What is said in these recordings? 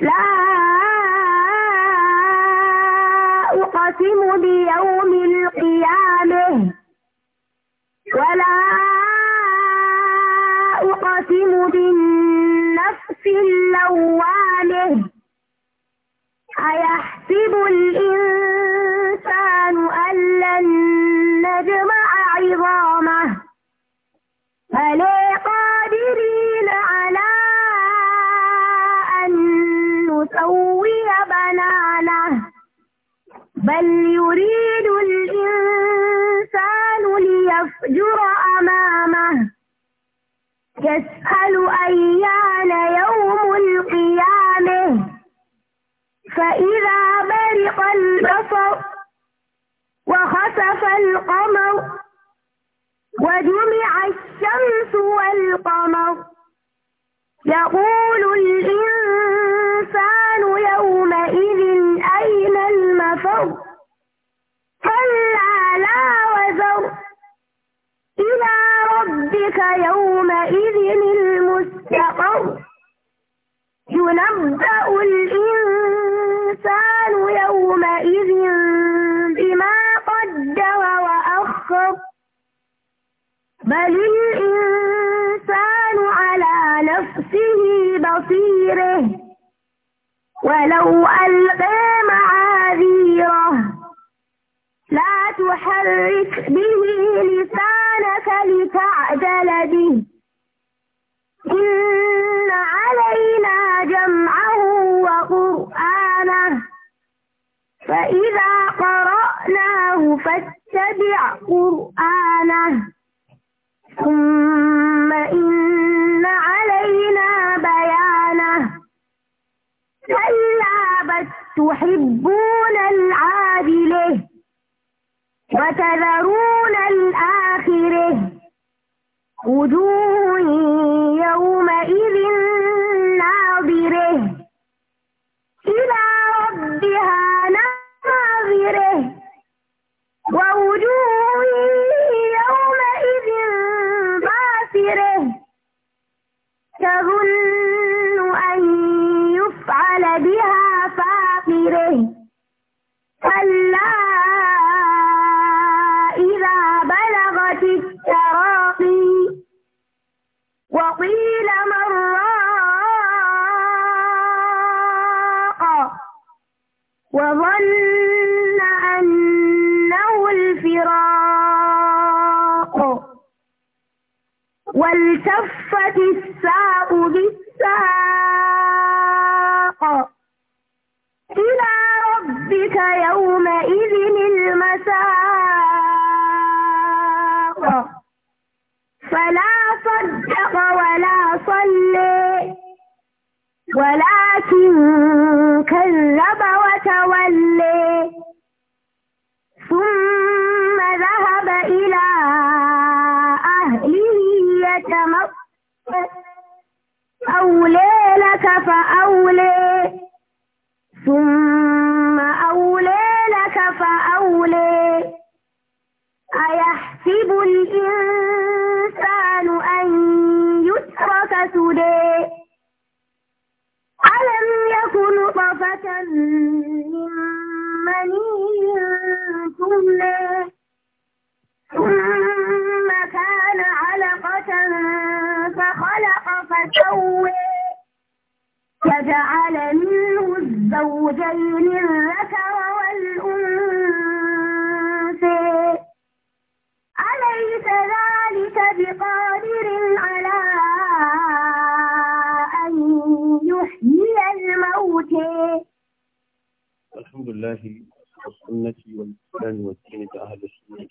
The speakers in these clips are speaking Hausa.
لا أقسم بيوم القيامة ولا أقسم بالنفس اللوامة أيحسب الإنسان أن لن نجمع عظامه أليس بل يريد الإنسان ليفجر أمامه يسأل أيان يوم القيامة فإذا برق البصر وخسف القمر وجمع الشمس والقمر يقول الإنسان الإنسان يومئذ أين المفر كلا لا وزر إلى ربك يومئذ المستقر ينبأ الإنسان يومئذ بما قدر وأخر بل الإنسان على نفسه بصيره ولو ألقى معاذيره لا تحرك به لسانك لتعجل به إن علينا جمعه وقرآنه فإذا قرأناه فاتبع قرآنه ثم إن علينا كلا بس تحبون العادلة وتذرون الآخرة وجوه يومئذ ناظرة إلى ربها ناظرة ووجوه يومئذ باسرة تظن بلدها فاقره كلا إذا بلغت التراقي وقيل من راق وظن أنه الفراق والتفت الساق بالساق إلى ربك يومئذ المساق فلا صدق ولا صلي ولكن كذب وتولي ثم ذهب إلى أهله يتمطى أولي لك فأولي ثم أولي لك فأولي أيحسب الإنسان أن يترك سدى ألم يكن طفة من مني ثم ثم كان علقة فخلق فسوي فجعل منه الزوجين الذكر والأنثى أليس ذلك بقادر على أن يحيي الموتى الحمد لله والسنة والإسلام والدين أهل السنة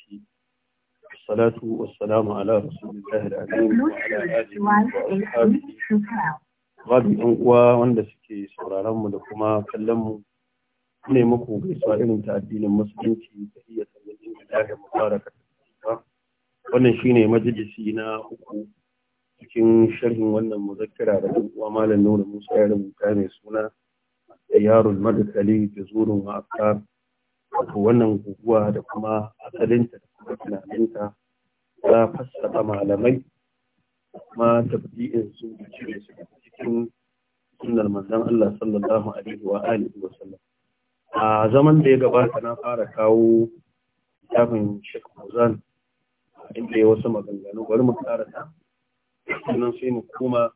والصلاة والسلام على رسول الله العظيم وعلى آله وسلم babu yan uwa wanda suke sauraron mu da kuma kallon mu ne muku gaisuwa irin ta addinin musulunci da iya sabbin da fara mubaraka wannan shine majalisi na uku cikin sharhin wannan muzakkira da ɗan uwa malam Nura Musa ya rubuta mai suna yaron Madkali da zurun wa'aka wato wannan guguwa da kuma asalinta da kuma tunaninta ta fassara malamai kuma in su da cire su cikin sunnar manzon Allah sallallahu alaihi wa alihi wa sallam a zaman da ya gabata na fara kawo littafin Sheikh Muzan inda ya wasu maganganu bari mu ƙara ta sannan sai mu kuma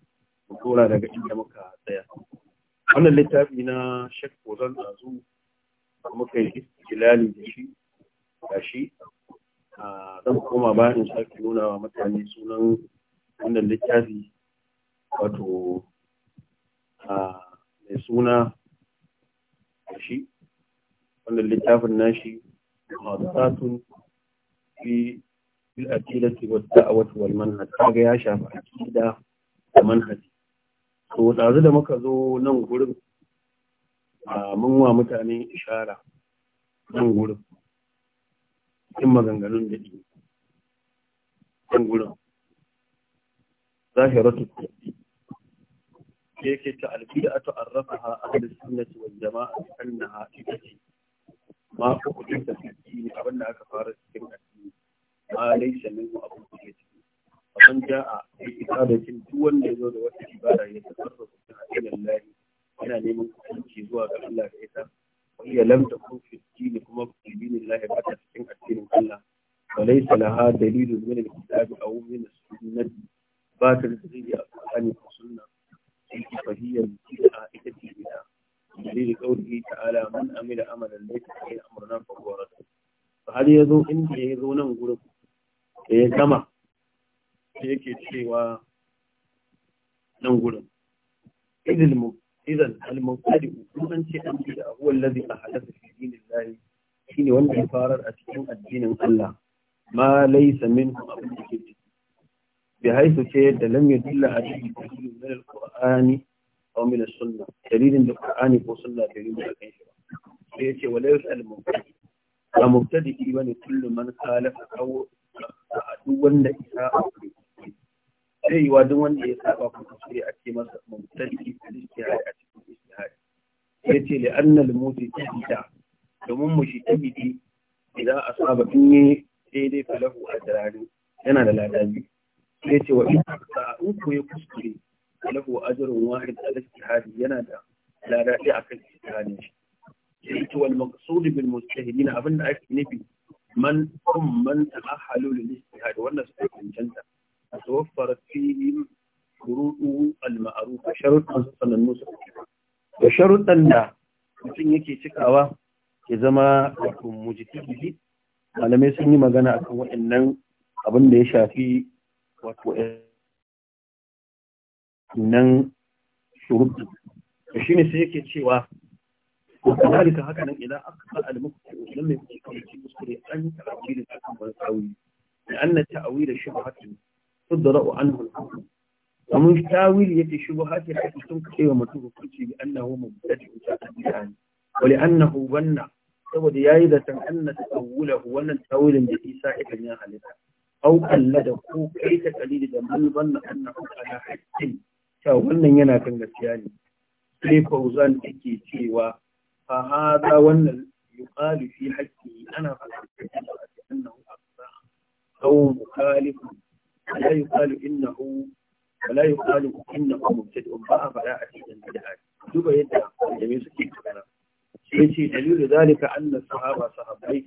mu tura daga inda muka tsaya wannan littafi na Sheikh Muzan zu muka yi istilali da shi da shi zan koma bayan sake nuna wa mutane sunan wannan littafi wato mai suna shi wannan littafin nashi hadisatun fi fil wa da'wati wal manhaj kaga ya shafi aqida da manhaji to dazu da muka zo nan gurin mun wa mutane ishara nan gurin cikin maganganun da ke nan gurin zahiratu yake ta albida'atu arrafaha ahlus sunnati wal jama'a annaha ibati ma ku kudin da addini abinda aka fara cikin addini ma a minhu abu da tuwon da ja'a bi ibadatin duk wanda yazo da wata ibada ya tasarrafu ta ila Allah yana neman kusanci zuwa ga Allah da ita وهي لم تكن في الدين كما في دين الله بعد cikin addinin Allah وليس لها دليل من الكتاب أو من السنة ba ta da dalili a Qur'ani ko sunna sai ki fahiyar bid'a ita ce bid'a dalili qawlihi ta'ala man amila amalan laysa alayhi amruna fa huwa rad har ya zo inda ya zo nan gurin da ya gama sai yake cewa nan gurin idil mu idan al-mubtadi kun an ce an bid'a huwa alladhi ahdatha fi dinillahi shine wanda ya farar a cikin addinin Allah ma laysa minhu abin da ke بحيث كيد لم يدل عليه كثير من القرآن أو من السنة دليل بالقرآن وسنة دليل بالقرآن سيأتي ولا يسأل مبتدئ ومبتدئ من كل من خالف أو عدوا إساء sai yi wadin wanda ya saba ku tafsiri a ce masa mumtaki da istihari a cikin istihari sai ce li anna al mutajida domin mushtahidi in yi daidai falahu a dirani yana da ladabi sai ce wa in ku ya kuskure lahu ajrun wahid ala ijtihadi yana da lada akan ijtihadin shi sai ce wal maqsud bil abin abinda ake nufi man kun man ta'ahalu lil ijtihad wannan su cancanta tawaffarat fihim shuruɗu al-ma'arufa sharuɗan sanannu su da sharuɗan da mutum yake cikawa ke zama wato mujtahidi malamai sun yi magana akan waɗannan abin da ya shafi wato nan shuruɗi to shine sai yake cewa ko kadalika haka nan idan aka al-mukti idan mai kuskure ki kuskure an ta'awili akan ban tsawi da anna ta'awili shubhatin tudra'u anhu al-hukm kamun tawili yake shubhatin da sun kace wa mutum hukunci bi annahu mubtadi ta ta'ani wa li'annahu banna saboda yayi da tan anna ta'awulahu wannan tawilin da Isa ibn ya halitta au da ko kai ta kalili da man zanna annahu ala haqqin ta wannan yana kan gaskiya ne sai fauzan take cewa fa hada wannan yuqalu fi haqqi ana fahimta annahu aqsa au mukhalif la yuqalu innahu wala yuqalu innahu mubtadi'un ba fara a cikin bid'a duba yadda jami'u suke magana sai ce dalilu zalika anna sahaba sahabbai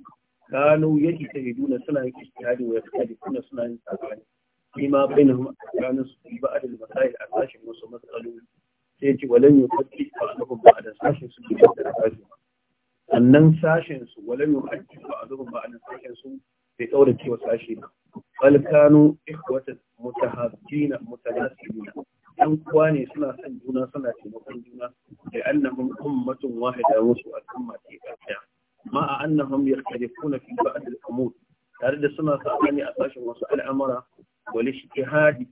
kanu yake ta yi duna suna yin ijtihadi wa yaqtadi kuna suna yin sabani فيما بينهم كان في بعض المسائل أساس مسمى الألول سيأتي ولم يفكر بعضهم بعد ساشن سبيل الدرجة أنن ساشن سو ولم يفكر بعضهم بعد ساشن سو في دورة وساشن بل كانوا إخوة متهابين متناسبين أن كواني سنة سنة سنة سنة لأنهم أمة واحدة وسوء الأمة في الأحيان ma'a annahum yaktalifuna fi ba'd al-umur tare da suna sabani a sashin wasu al'amura, wal ijtihadi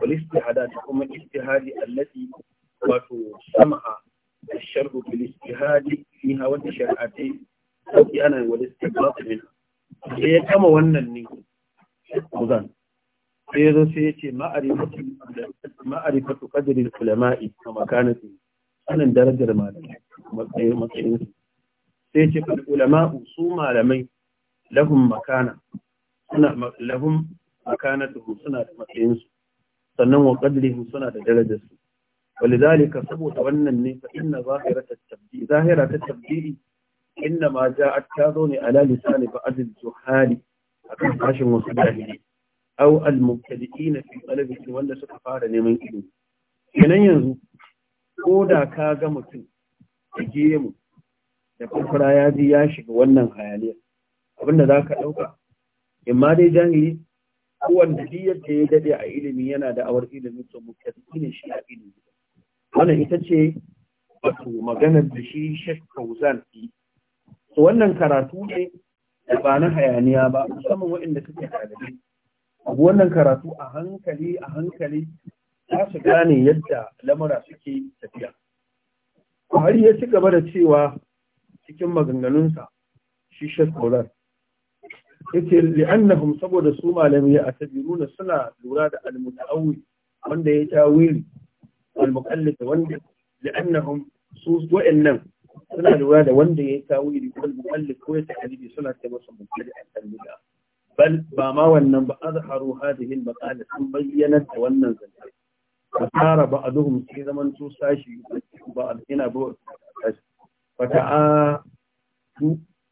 wal istihadat kuma ijtihadi allati wato sama'a الشرع بالاجتهاد فيها والشرعتين sauki ana wani istiklat min sai ya kama wannan ne muzan sai ya sai ya ce ma'arifatu qadri ulama'i a makanati sanin darajar malamai matsayin su sai ce fal ulama'u su malamai lahum makana suna lahum suna da matsayin su sannan wa qadrihim suna da darajar su walidhalika saboda wannan ne fa inna zahirata tabdi zahirata tabdi inna ma ja'at tazo ne ala lisani ba'd al-juhali akan fashin wasu dalili aw al na fi talabi wanda suka fara neman ilimi kenan yanzu ko da ka ga mutum da gemu da farfara ya ji ya shiga wannan hayaniya abinda za ka ɗauka imma dai jahili kowanda duk yadda ya daɗe a ilimi yana da awar ilimin to mukaddimi ne shi a ilimi wannan ita ce wato maganar da shi Shek Fauzan yi to wannan karatu ne da ba na hayaniya ba musamman waɗanda suke ɗalibai abu wannan karatu a hankali a hankali za su gane yadda lamura suke tafiya har ya ci gaba da cewa cikin maganganunsa shi shek Maulan yace li'annahum saboda su malami a tabiruna suna lura da al-muta'awwi wanda ya tawili al-muqallid wanda li'annahum su nan, suna lura da wanda ya tawili ko al-muqallid ko ya ta'alibi suna ce masa muqallid al-bid'a bal ba ma wannan ba azharu hadhihi al-maqala sun bayyana da wannan zance a duhun sai zaman su sashi ba ina ba fata'a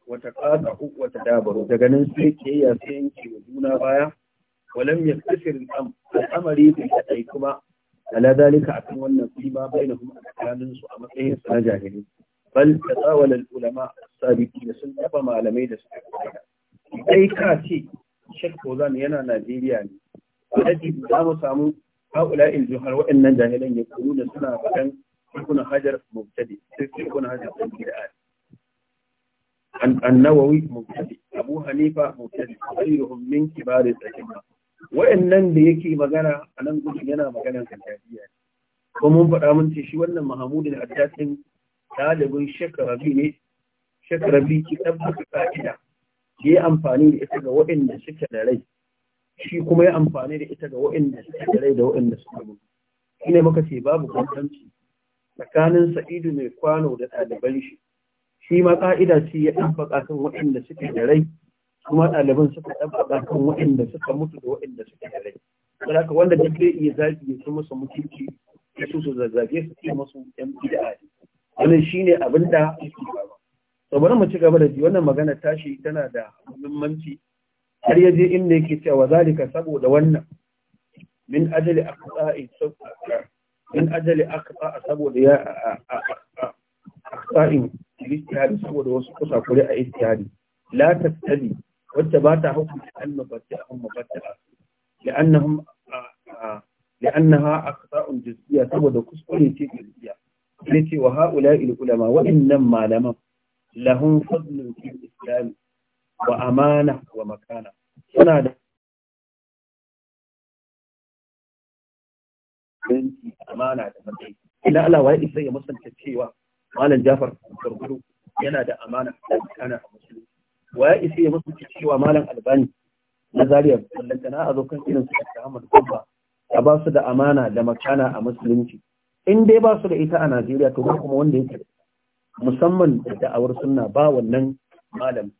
wata ƙasa uku wata dabaru daga nan sai ya sai yanke wa juna baya walam ya kasir al'amari bai kaɗai kuma ala dalika akan wannan fima baina kuma a tsakanin su a matsayin su na jahili bal tatawala ulama sabiki da sun taba malamai da suka kai kai ka ce Sheikh Kozan yana Najeriya ne alaji za mu samu haula juhar waɗannan jahilan ya kuru da suna faɗan ibn hajar mubtadi ibn hajar dan bid'a an-nawawi mubtadi abu hanifa mubtadi ghayruhum min kibar al-a'imma wa'annan da yake magana a nan gudun yana maganar kantadiya ko mun faɗa mun ce shi wannan mahamudin addasin ɗalibin shekarabi ne shekarabi ki tabbata ka'ida ya yi amfani da ita ga waɗanda suke da rai shi kuma ya amfani da ita ga waɗanda suke da rai da waɗanda suke mutu shi ne muka ce babu kwantanci tsakanin sa'idu mai kwano da ɗaliban shi shi ma ƙa'ida ce ya ɗabbaka kan waɗanda suke da rai kuma ɗaliban suka ɗabbaka kan waɗanda suka mutu da waɗanda suke da rai saboda wanda duk zai iya zagi ya ci musu mutunci ya su su zazzage su ce musu ƴan bid'a wannan shine abin da yake gaba Saboda bari mu ci gaba da ji wannan magana tashi tana da muhimmanci har yaje inda yake cewa zalika saboda wannan min ajali aqsa'i sabqa In ajali aka saboda ya aksa'in ijtihadi saboda wasu kusakure a ijtihadi la tattali wacce ba ta hukunta an mabata an mabata لأنهم لأنها أخطاء جزئية تبدو كسكولي جزئية التي وهؤلاء العلماء وإنما لما لهم فضل في wa وأمانة ومكانة هنا danci amana da matsayi ina Allah wai isa ya musanta cewa malam Jafar Gurguru yana da amana da kana a musulunci wai isa ya musanta cewa malam Albani na Zaria sallanta na azo kan irin su da Ahmad Gumba a ba su da amana da makana a musulunci in dai ba su da ita a Najeriya to kuma wanda yake musamman da da'awar sunna ba wannan malam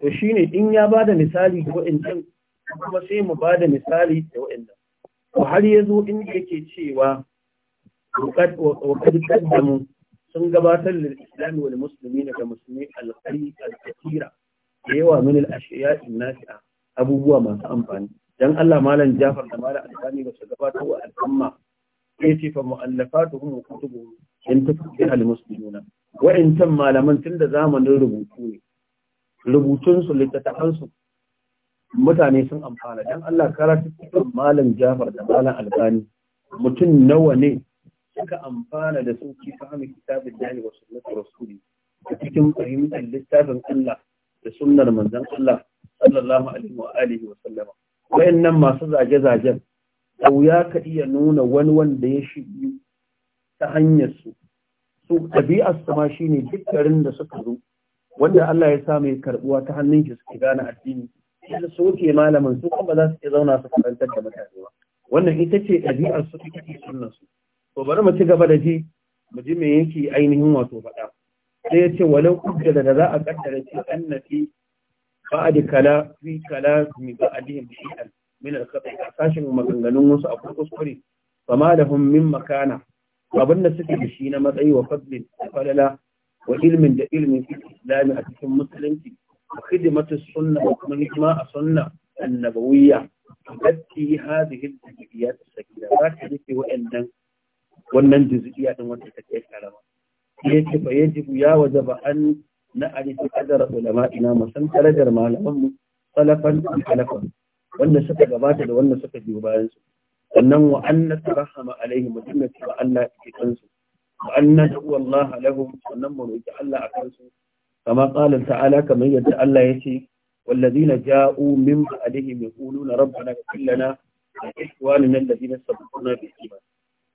to shine in ya ba da misali da wa'annan kuma sai mu ba da misali da wa'annan har ya zo inda yake cewa wakad kaddamu sun gabatar da islami wani musulmi daga musulmi alkhari alkatira da yawa min al-ashiya nasi'a abubuwa masu amfani dan Allah malam Jafar da malam Albani ba su gabatar wa al'umma ya ce fa mu'allafatuhum wa kutubuhum in tafiha al-muslimuna wa'intan malaman tunda zamanin rubutu ne rubutun su littattafan su mutane sun amfana don Allah cikin malam Jafar da malam Albani mutum nawa ne suka amfana da sun ki fahimi kitabin dani wa sunnatu rasuli a cikin fahimtar littafin Allah da sunnar manzon Allah sallallahu alaihi wa alihi wa sallama wayannan masu zage-zagen da wuya ka iya nuna wani wanda ya shigi ta hanyar su su ɗabi'ar sama shine duk garin da suka zo wanda Allah ya sa mai karbuwa ta hannun shi suke gane addini sai ke malamin su kuma za su iya zauna su karantar da mutane ba wannan ita ce ɗabi'ar su ita ce sunnan su to bari mu ci gaba da ji mu ji me yake ainihin wato faɗa sai ya ce walau kujjala da za a kaddara ce annafi ba'ad kala fi kala mi ba'adihim shi'an min al-khata kasashin maganganun wasu akwai kuskure fama da hum min makana abin da suke da shi na matsayi wa fadlin falala wa ilmin da ilmin islami a cikin musulunci وخدمة السنة وخدمة السنة النبوية تبكي هذه الجزئيات السكينة ذاك ذكي وإن wannan juziyya din wanda take karama yace fa yajibu ya wajaba an na'rif qadar ulama'ina musan darajar malaman mu salafan salafan wanda suka gabata da wanda suka biyo bayan su sannan wa anna tarahama alaihim mutum ne Allah ya kansu wa anna da'u Allah mu roki Allah akan kama qala ta'ala kamar yadda Allah ya yace والذين جاءوا من بعدهم يقولون ربنا اغفر لنا ولإخواننا الذين سبقونا بالإيمان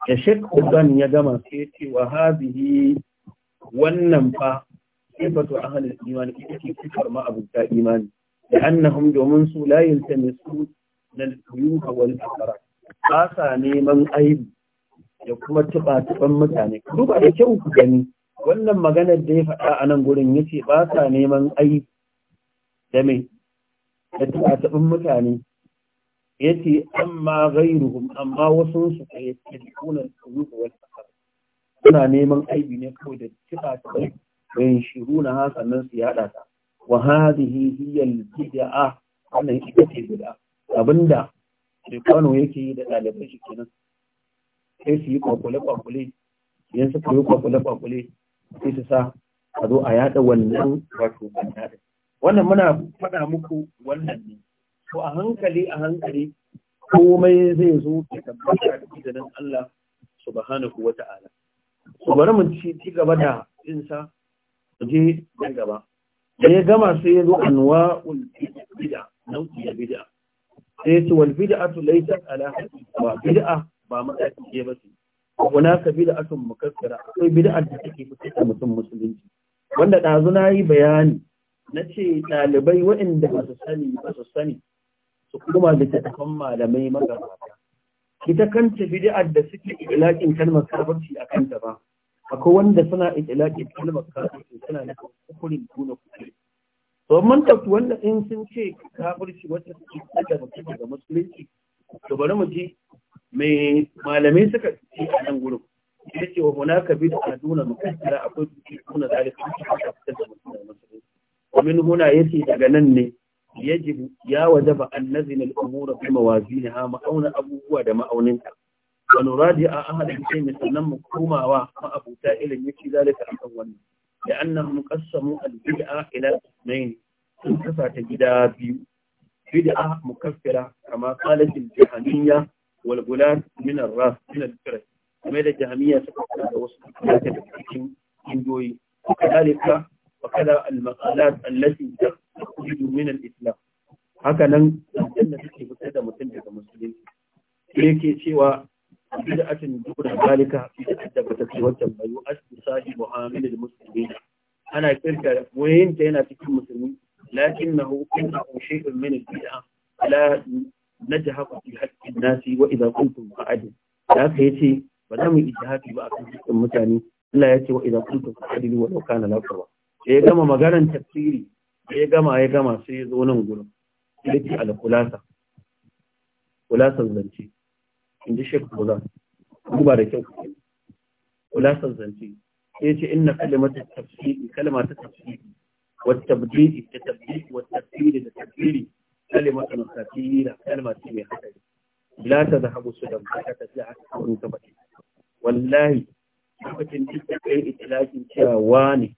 da Sheikh Urban ya gama sai ya ce wa hazihi wannan fa sifatu ahlul iman ita ce sifar ma'abuta imani da annahum domin su la yaltamisu lil quyuh wal ba sa neman aibi da kuma tuba tuban mutane duba da kyau ku gani wannan maganar da ya faɗa a nan gurin ya ce ba sa neman ai da mai da taɓin mutane ya ce amma gairuhum amma wasu su kai da su tsoro wani suna neman aibi ne kawai da taɓa bayan shiru na haka nan su yaɗa ta wa ya hiya al-bid'a wannan ita ce bid'a abinda Shekwano yake yi da ɗalibai shi kenan sai su yi kwakwale-kwakwale idan suka yi kwakwale-kwakwale sai ta sa a zo a yada wannan wato banda da wannan muna faɗa muku wannan ne to a hankali a hankali komai zai zo ta tabbata da izinin Allah subhanahu wata'ala so bari mu ci gaba da insa je nan gaba da ya gama sai ya zo ul bid'a nau'i bid'a sai ya ce wal bid'atu laysat ala hadith wa bid'a ba mataki ce ba sai hunaka mu kaskara, akwai bid'ar da take fitar da mutum musulunci wanda ɗazu na yi bayani na ce ɗalibai waɗanda ba su sani ba su sani su kuma tafan malamai magabata ita kanta bid'ar da suke ikilakin kalmar kafirci a kanta ba akwai wanda suna ilaƙin kalmar kafirci suna da kukurin tuna kuɗi to man tafi wanda in sun ce kafirci wata suke da mutum daga musulunci to bari mu je. mai malamai suka ci a nan gurin ya ce wa muna ka bida a duna mukaddara akwai duki kuna zari kan shi kuka fitar da mutum da mutum domin muna ya ce daga nan ne yajib ya waje ba an nazina al'amura fi mawazi ne ha ma'auna abubuwa da ma'auninta. ka wa an haɗa kishin mai sannan mu komawa wa irin ilimi ce zari ka akan wannan da an nan mu kassamu al-bid'a ila usmain sun kasa ta gida biyu bid'a mukaffira kama kalatin jahaniya wal gulam min ar-raf min al-firq kuma da jahmiya suka fara da wasu daga cikin indoyi kadalika wa kada al allati takhruju min al-islam haka nan aljanna take fitar da mutum daga musulunci yake cewa bid'atin dubra zalika bid'at da bata ce wacce bayu as-sahi muhammad al ana kirka wayin ta yana cikin musulmi lakinnahu innahu shay'un min al-bid'a la najhaku fi haqqin nasi wa idza qultum fa'adil da haka yace ba za mu yi ijtihadi ba akan dukkan mutane Allah ya ce wa idza qultum fa'adil wa law kana la sai ya gama maganar tafsiri ya gama ya gama sai ya zo nan gurin yake al khulasa khulasan zance inda Sheikh Bulan duba da kyau khulasan zance ce inna kalimatu tafsiri kalimatu tafsiri wa tabdili ta tabdili wa tafsiri da tafsiri kalimatu musafira kalma ce mai hadari la ta zahabu su da mata ta ji aka kawo ta bace wallahi lokacin duk da kai itilakin cewa wani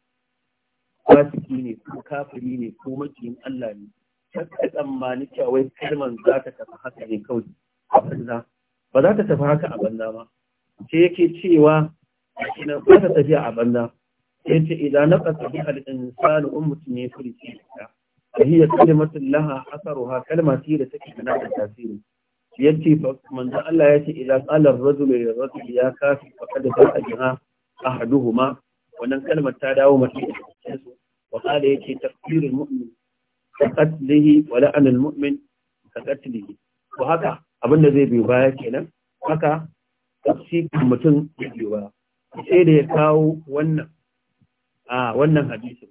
fasiki ne ko kafiri ne ko makiyin Allah ne kakka tsammani cewa wai kalman za ta tafi haka ne kawai a banza ba za ta tafi haka a banza ba sai yake cewa A ina ba ta tafiya a banza yace idan naqasa bi al-insanu ummatu ne furici ta فهي كلمة لها أثرها كلمة تيرة تكتنا التأثير يأتي من ذا الله يأتي إذا قال الرجل للرجل يا كافي فقد فاء جها أحدهما ونن كلمة تداو متي وقال يأتي تكفير المؤمن كقتله ولعن المؤمن كقتله وهكذا abin da zai كنا هكا kenan المتن shi سيدي ya ونن baya sai da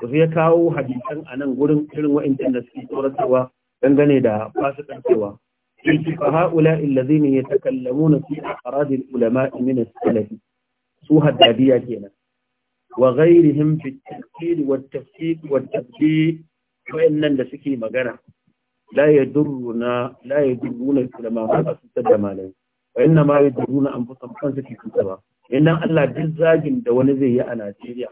to sai kawo hadisan a nan gurin irin wa'incan da suke tsoratarwa dangane da fasikancewa yake fa haula illazina yatakallamuna fi a al-ulama min as-salaf su haddadiya kenan wa ghayrihim fi at-tafsir wa at wa at-tabdil da suke magana la ya la yadurruna ulama ba su tada malai wa inna ma yadurruna anfusahum kan suke kuka ba innan Allah duk zagin da wani zai yi a Najeriya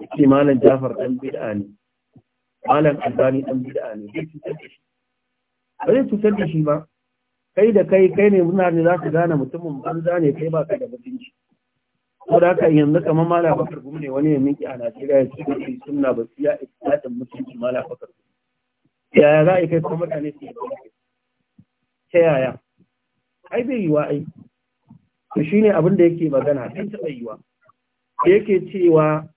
yake malam jafar ɗan bid'a ne malam albani ɗan bid'a ne zai cutar da shi ba zai cutar da shi ba kai da kai kai ne muna ne za su gane mutumin banza ne kai ba ka da mutunci ko da haka yanzu kamar malam bakar gumi ne wani ya miki a najeriya ya ci kuɗi suna ba siya ikhlasin mutunci malam bakar gumi yaya za a yi kai kuma mutane su yi ta yaya ai bai yiwa ai to shine abin da yake magana sun taɓa yiwa yake cewa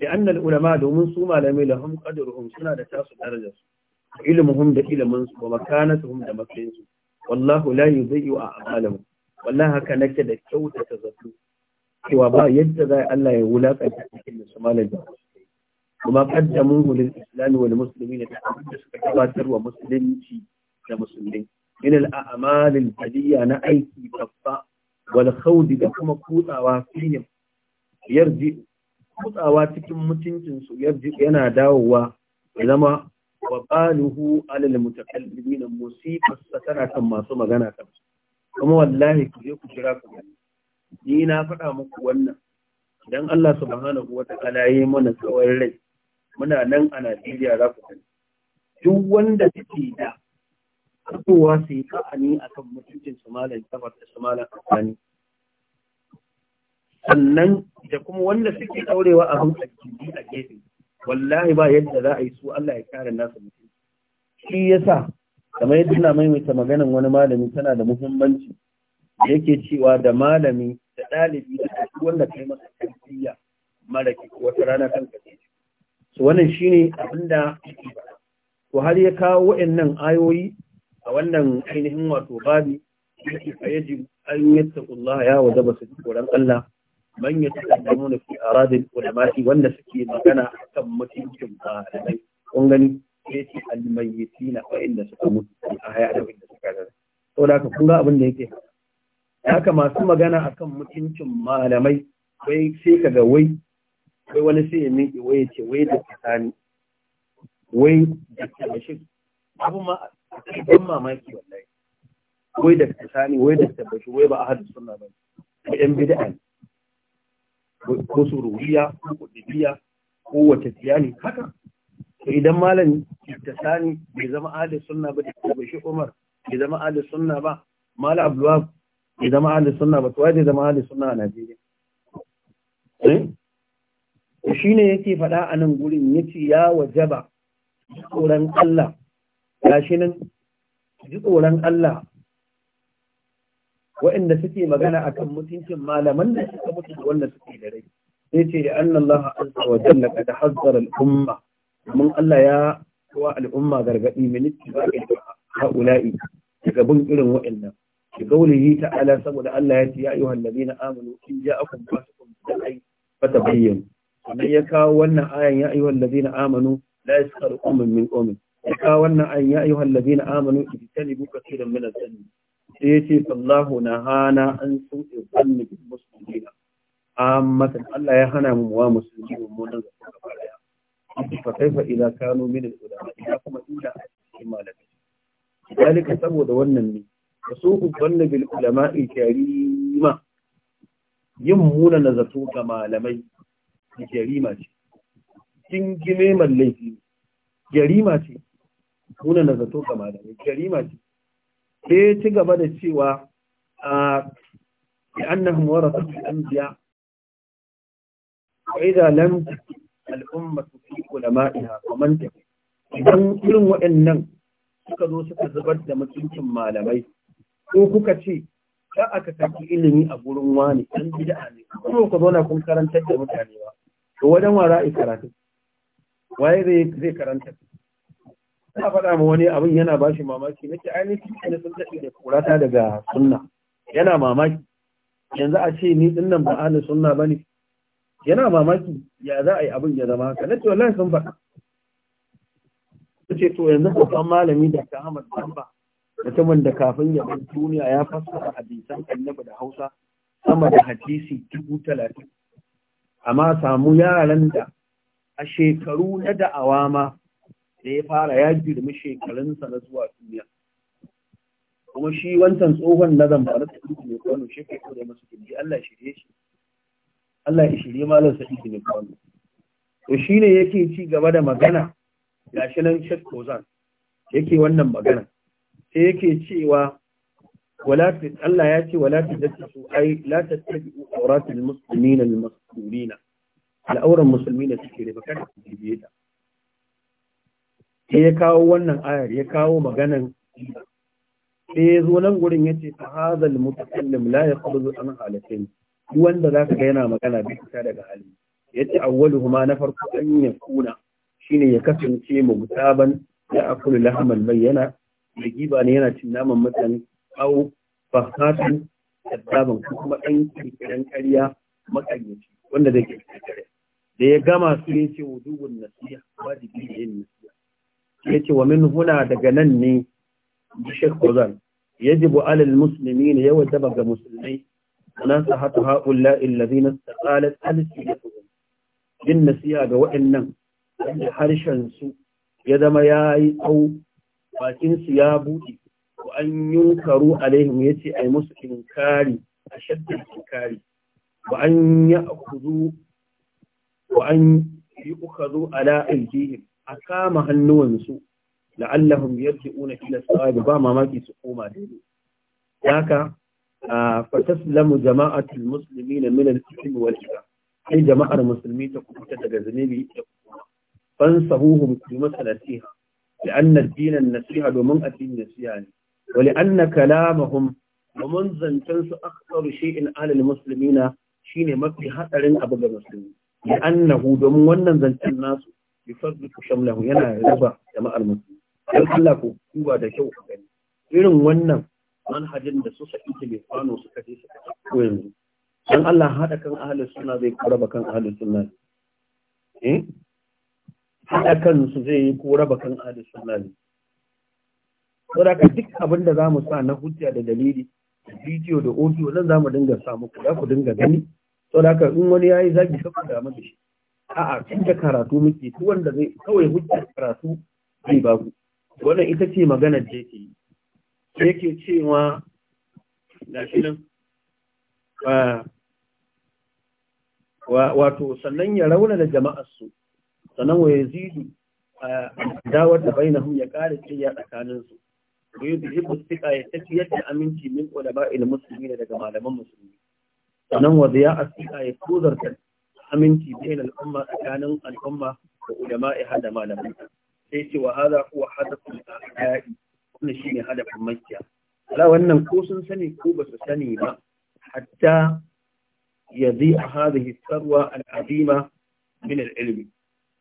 لأن ulama domin su malamai da قدرهم suna da tasu darajar su ilmuhum da ilmin su makanatuhum da matsayin su wallahu la yudhi'u a'malahum wallahi haka nake da kyautata zato cewa ba yadda zai Allah ya wulakanta cikin su malamin kuma qaddamuhu lil islam wal muslimin da suka gabatar wa musulunci da musulmi min al a'mal al na aiki babba wal khawd da kuma kutsawa fihim yarji kutsawa cikin mutuncinsu yana dawowa ya zama wa qaluhu alal mutakallimin musifa tana kan masu magana kan kuma wallahi ku je ku jira ku ni na faɗa muku wannan idan Allah subhanahu wata yi mana tsawon rai muna nan a Najeriya za ku gani duk wanda take da fitowa su yi ka'ani akan mutuncin su malam tabbata su malam amfani sannan da kuma wanda suke daurewa a hankali a gefe wallahi ba yadda za a yi su Allah ya kare nasu mutum shi yasa kamar yadda ina maimaita maganan wani malami tana da muhimmanci yake cewa da malami da ɗalibi da duk wanda kai masa tarbiyya mara wata rana kan ka su wannan shi ne shine ba. Ko har ya kawo wa'annan ayoyi a wannan ainihin wato babi yake fayaji yadda taqullaha ya wajaba su koran Allah man ya takaddamu na fi aradin ulamati wanda suke magana kan mutuncin malamai kun gani sai ce almayyiti na wa'inda suka mutu a haya da wa'inda suka rasa to da kun ga abin da yake haka masu magana akan mutuncin malamai wai sai kaga wai wai wani sai ya miƙe wai ya ce wai da tsakani wai da tabashin abin ma ban mamaki wallahi wai da tsakani wai da tabashin wai ba a hadu sunna ba ko yan bid'a ne ko sururiya ko kudubiya ko wace tiyani haka to idan Malam ittasani bai zama ahli sunna ba da Bashi Umar bai zama ahli sunna ba malam Abdulwahab bai zama ahli sunna ba to wai zama ahli sunna a Najeriya eh shine yake faɗa a nan gurin yace ya wajaba tsoron Allah shi nan ji tsoron Allah waɗanda suke magana akan mutuncin malaman da suka mutu da wanda suke da rai sai ce da annan Allah azza wa jalla kad hazzara al-umma mun Allah ya wa al-umma gargadi min ittiba'i haula'i daga bin irin waɗannan da gaulihi ta'ala saboda Allah ya ce ya ayyuhal ladina amanu in ja'akum fasiqun bi'ayyin fatabayyanu sannan ya kawo wannan ayan ya ayyuhal ladina amanu la yaskharu qaumun min qaumin ya kawo wannan ayan ya ayyuhal ladina amanu ijtanibu kaseeran min adh-dhanbi sai ce, sallahu nahana an su'i zanni bil muslimina amma Allah ya hana mu wa musulmi mu nan gaba daya fa kaifa idza kanu min al ulama ila kuma inda cikin malami dalika saboda wannan ne su'u zanni bil ulama karima yin muna nazato ga malamai jarima ce kin mallai mallaki jarima ce muna nazato ga malamai jarima ce sai ci gaba da cewa a annahum warasatul anbiya wa idza lam al'umma fi ulama'iha kaman ta idan irin waɗannan suka zo suka zubar da mutuncin malamai ko kuka ce za a ka ilimi a gurin wani ɗan bid'a ne kuma ku zauna kun karantar da mutane ba to wajen wa karatu waye zai karanta ina faɗa ma wani abin yana ba shi mamaki nake ainihin ne sun daɗe da kurata daga sunna yana mamaki yanzu a ce ni din nan ba ahli sunna bane yana mamaki ya za a yi abin ya zama haka nace wallahi sun faɗa ce to yanzu ko kan malami da ka Ahmad Bamba mutumin da kafin ya bar duniya ya a hadisan Annabi da Hausa sama da hadisi dubu talatin amma samu yaran da a shekaru na da'awa ma da ya fara ya girmi shekarunsa na zuwa duniya kuma shi wancan tsohon na zamfara ta ɗin ne kwano shi kai kore masu kirji Allah ya shirye shi Allah ya shirye malar sa ɗin ne kwano to shi ne yake ci gaba da magana ga shi nan Sheikh Kozan yake wannan magana sai yake cewa Allah ya ce ta tajassasu ai la tattabi'u awratil muslimina al-masturina al-awran muslimina suke da bakar da ta sai ya kawo wannan ayar ya kawo maganan sai ya zo nan gurin ya ce ta hazal mutakallim la ya an halatin duk wanda za ka ga yana magana bai fita daga hali ya ce awwaluhuma na farko an ya kuna shine ya kasance mugtaban ya akulu lahaman bayyana da giba ne yana cin naman mutane au fahatan kaddaban kuma dan kirkiran karya, makanyaci wanda zai kirkiran da ya gama su ne ce wudugun nasiha wajibi ne yin yace wa min huna daga nan ne Ya ji yajibu alal muslimin ya wajaba ga musulmai munasahatu haula alladhina istaqalat alsinatuhum din nasiya ga waɗannan wanda harshen su ya zama yayi tsau bakin su ya buɗe wa an yunkaru alaihim yace ai musu inkari ashaddu inkari wa an ya'khudhu wa an yu'khadhu ala aydihim a kama hannuwansu la'allahum yarji'una ila sawabi ba mamaki su koma daidai haka fataslamu jama'atul muslimina min al-ithm wal ika sai jama'ar musulmi ta kubuta daga zunubi da kuma fansahuhum kumasa nasiha لأن الدين النصيحة ومن أتين نسيان ولأن كلامهم ومن زنتنس أخطر شيء على المسلمين شين مكي حترين أبدا المسلمين لأنه wannan زنتن nasu. yufarriqu shamlahu yana raba jama'ar musulmi dan Allah ko duba da kyau a gani irin wannan manhajin da su saki ke fano suka je su ko yanzu dan Allah hada kan ahlus sunna zai koraba kan ahlus sunna eh hada kan su zai koraba kan ahlus sunna ne eh? saboda duk abin da zamu sa na hujja da dalili bidiyo da audio nan zamu dinga samu ku da ku dinga gani saboda in wani yayi zaki ka ku da shi a'a tun da karatu muke duk wanda zai kawai hujjar karatu zai ba ku. wannan ita ce maganar da yake yi yake cewa da shi nan wato sannan ya rauna da jama'arsu sannan wa yazidu dawar da bainahum ya tsakanin su tsakaninsu yi yuzhibu thiqa ya tafi yadda aminci min ulama al musulmi daga malaman musulmi sannan wa ziya asiqa ya aminci bayan al'umma tsakanin al'umma da ulama'i hada malamai sai ce wa hada kuwa hadafin a'da'i wannan shine hadafin makiya ala wannan ko sun sani ko ba su sani ba hatta يضيع هذه الثروة العظيمة من العلم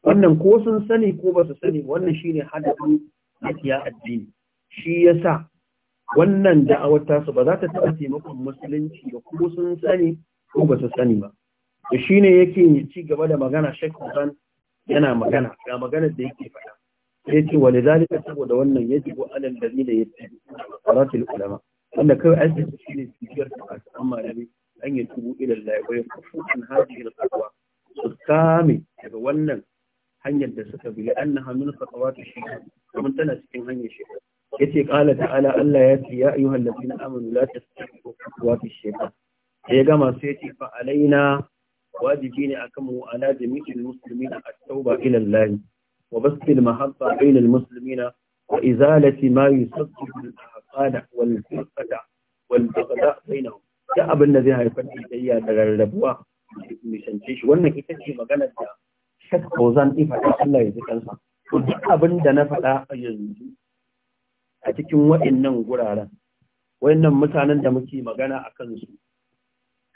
wannan ko sun sani ko ba su sani wannan shine hadafin makiya addini shi ya sa wannan da'awar tasu ba za ta taɓa taimakon musulunci ba ko sun sani ko ba su sani ba da shi ne yake ci gaba da magana shekuban yana magana ga maganar da yake faɗa ya ce wani zalika saboda wannan ya jibo alal da da ya ce faratul ulama wanda kawai aiki shi ne cikiyar ta amma da ne an yi tubu ilal la wa yakufu an hadhihi al su kame daga wannan hanyar da suka bi hannun min khatawati shaytan kuma tana cikin hanyar shaytan yace qala ta'ala Allah ya ce ya ayyuhallazina amanu la tastaqimu khatawati shaytan sai ya gama sai ya ce fa alaina wajibi ne akan mu ala jami'il muslimina at-tauba ila Allah wa basil mahabba bainal muslimina wa izalati ma yusabbibu al-aqada wal firqata wal baghdha bainahum da abin da zai haifar da tsayya da rarrabuwa nisance shi wannan ita ce maganar da Shek Fauzan ɗin faɗa Allah ya ji kansa. To duk abin da na faɗa a yanzu a cikin waɗannan guraren, waɗannan mutanen da muke magana a kansu,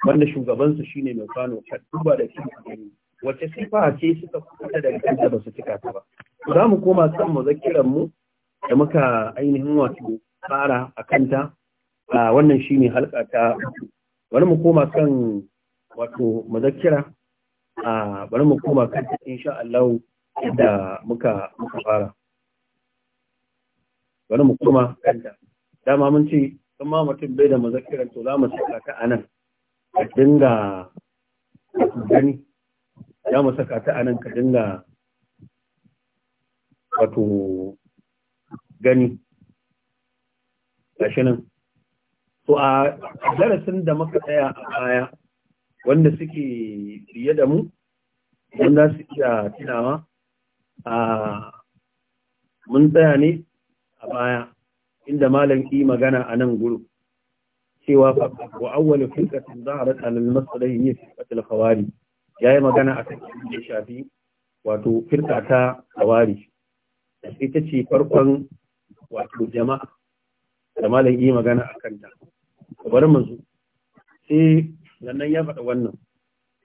wanda shugabansu shine mai kwano ka duba da cikin gani wace sifa ce suka fita daga kanta ba su cika ta ba za mu koma kan muzakkiran mu da muka ainihin wato fara a kanta a wannan shine halka ta bari mu koma kan wato muzakkira a bari mu koma kan insha Allah da muka muka fara bari mu koma kanta dama mun ce kuma mutum bai da muzakkiran to za mu saka ta anan ka dinga gani ya mu saka ta anan ka dinga wato gani gashi nan to a darasin da muka tsaya a baya wanda suke biye da mu wanda su iya tunawa a mun tsaya ne a baya inda malam ki magana a nan guru cewa wa awwalu firqatin zaharat ala al-masdari hiya firqatul khawari yayi magana akan da shafi wato firqa ta khawari ita ce farkon wato jama'a da malam yi magana akan ta bari mu zo sai nan ya faɗa wannan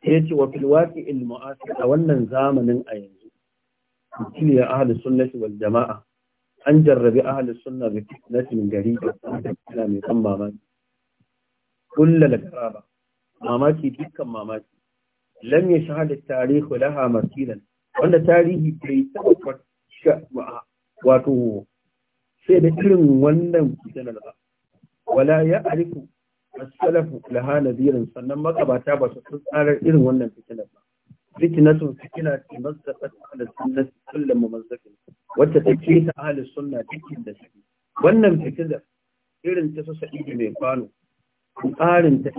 sai ya ce wa fil waqi'il mu'asir a wannan zamanin a yanzu ya ahli sunnati wal jama'a an jarrabi ahli sunna bi fitnatin gari da kana mai mamaki. da garaba mamaki dukkan mamaki lam ya yashhad at-tarikh laha masilan wanda tarihi bai taba wato sai da irin wannan fitanar ba wala ya arifu as-salafu laha nadiran sannan makabata ba su tsarar irin wannan fitanar ba fitnatun fitna ce mazzaqat ahli sunnah kullu mumazzaqin wacce ta take ta ahli sunna cikin da shi wannan fitinar irin ta su Sa'idu mai kwano ƙarin ta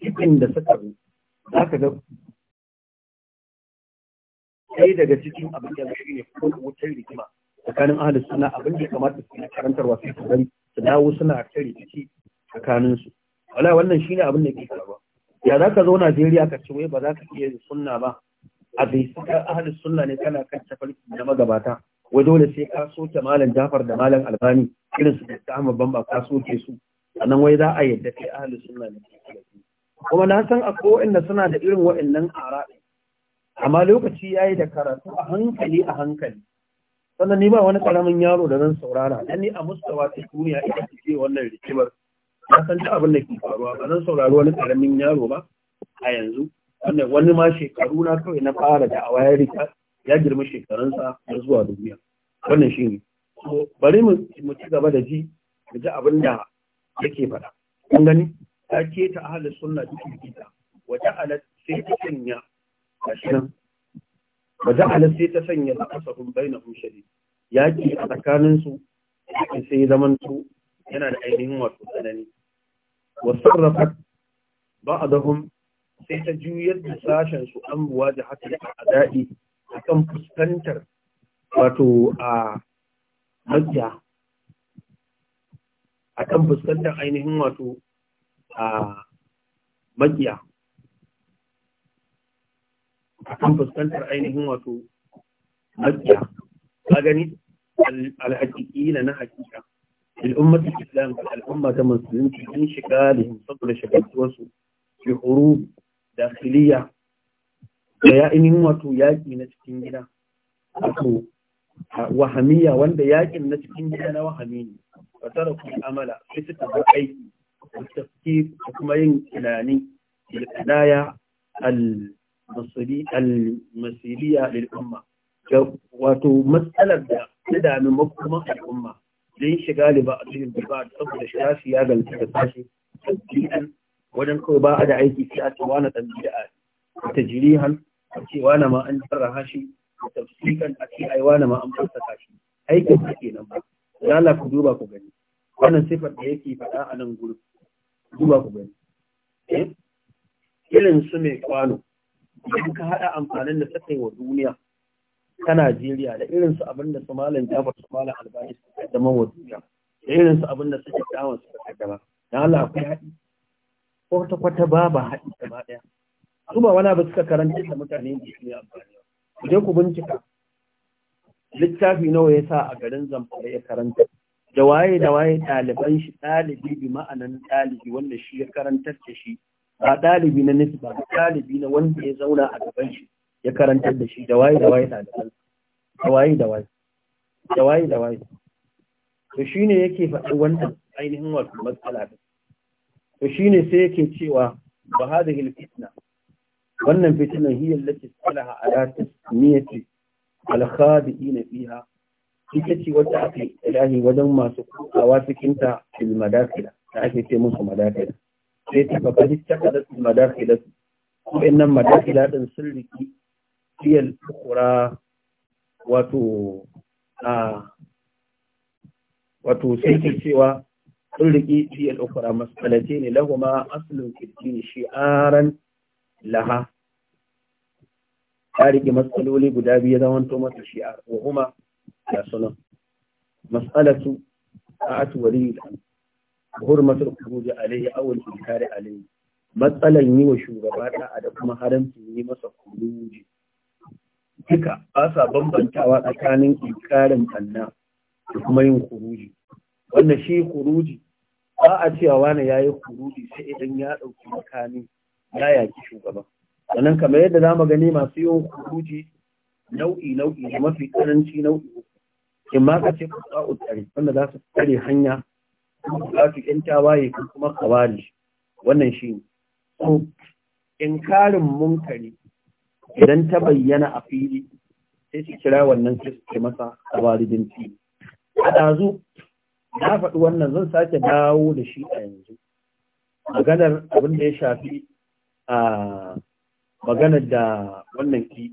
cikin da suka zo za ka ga sai daga cikin abin da shi ne ko wutar rigima tsakanin ahalin suna abin da ya kamata su yi karantarwa sai su gani su dawo suna ta rikici tsakanin su wala wannan shine abin da ke faruwa ya za ka zo Najeriya ka ce wai ba za ka iya sunna ba a bai saka ahalin sunna ne kana kan tafarki na magabata wai dole sai ka soke malam Jafar da malam Albani irin su da Ahmad Bamba ka soke su sannan wai za a yadda kai ahli sunna ne kuma na san akwai waɗanda suna da irin waɗannan ara amma lokaci yayi da karatu a hankali a hankali sannan ni ba wani karamin yaro da zan saurara dan ni a mustawa ta duniya ita ce wannan rikimar, na san ta abin da ke faruwa ba zan saurari wani karamin yaro ba a yanzu Wannan wani ma shekaru na kawai na fara da awa rika ya girma shekarunsa har zuwa duniya wannan shine bari mu ci gaba da ji mu ji abin da yake faɗa kun gani ta keta ahalin sunna duk kita wata alat sai ta sanya gashi nan wata alat sai ta sanya da asabun baina hushari yaki a tsakanin su sai zaman su yana da ainihin wato tsanani a ba'dahum sai ta juyar da sashen su an buwa da hakan a daɗi a kan fuskantar wato a makiya Akan kan fuskantar ainihin wato a makiya a kan fuskantar ainihin wato makiya al'umma ta musulunci sun shiga da himsatul shagaltuwarsu fi huru da filiya wato yaƙi na cikin gida wato wahamiya wanda yaƙin na cikin gida na wahami ne wa taraku amala sai suka bar aiki والتفكير وكمين كلاني للقضايا المسيرية للأمة wato matsalar da ta dami makoman al'umma da yin shiga liba a cikin biba saboda shiga su ya ganci da sashi tabbiyar wajen kawai ba a da aiki sai a cewa na ɗan bida'a ta jirihan a cewa na ma an tsara hashi da tafsikan a ce aiwa na ma an fassaka shi aikin su kenan ba lala ku duba ku gani wannan sifar da yake faɗa a nan gurin duba ku gani eh irin su mai kwano idan ka haɗa amfanin da suka yi wa duniya ta Najeriya da irin su abin da su malam Jafar su Albani su kaddama wa duniya da irin su abin da suke dawon su kaddama dan Allah akwai haɗi kwata kwata babu haɗi gaba ɗaya su ba wani abu suka karanta da mutane da su amfani ku je ku bincika littafi nawa ya sa a garin Zamfara ya karanta da waye da waye ɗaliban shi ɗalibi bi ma'anan ɗalibi wanda shi ya karantar da shi ba ɗalibi na nufi ba ɗalibi na wanda ya zauna a gaban shi ya karantar da shi da waye da waye ɗaliban da waye da waye da waye da waye to shine yake faɗi wannan ainihin wato matsala da to shine sai yake cewa ba hadhihi alfitna wannan fitnan hiya allati salaha ala tasmiyati al-khadi'ina fiha ita ce wacce aka yi ilahi wajen masu kukawa cikin ta fil da ake ce musu madakila sai ta baka duk ta kada fil madakila su wa'annan madakila din sun riki fiyar kura wato a wato sai ke cewa sun riki fiyal ukura masalace ne lahuma ne shi shi'aran laha ta riki matsaloli guda biyu zamanto masu shi'ar wa huma السلام مسألة طاعة ولي الأمر a الخروج عليه أو wa عليه مسألة da kuma أدكما حرم masa خروج duka ba sa bambantawa tsakanin inkarin tsanna da kuma yin kuruji wannan shi kuruji ba a cewa wani ya yi kuruji sai idan ya ɗauki makami ya yaki shugaban sannan kamar yadda za mu gani masu yin kuruji nau'i nau'i mafi tsananci nau'i uku in ma ka ce kusa utsari wanda za su tsare hanya kuma za su yan tawaye ko kuma kawari wannan shi ne ko in inkarin munkari idan ta bayyana a fili sai su kira wannan sai su ce masa din ci a ɗazu na faɗi wannan zan sake dawo da shi a yanzu maganar abin da ya shafi a maganar da wannan ki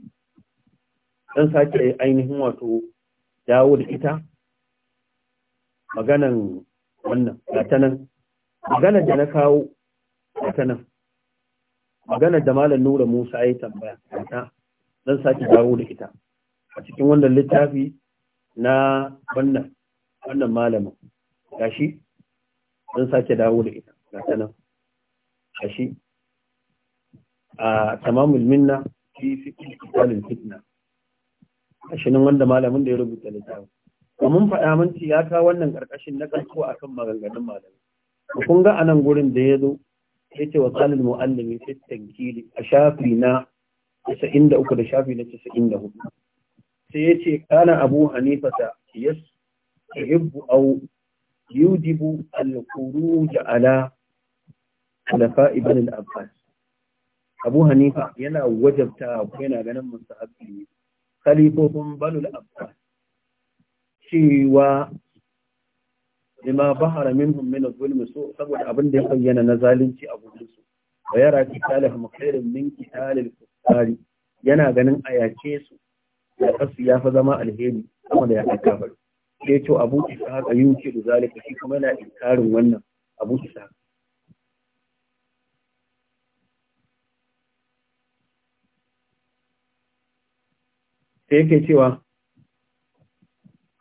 zan sake ainihin wato dawo da ita maganan wannan ta nan maganar da na kawo ta nan maganar da malam nura musa ya yi tambaya ta zan sake dawo da ita a cikin wannan littafi na wannan wannan malamin gashi zan sake dawo da ita ta nan gashi a tamamul minna fi fi fitna ƙarƙashin wanda malamin da ya rubuta littafin to mun faɗa mun ci ya kawo wannan ƙarƙashin na ƙarko akan maganganun malami kun ga anan gurin da ya zo ya ce wa tsalin mu'allimi fi tankili a shafi na 93 da shafi na 94 sai ya ce kana abu hanifata yas yuhibbu aw yujibu al-khuruj ala khulafa ibn al-abbas abu hanifa yana wajabta ko yana ganin mustahabbi kalifofin banul abbas cewa lima bahara minhum min zulmi so saboda abin da ya bayyana na zalunci a gurin su wa yara qitalahum khairun min qitalil kuffari yana ganin ayace su da kasu ya fa zama alheri kuma da ya kafir sai ya ce abu isa haka yunki da zalika shi kuma yana inkarin wannan abu isa sai yake cewa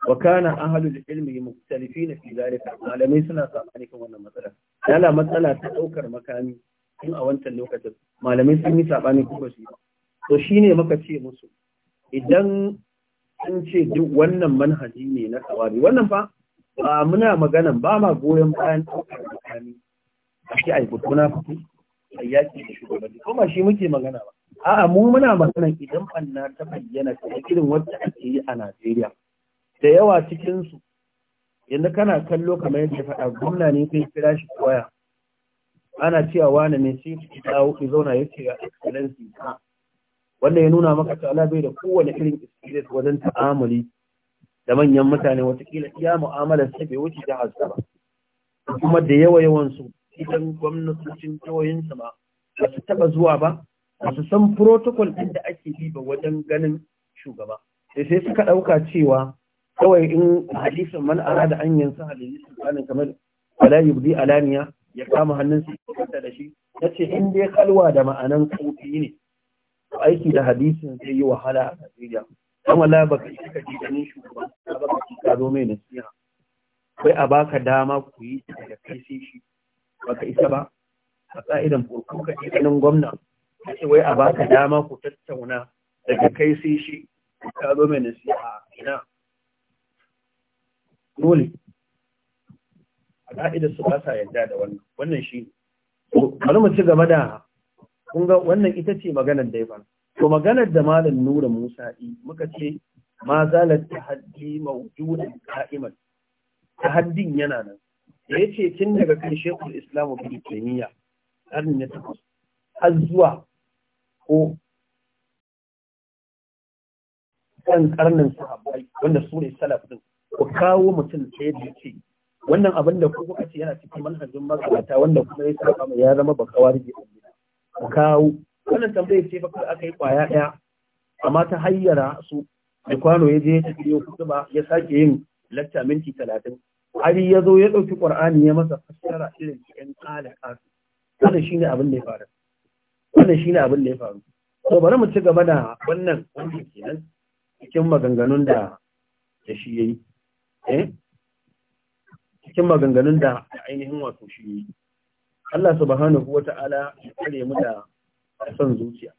wa kana ahlul ilmi mukhtalifin fi zalika malamai suna sabani kan wannan matsala yana matsala ta daukar makami in a wancan lokacin malamai sun yi sabani ko ba shi to shine muka ce musu idan sun ce duk wannan manhaji ne na tsawabi? wannan fa ba muna magana ba ma goyon bayan daukar makami a ce ai fito na fito a yaki da shugabanni ko ba shi muke magana ba a'a mu muna magana idan banna ta bayyana ta irin wacce ake yi a Najeriya da yawa cikinsu. su yanzu kana kallo kamar yadda faɗa gwamna ne kai kira shi waya ana cewa wani ne shi ki dawo ki zauna yake ya excellence ka wanda ya nuna maka Allah bai da kowane irin experience wajen ta'amuli da manyan mutane watakila iya mu'amalar ta bai wuce da hazza ba kuma da yawa yawan su idan gwamnatocin jihohin ma ba su taba zuwa ba basu su san protocol ɗin da ake bi ba wajen ganin shugaba Sai sai suka ɗauka cewa kawai in hadisin man ara da an yansa hadisi sultanin kamar wala yubdi alaniya ya kama hannun su da shi Ya ce in dai kalwa da ma'anan kofi ne aiki da hadisin zai yi wahala a Najeriya dan wala baka yi ka ji ganin shugaba baka ci ka zo mai nasiha kai a baka dama ku yi da kai sai shi baka isa ba a ka'idan farko ke ganin gwamna kace wai a baka dama ku tattauna daga kai sai shi ka zo mai nasiha ina dole a ka'idar su ba sa yarda da wannan wannan shi bari mu ci gaba da kun ga wannan ita ce maganar da ya to maganar da malam nura musa yi muka ce ma zalar tahaddi mawjudan qa'iman tahaddin yana nan da ce tun daga kan shekul islamu ibn taymiya karni na takwas har zuwa ko kan karnin sahabbai wanda su ne salaf din ku kawo mutum ɗaya da ce wannan abin da kuka ce yana cikin manhajin makarata wanda kuma ya saba ya zama baka warje a ku kawo wannan tambayar ce fa aka yi kwaya ɗaya amma ta hayyara su da kwano ya je ya tafi ya ba ya sake yin lacca minti talatin har ya zo ya ɗauki ƙur'ani ya masa fassara irin ‘yan ƙala wannan shi ne abin da ya faru. wannan shine abin da ya faru to bari mu ci gaba da wannan wani kenan cikin maganganun da da shi yayi eh cikin maganganun da ainihin wato shi yayi Allah subhanahu wata'ala ya kare mu da son zuciya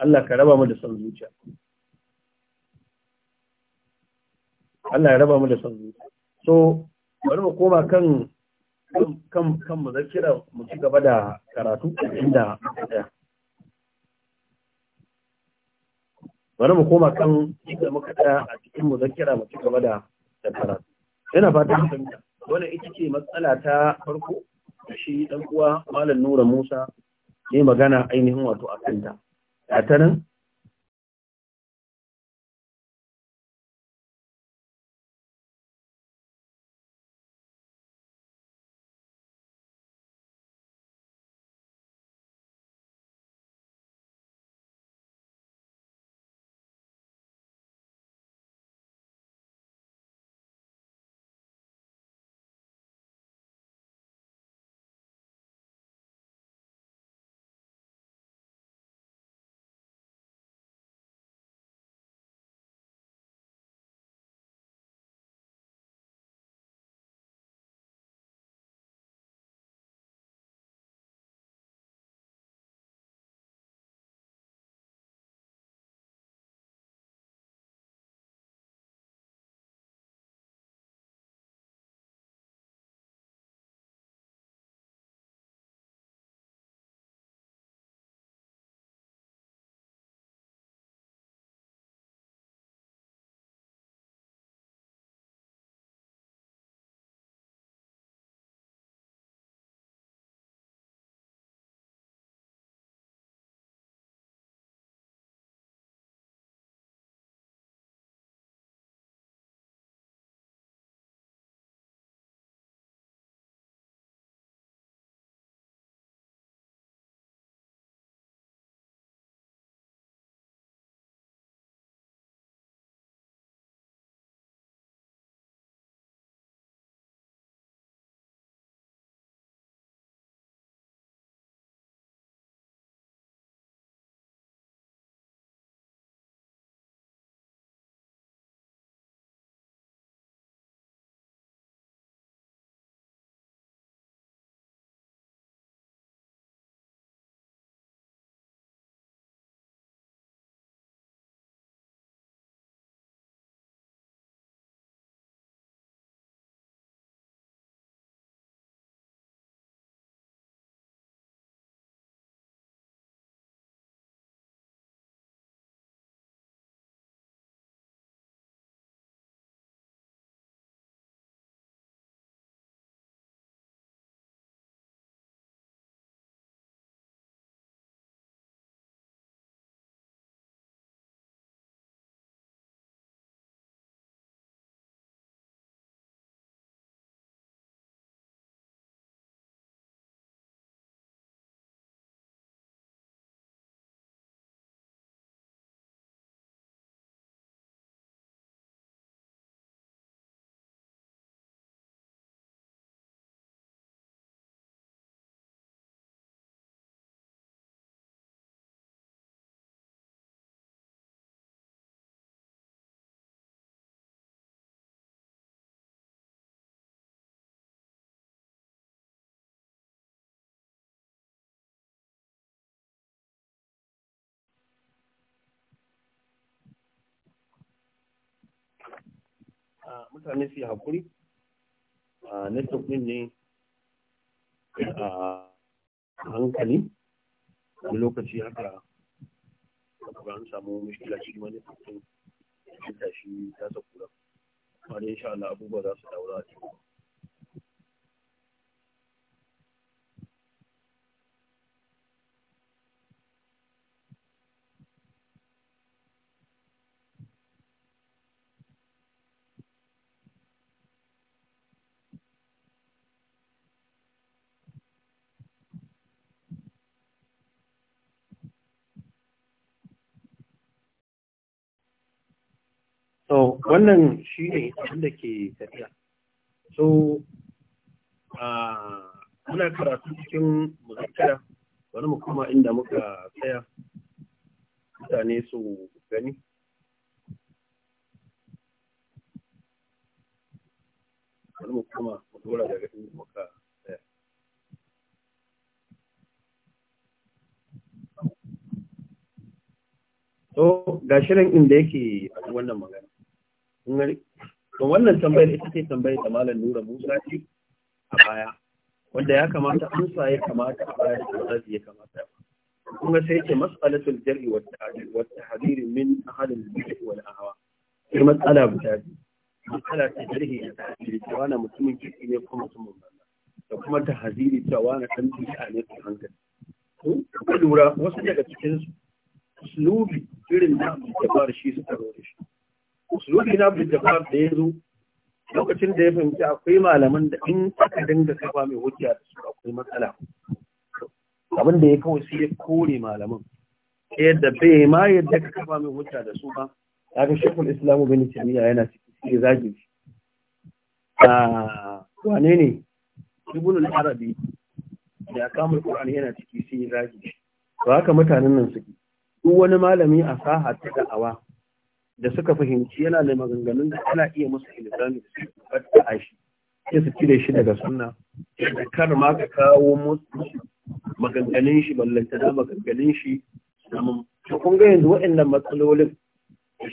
Allah ka raba mu da son zuciya Allah ya raba mu da son zuciya so bari mu koma kan kan mu muzakira mu ci gaba da karatu inda ɗaya bari mu koma kan inda muka tsaya a cikin mu zarkira mu ci gaba da karatu yana fata Wani wannan ita ce matsala ta farko shi dan uwa malam nura musa ne magana ainihin wato a kanta ta nan mutane su yi haƙuri a network ɗin ne a hankali a lokaci haka kuma an samu mishkila shi ma ne shi ta tsakura, kuma da insha abubuwa za su daura a cikin so wannan shi ne da ke tafiya so muna karatu cikin muzakkara wani mu kuma inda muka tsaya mutane su gani wani mu kuma mu daga inda muka tsaya so ga shirin inda yake wannan magana to wannan tambayar ita ce tambayar da malam Nura Musa ce a baya wanda ya kamata amsa ya kamata a baya da ya kamata kuma sai ce mas'alatul jar'i wa ta'dil wa tahdhir min ahad al-bid'ah wal ahwa sai matsala guda biyu matsala ta jar'i da ta'dil cewa na mutumin kirki ne kuma mutumin banza da kuma tahdhiri cewa na dan bid'a ne ko hankali to ka lura wasu daga cikin su slubi irin da ba shi suka rore shi usulubi na bin da ya zo lokacin da ya fahimci akwai malaman da in aka dinga kafa mai hujja da su akwai matsala abin da ya kawai sai ya kore malaman ta yadda bai ma yadda ka kafa mai hujja da su ba ya ga shekul islamu bin tamiya yana cikin sai zagin shi a ah, wane ne ibn arabi da akamul qur'ani yana ciki sai zagin shi to haka mutanen nan suke duk wani malami a saha ta da'awa da suka fahimci yana da maganganun da ana iya musu ilzami da su fata a shi sai su cire shi daga sunna da kar ma ka kawo musu maganganun shi ballanta da maganganun shi to kun ga yanzu waɗannan matsalolin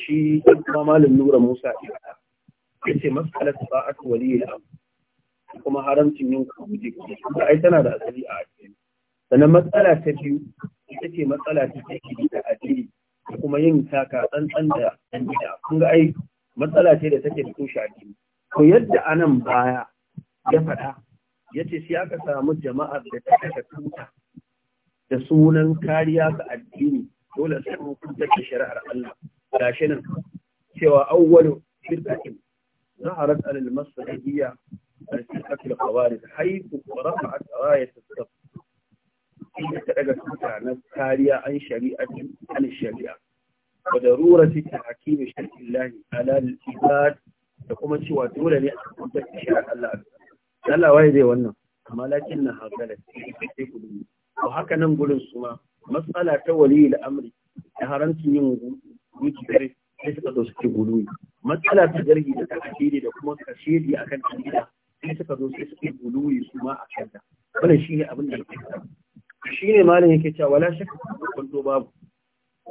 shi kuma malam Nura Musa ya ce mas'alat sa'at waliyil amr kuma haramcin yin kuɗi kuma ai tana da asali a addini sannan matsala ta biyu ita ce matsala ta take da addini kuma yin taka tsantsan da ɗan gida kun ga ai matsala ce da take da tushe a jini to yadda anan baya ya faɗa ya ce sai aka samu jama'ar da ta kashe tuta da sunan kariya ga addini dole sai mun da shari'ar Allah gashi nan cewa awwalu shirkatin ظهرت على المصدرية الفرقة الخوارج حيث رفعت ya الصف inda ta daga tuta na kariya an shari'a an shari'a wa darurati tahkim shari'illah ala al-ibad da kuma cewa dole ne a kunta shari'a Allah Allah waye zai wannan amma lakin na hakala sai ku dubi to haka nan gurin su ma matsala ta wali al-amri da haramcin yin wuce dare sai suka zo suke guluwi matsala ta gargi da ta kashiri da kuma kashiri akan tsira sai suka zo sai suke guluwi su ma a kanta wannan shine abin da ya yake shi ne malin yake cewa wala shakka kwanto babu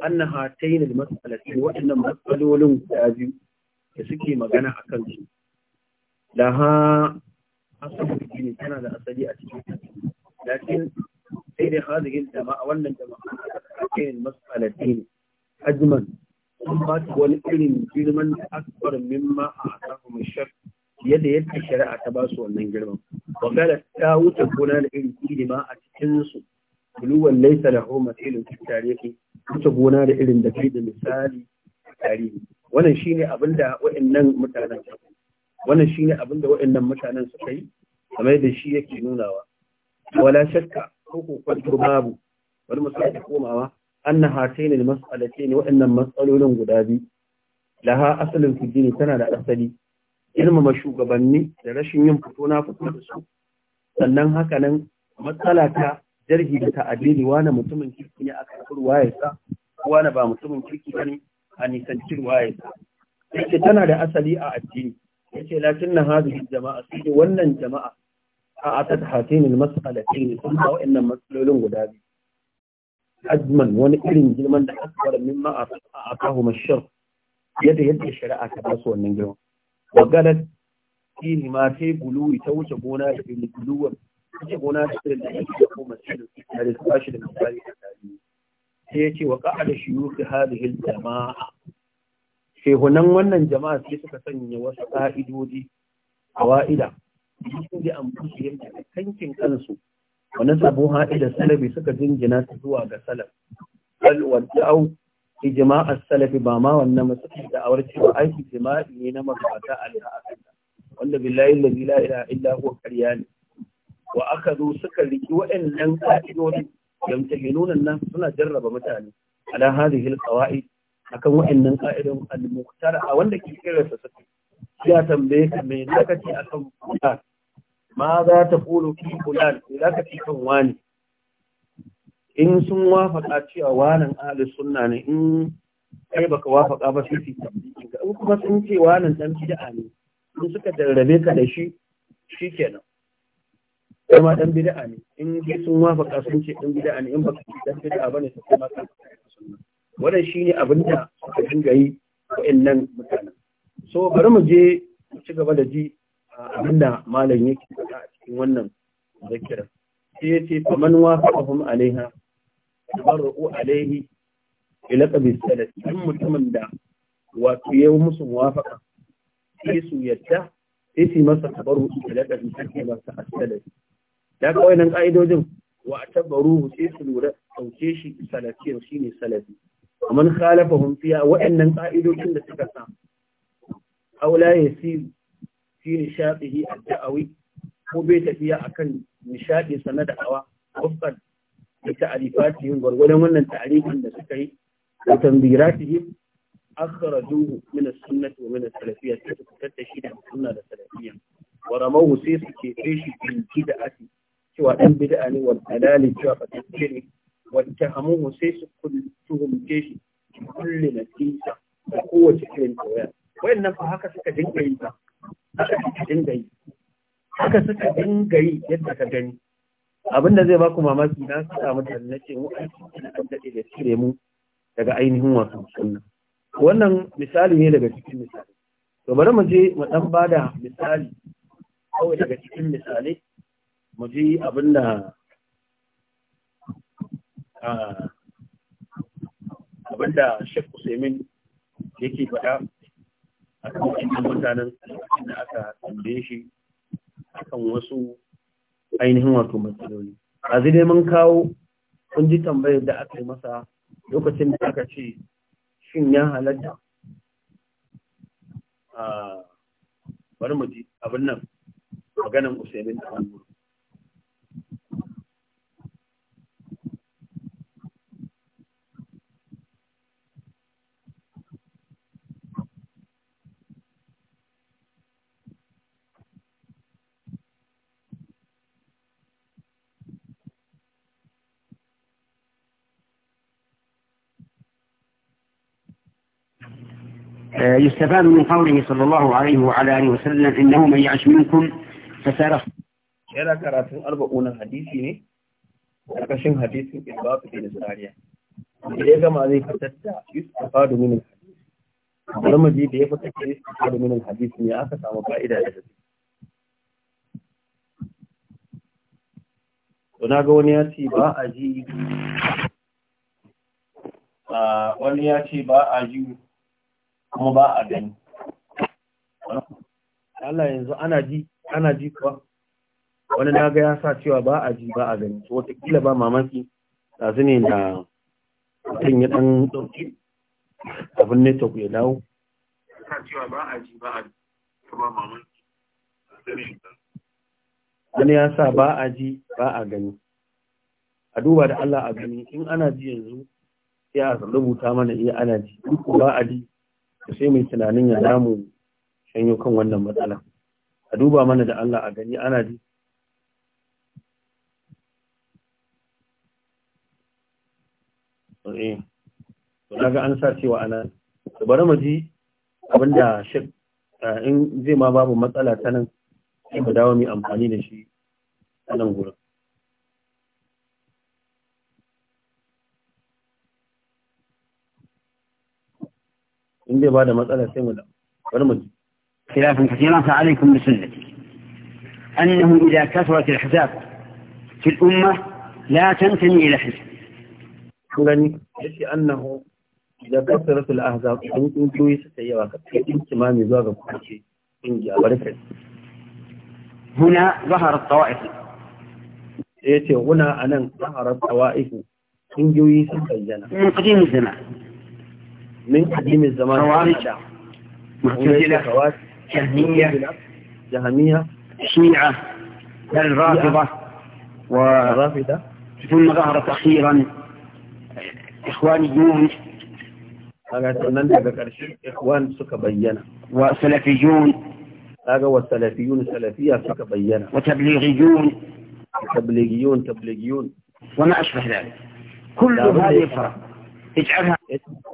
anna hatayn al-mas'alati waɗannan matsalolin guda biyu da suke magana akan su da ha asali ne tana da asali a cikin lakin sai dai hadihin jama'a wannan jama'a hatayn al-mas'alati ajman sun ba ta wani irin girman da akbar mimma a asahu shar yadda yadda shari'a ta ba su wannan girman wakala ta wuce gona da irin ilima a cikinsu kuluwan laisa da matilun fi tarihi wuce gona da irin da kai da misali tarihi wannan abin da waɗannan mutanen suka shine abin da waɗannan mutanen suka yi kamar da shi yake nunawa wala shakka ko ko kwanto babu wani misali komawa anna hatayn al ne waɗannan matsalolin guda biyu laha asalin fi tana da asali girmama shugabanni da rashin yin fito na fito da su sannan haka nan matsala ta jarhi da ta'adili wani mutumin kirki ne a karɓar wayarsa wani ba mutumin kirki ba ne a nisantar wayarsa yake tana da asali a addini yace lakin na hadhihi jama'a Suke wannan jama'a a atat hatin al ne, sun ba wa'annan matsalolin guda biyu Ajman wani irin girman da min ma a akahu mashar yadda yadda shari'a ta basu wannan girman wa galat ma sai guluwi ta wuce gona da fili guluwar kace gona da irin da yake da kuma sirri da ba shi da misali da tarihi sai ya ce wa qa'ada shuyukh hadhihi al-jama'a shehunan wannan jama'a sai suka sanya wasu ka'idodi wa'ida, sun da amfusu a kankin kansu wani sabuha ila salabi suka jingina ta zuwa ga salaf bal wad'u ijma' salafi salaf ba ma wannan musulmi da cewa aiki ijma'i ne na Allah a haata wanda billahi la ila illa huwa qaryani wa aka zo suka riki waɗannan ka'idodin yamtahinuna nan suna jarraba mutane ala hadhihi alqawaid akan waɗannan ka'idon al-muqtara a wanda ke kirarsa suke ya tambaye ka me zaka ce akan fulan ma za ta kulu fi fulan me zaka ce kan wani in sun wafaka cewa wanan ahli sunna ne in kai baka wafaka ba sai su ka kuma sun ce wanan dan bid'a ne in suka jarrabe ka da shi shikenan kai ma dan bid'a ne in dai sun baka sun ce dan bid'a ne in baka dan bid'a bane sai kuma ka sunna wannan shine abin da suka dinga yi wa'annan mutanen so bari mu je mu ci gaba da ji abin da malam yake faɗa a cikin wannan zakira sai ya ce man wafaqahum alaiha tabarru alaihi ila qabil salat in mutumin da wato yi musu muwafaqa sai su yadda sai su masa tabarru ila qabil salat da ga wayannan ka'idojin wa atabaruhu sai su lura sauke shi salafiyan shine salafi man khalafahum fiya wayannan ka'idojin da suka sa aula yasi fi nishatihi ad-da'awi ko bai tafiya akan nishadi sana da awa wafqan da yin gwargwadon wannan tarihin da suka yi da tanbiratihim akhrajuhu min as-sunnah wa min as-salafiyyah Ta su fitar da shi da sunna da salafiyar. wa ramahu sai su ke shi da bid'ati cewa ɗan bid'a ne wani alali cewa fatacce ne ta hamuhu sai su tuhumce shi kulle na tisa da kowace irin tawaya nan fa haka suka dinga yi ba haka suka dinga yi haka suka dinga yi yadda ka gani abinda zai baku mamaki na sa da na ce mu an daɗe da cire mu daga ainihin wasu sunna wannan misali ne daga cikin misali to bari mu je mu dan bada misali kawai daga cikin misalai mu ji abin da Sheikh Usaimin yake faɗa a kan mutanen da aka tambaye shi kan wasu ainihin wato matsaloli. A dai mun kawo kun ji tambayar da aka yi masa lokacin da aka ce shin ya halatta bari mu ji abin nan maganan usaimin da hannu يستفاد من قوله صلى الله عليه وعلى اله وسلم انه من يعش منكم فسار يرى قرات 40 حديث ني قرشن حديث اضافه في الساريه اذا كما زي فتت يستفاد من الحديث لما دي دي فتت يستفاد من الحديث ني اكا سامو فائده ده ونا غوني يا سي با اجي ا ونيا سي با اجي kuma ba a gani Allah yanzu ana ji ana ji kuwa wani na ga ya sa cewa ba a ji ba a gani to watakila ba mamaki ɗazu ne da mutum ya ɗan ɗauki abin ta ya dawo sa cewa ba a ji ba a ba mamaki wani ya sa ba a ji ba a gani a duba da Allah a gani in ana ji yanzu sai a rubuta mana iya eh, ana ji duk ba a ji sai mai tunanin ya damu shanyo kan wannan matsala a duba mana da Allah a gani ana ji eh, Na ga an sa cewa ana bari mu ji abinda shek eh, in zai ma babu matsala ta nan sai mu dawo mu amfani da shi a nan gurin in bai bada matsala sai mu da خلافا كثيرا فعليكم بسنتي أنه إذا كثرت الحساب في الأمة لا تنتمي إلى حزب يعني أنه إذا كثرت الأحزاب ممكن توي ستيوا كمان يزوغ هنا ظهر الطوائف إيش هنا أنا ظهر الطوائف من قديم الزمان من قديم الزمان خوارج مهتزلة جهمية جهمية شيعة الرافضة و الرافضة ثم ظهرت أخيرا إخوانيون هذا تمنى ذكر شيء إخوان سك بينا وسلفيون هذا والسلفيون سلفية سك بينا وتبليغيون تبليغيون تبليغيون وما أشبه ذلك كل هذه فرق اجعلها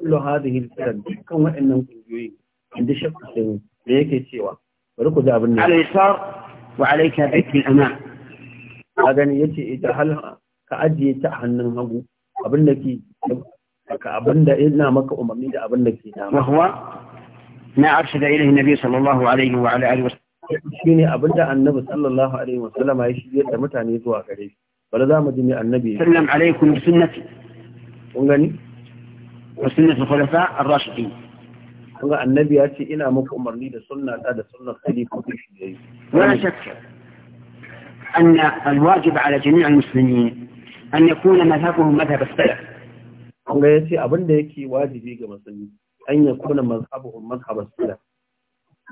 كل هذه الفرق كم وإنهم كنجوين عند شق السنين ليك سوى وركض أبنى على اليسار وعليك بيت الأمام هذا يتي إجعلها كأجي تحن هبو أبنك كأبن إذنا مك أمامي أبنك وهو ما أرشد إليه النبي صلى الله عليه وعلى آله وسلم shine abinda annabi sallallahu alaihi wasallama ya shirye da mutane zuwa gare shi bala za mu ji ne annabi sallam alaikum sunnati kun gani وسنة الخلفاء الراشدين الله النبي أتي إنا مكمر لي لسنة هذا سنة خليفة ولا شك أن الواجب على جميع المسلمين أن يكون مذهبهم مذهب السلف الله يأتي أبن ليكي واجبي كما أن يكون مذهبهم مذهب السلف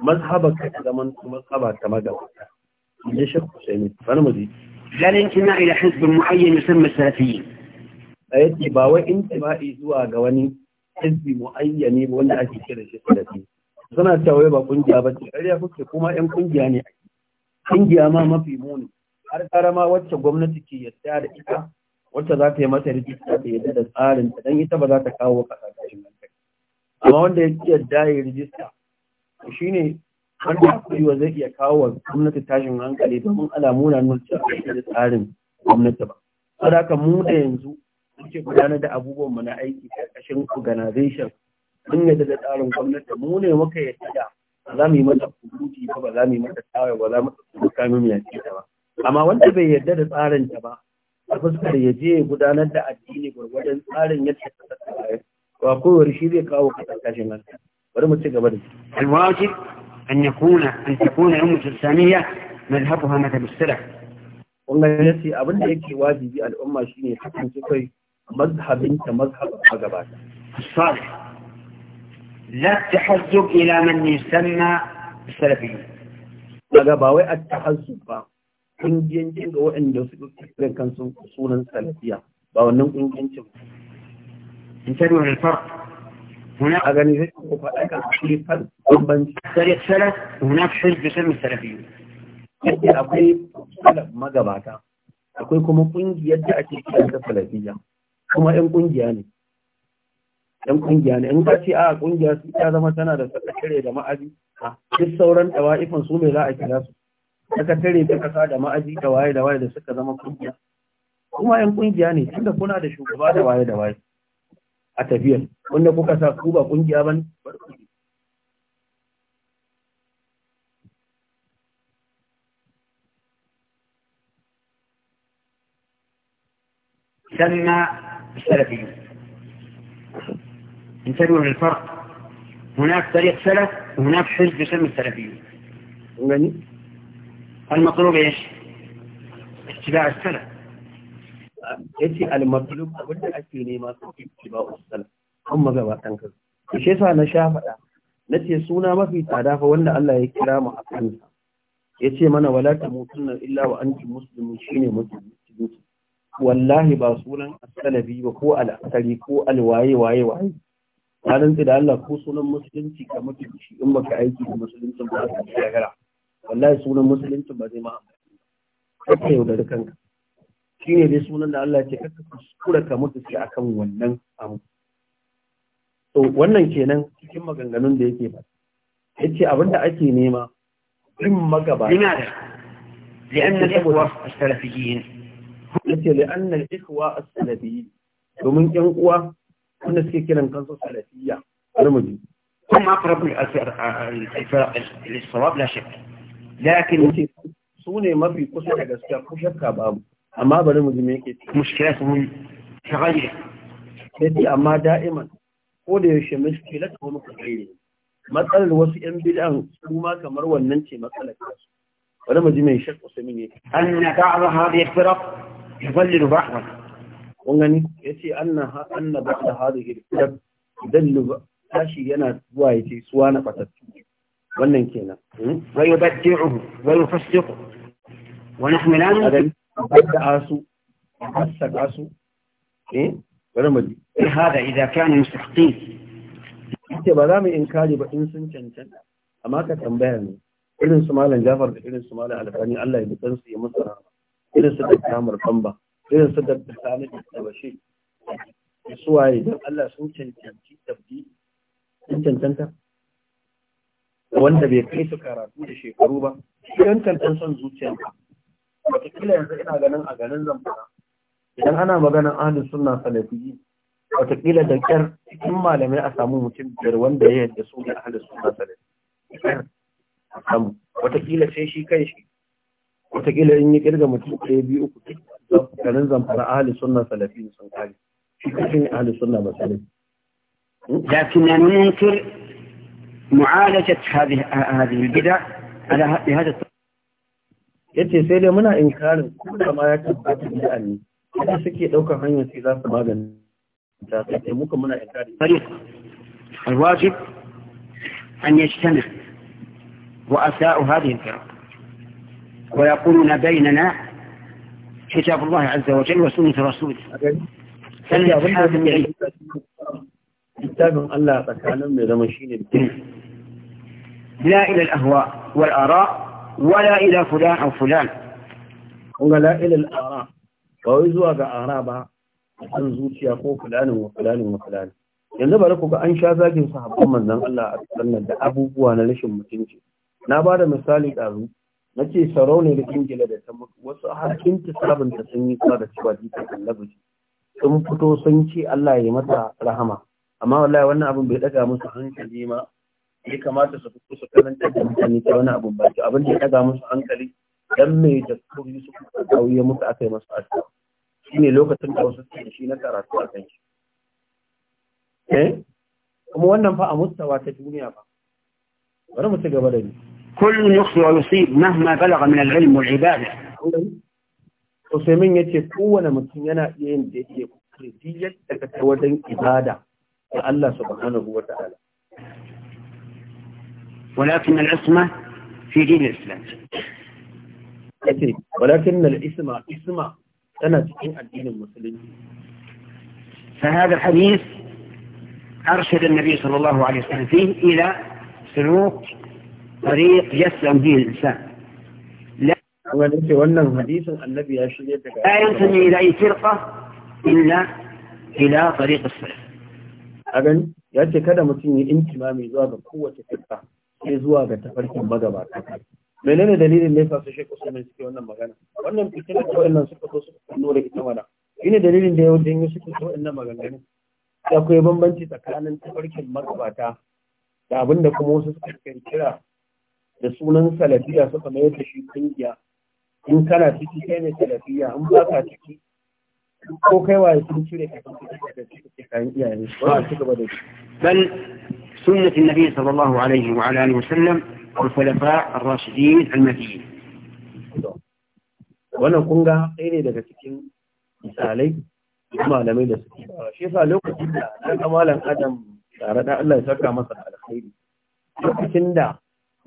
مذهبك كمن مذهب التمدد ليش أخو سيمين أنا مزيد لا الانتماء إلى حزب معين يسمى السلفيين a yake ba wai intima'i zuwa ga wani hizbi muayyani ba wanda ake kira shi salafi suna cewa ba kungiya ba ce ƙarya kuke kuma yan kungiya ne kungiya ma mafi muni har karama wacce gwamnati ke yadda da ita wacce za ta yi mata rijista ta yadda da tsarin ta dan ita ba za ta kawo ƙasa cikin amma wanda ya ki yadda ya rijista shine wanda kuwa zai iya kawo gwamnati tashin hankali domin alamu na nuna cewa da tsarin gwamnati ba. Saboda haka mu da yanzu muke gudanar da abubuwan mu na aiki ƙarƙashin organization mun yadda da tsarin gwamnati mu ne muka yadda da za mu yi mata kuruti ba ba za mu yi mata tsawa ba za mu yi mu ya ce ta ba amma wanda bai yarda da tsarin ta ba a fuskar ya je gudanar da addini gwargwadon tsarin yadda ta tsaka wa kowar shi zai kawo ka ƙarƙashin nan bari mu ci gaba da shi alwaji an ya kuna an takuna ummu islamiyya madhhabuha madhhab as-salaf wannan yasi abin da yake wajibi al'umma shine kasance kai mazhabinta mazhab a ta salih la tahazzub ila man yusamma salafiyyin daga ba wai at-tahazzub ba kungiyancin ga waɗanda su kiran kansu sunan salafiya ba wannan kungiyancin انتبهوا للفرق هناك فريق سلف وهناك حزب يسمى السلفيون akwai salaf magabata akwai kuma ƙungiyar da ake kiran ta salafiyya kuma ‘yan ƙungiya ne ‘yan ƙungiya ne in ka ce a ƙungiya su ya zama tana da sakatare da ma'aji duk sauran ɗawa'ifan su mai za a kira su sakatare ta kasa da ma'aji da waye da waye da suka zama ƙungiya kuma ‘yan ƙungiya ne tunda kuna da shugaba da waye da waye a tafiyar wanda kuka sa ku ba ƙungiya ba ne sannan السلفيون انتبهوا للفرق هناك طريق سلف وهناك حزب يسمى السلفيون من؟ المطلوب ايش؟ اتباع السلف ايش المطلوب ولا اشيني ما اتباع السلف هم جوا تنكر ايش يسوى انا شاف نتي سونا ما في تعرف ولا الله يكرمه اكثر يتي من ولا تموتن الا وانت مسلم شيني wallahi ba sunan asalabi ba ko al'asari ko alwaye waye waye ranar da Allah ko sunan musulunci ga mutu shi in baka aiki da musulunci ba ka gara wallahi sunan musulunci ba zai ma kaka da kanka shi ne dai sunan da Allah ce kaka kuskura ka mutu sai akan wannan abu to wannan kenan cikin maganganun da yake ba yace abinda ake nema din magaba ina da لأن الإخوة السلفيين yace li anna al ikhwa as salafiyyin domin ƴan uwa wanda suke kiran kansu salafiyya armaji kun ma farabu al asr al sawab la shakk lakin sune mafi kusa da gaskiya ko shakka babu amma bari mu ji me yake mushkila su mun shagali yace amma da'iman ko da yaushe mushkila ta muku gaire matsalar wasu 'yan bid'an su kamar wannan ce matsalar kasu mu ji me shakku su mun yake anna ba'd hadhihi al يظلل بحرا وغني يتي أن أن بعد هذه الكتب يدل tashi yana zuwa ya ce suwa na fatattu wannan kenan wai baddi'u wani fasdiqu wa nahnu la da asu a hasaka su eh bari mu ji hada idan kana mustahiqin ce ba za mu in inkari ba in sun cancan. amma ka tambaya ne irin su malam Jafar da irin su malam Albani Allah ya bi kansu ya musu irin su da kamar kamba irin su da sani da bashi da waye don Allah sun cancanci tabbi sun cancanta wanda bai kai su karatu da shekaru ba sun cancan son zuciyarka wataƙila yanzu ina ganin a ganin zamfara idan ana maganar ahalin suna salafiyi wataƙila da ƙyar cikin malamai a samu mutum biyar wanda ya yadda su ne ahalin suna salafiyi samu wataƙila sai shi kai shi wataƙila in yi kirga mutum ɗaya biyu uku garin zamfara ahli sunna salafi sun kare shi kashin ahli sunna ba salafi لكننا ننكر معالجة هذه هذه البدع على بهذا yace sai dai muna inkarin kuma ma ya tabbata da ani kada suke ɗaukar hanyar sai za su magani ta sai muka muna inkari tariq الواجب ان يجتمع واساء هذه الفرق ويقولون بيننا كتاب الله عز وجل وسنة رسوله كتاب الله تعلم إذا مشين لا إلى الأهواء والآراء ولا إلى فلان أو فلان ولا إلى الآراء فوزوا بآراء أنزوت يقول فلان وفلان وفلان yanzu ba da kuka an sha zagin sahabban manzan Allah a tsarnar da abubuwa na rashin mutunci na ba da misali ɗaru na ce da ingila da ta mutu wasu har intisabinta sun yi kula da cewa jikin annabi sun fito sun ce Allah ya mata rahama amma wallahi wannan abin bai daga musu hankali ma ya kamata su fito su karanta da mutane ta wani abin ba abin da ya daga musu hankali dan mai da kuri su kawo ya mutu aka yi masa addu'a shine lokacin da wasu suke shi na karatu a kan shi eh? kuma wannan fa a mustawa ta duniya ba bari mu ci gaba da ni كل يخطئ ويصيب مهما بلغ من العلم والعبادة وسمين يجي كونا متنينا يين ديتي كريتيجا تكتوتن إبادة الله سبحانه وتعالى ولكن الاسم في دين الإسلام ولكن الاسم اسم أنا في الدين المسلم فهذا الحديث أرشد النبي صلى الله عليه وسلم فيه إلى سلوك طريق يسلم به الإنسان لا لا ينتمي إلى أي فرقة إلا إلى طريق السلف أبن يأتي كذا متين انتمامي زواج قوة فرقة زواج تفرق مجمع menene dalilin da ya fasu shi kusurmin suke wannan magana wannan fitilar da wa'annan suka so suka kullo da ita mana shine dalilin da ya wajen yi suke so wa'annan maganganun akwai bambanci tsakanin tafarkin magabata da abin da kuma wasu suka kira. da sunan salafiya suka mayar da shi kungiya in kana ciki kai ne salafiya in ba ka ciki ko kai waye sun cire ka kan ciki da cikin kan iyaye ba su gaba da shi bal سنة النبي صلى الله wa وعلى khulafa ar rashidin, al المهديين wannan kun ga ɗaya ne daga cikin misalai malamai da suke shi yasa lokacin da na ga malam adam tare da Allah ya saka masa alkhairi lokacin da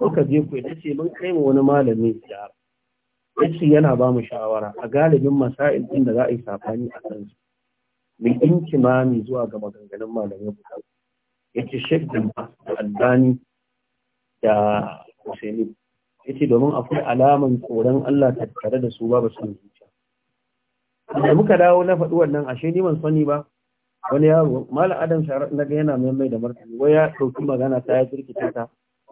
kuka je ku ita ce mun kai mu wani malami ya yace yana ba mu shawara a galibin masail din da za a yi safani a kan su mai inkimami zuwa ga maganganun malamai guda yace ce bin Bas da Albani da Husaini yace domin akwai alaman tsoron Allah tattare da su babu sun zuciya da muka dawo na faɗi wannan ashe ni ban sani ba wani yaro malam Adam Sharar na ga yana mai da martani wai ya ɗauki magana ta ya kirkita ta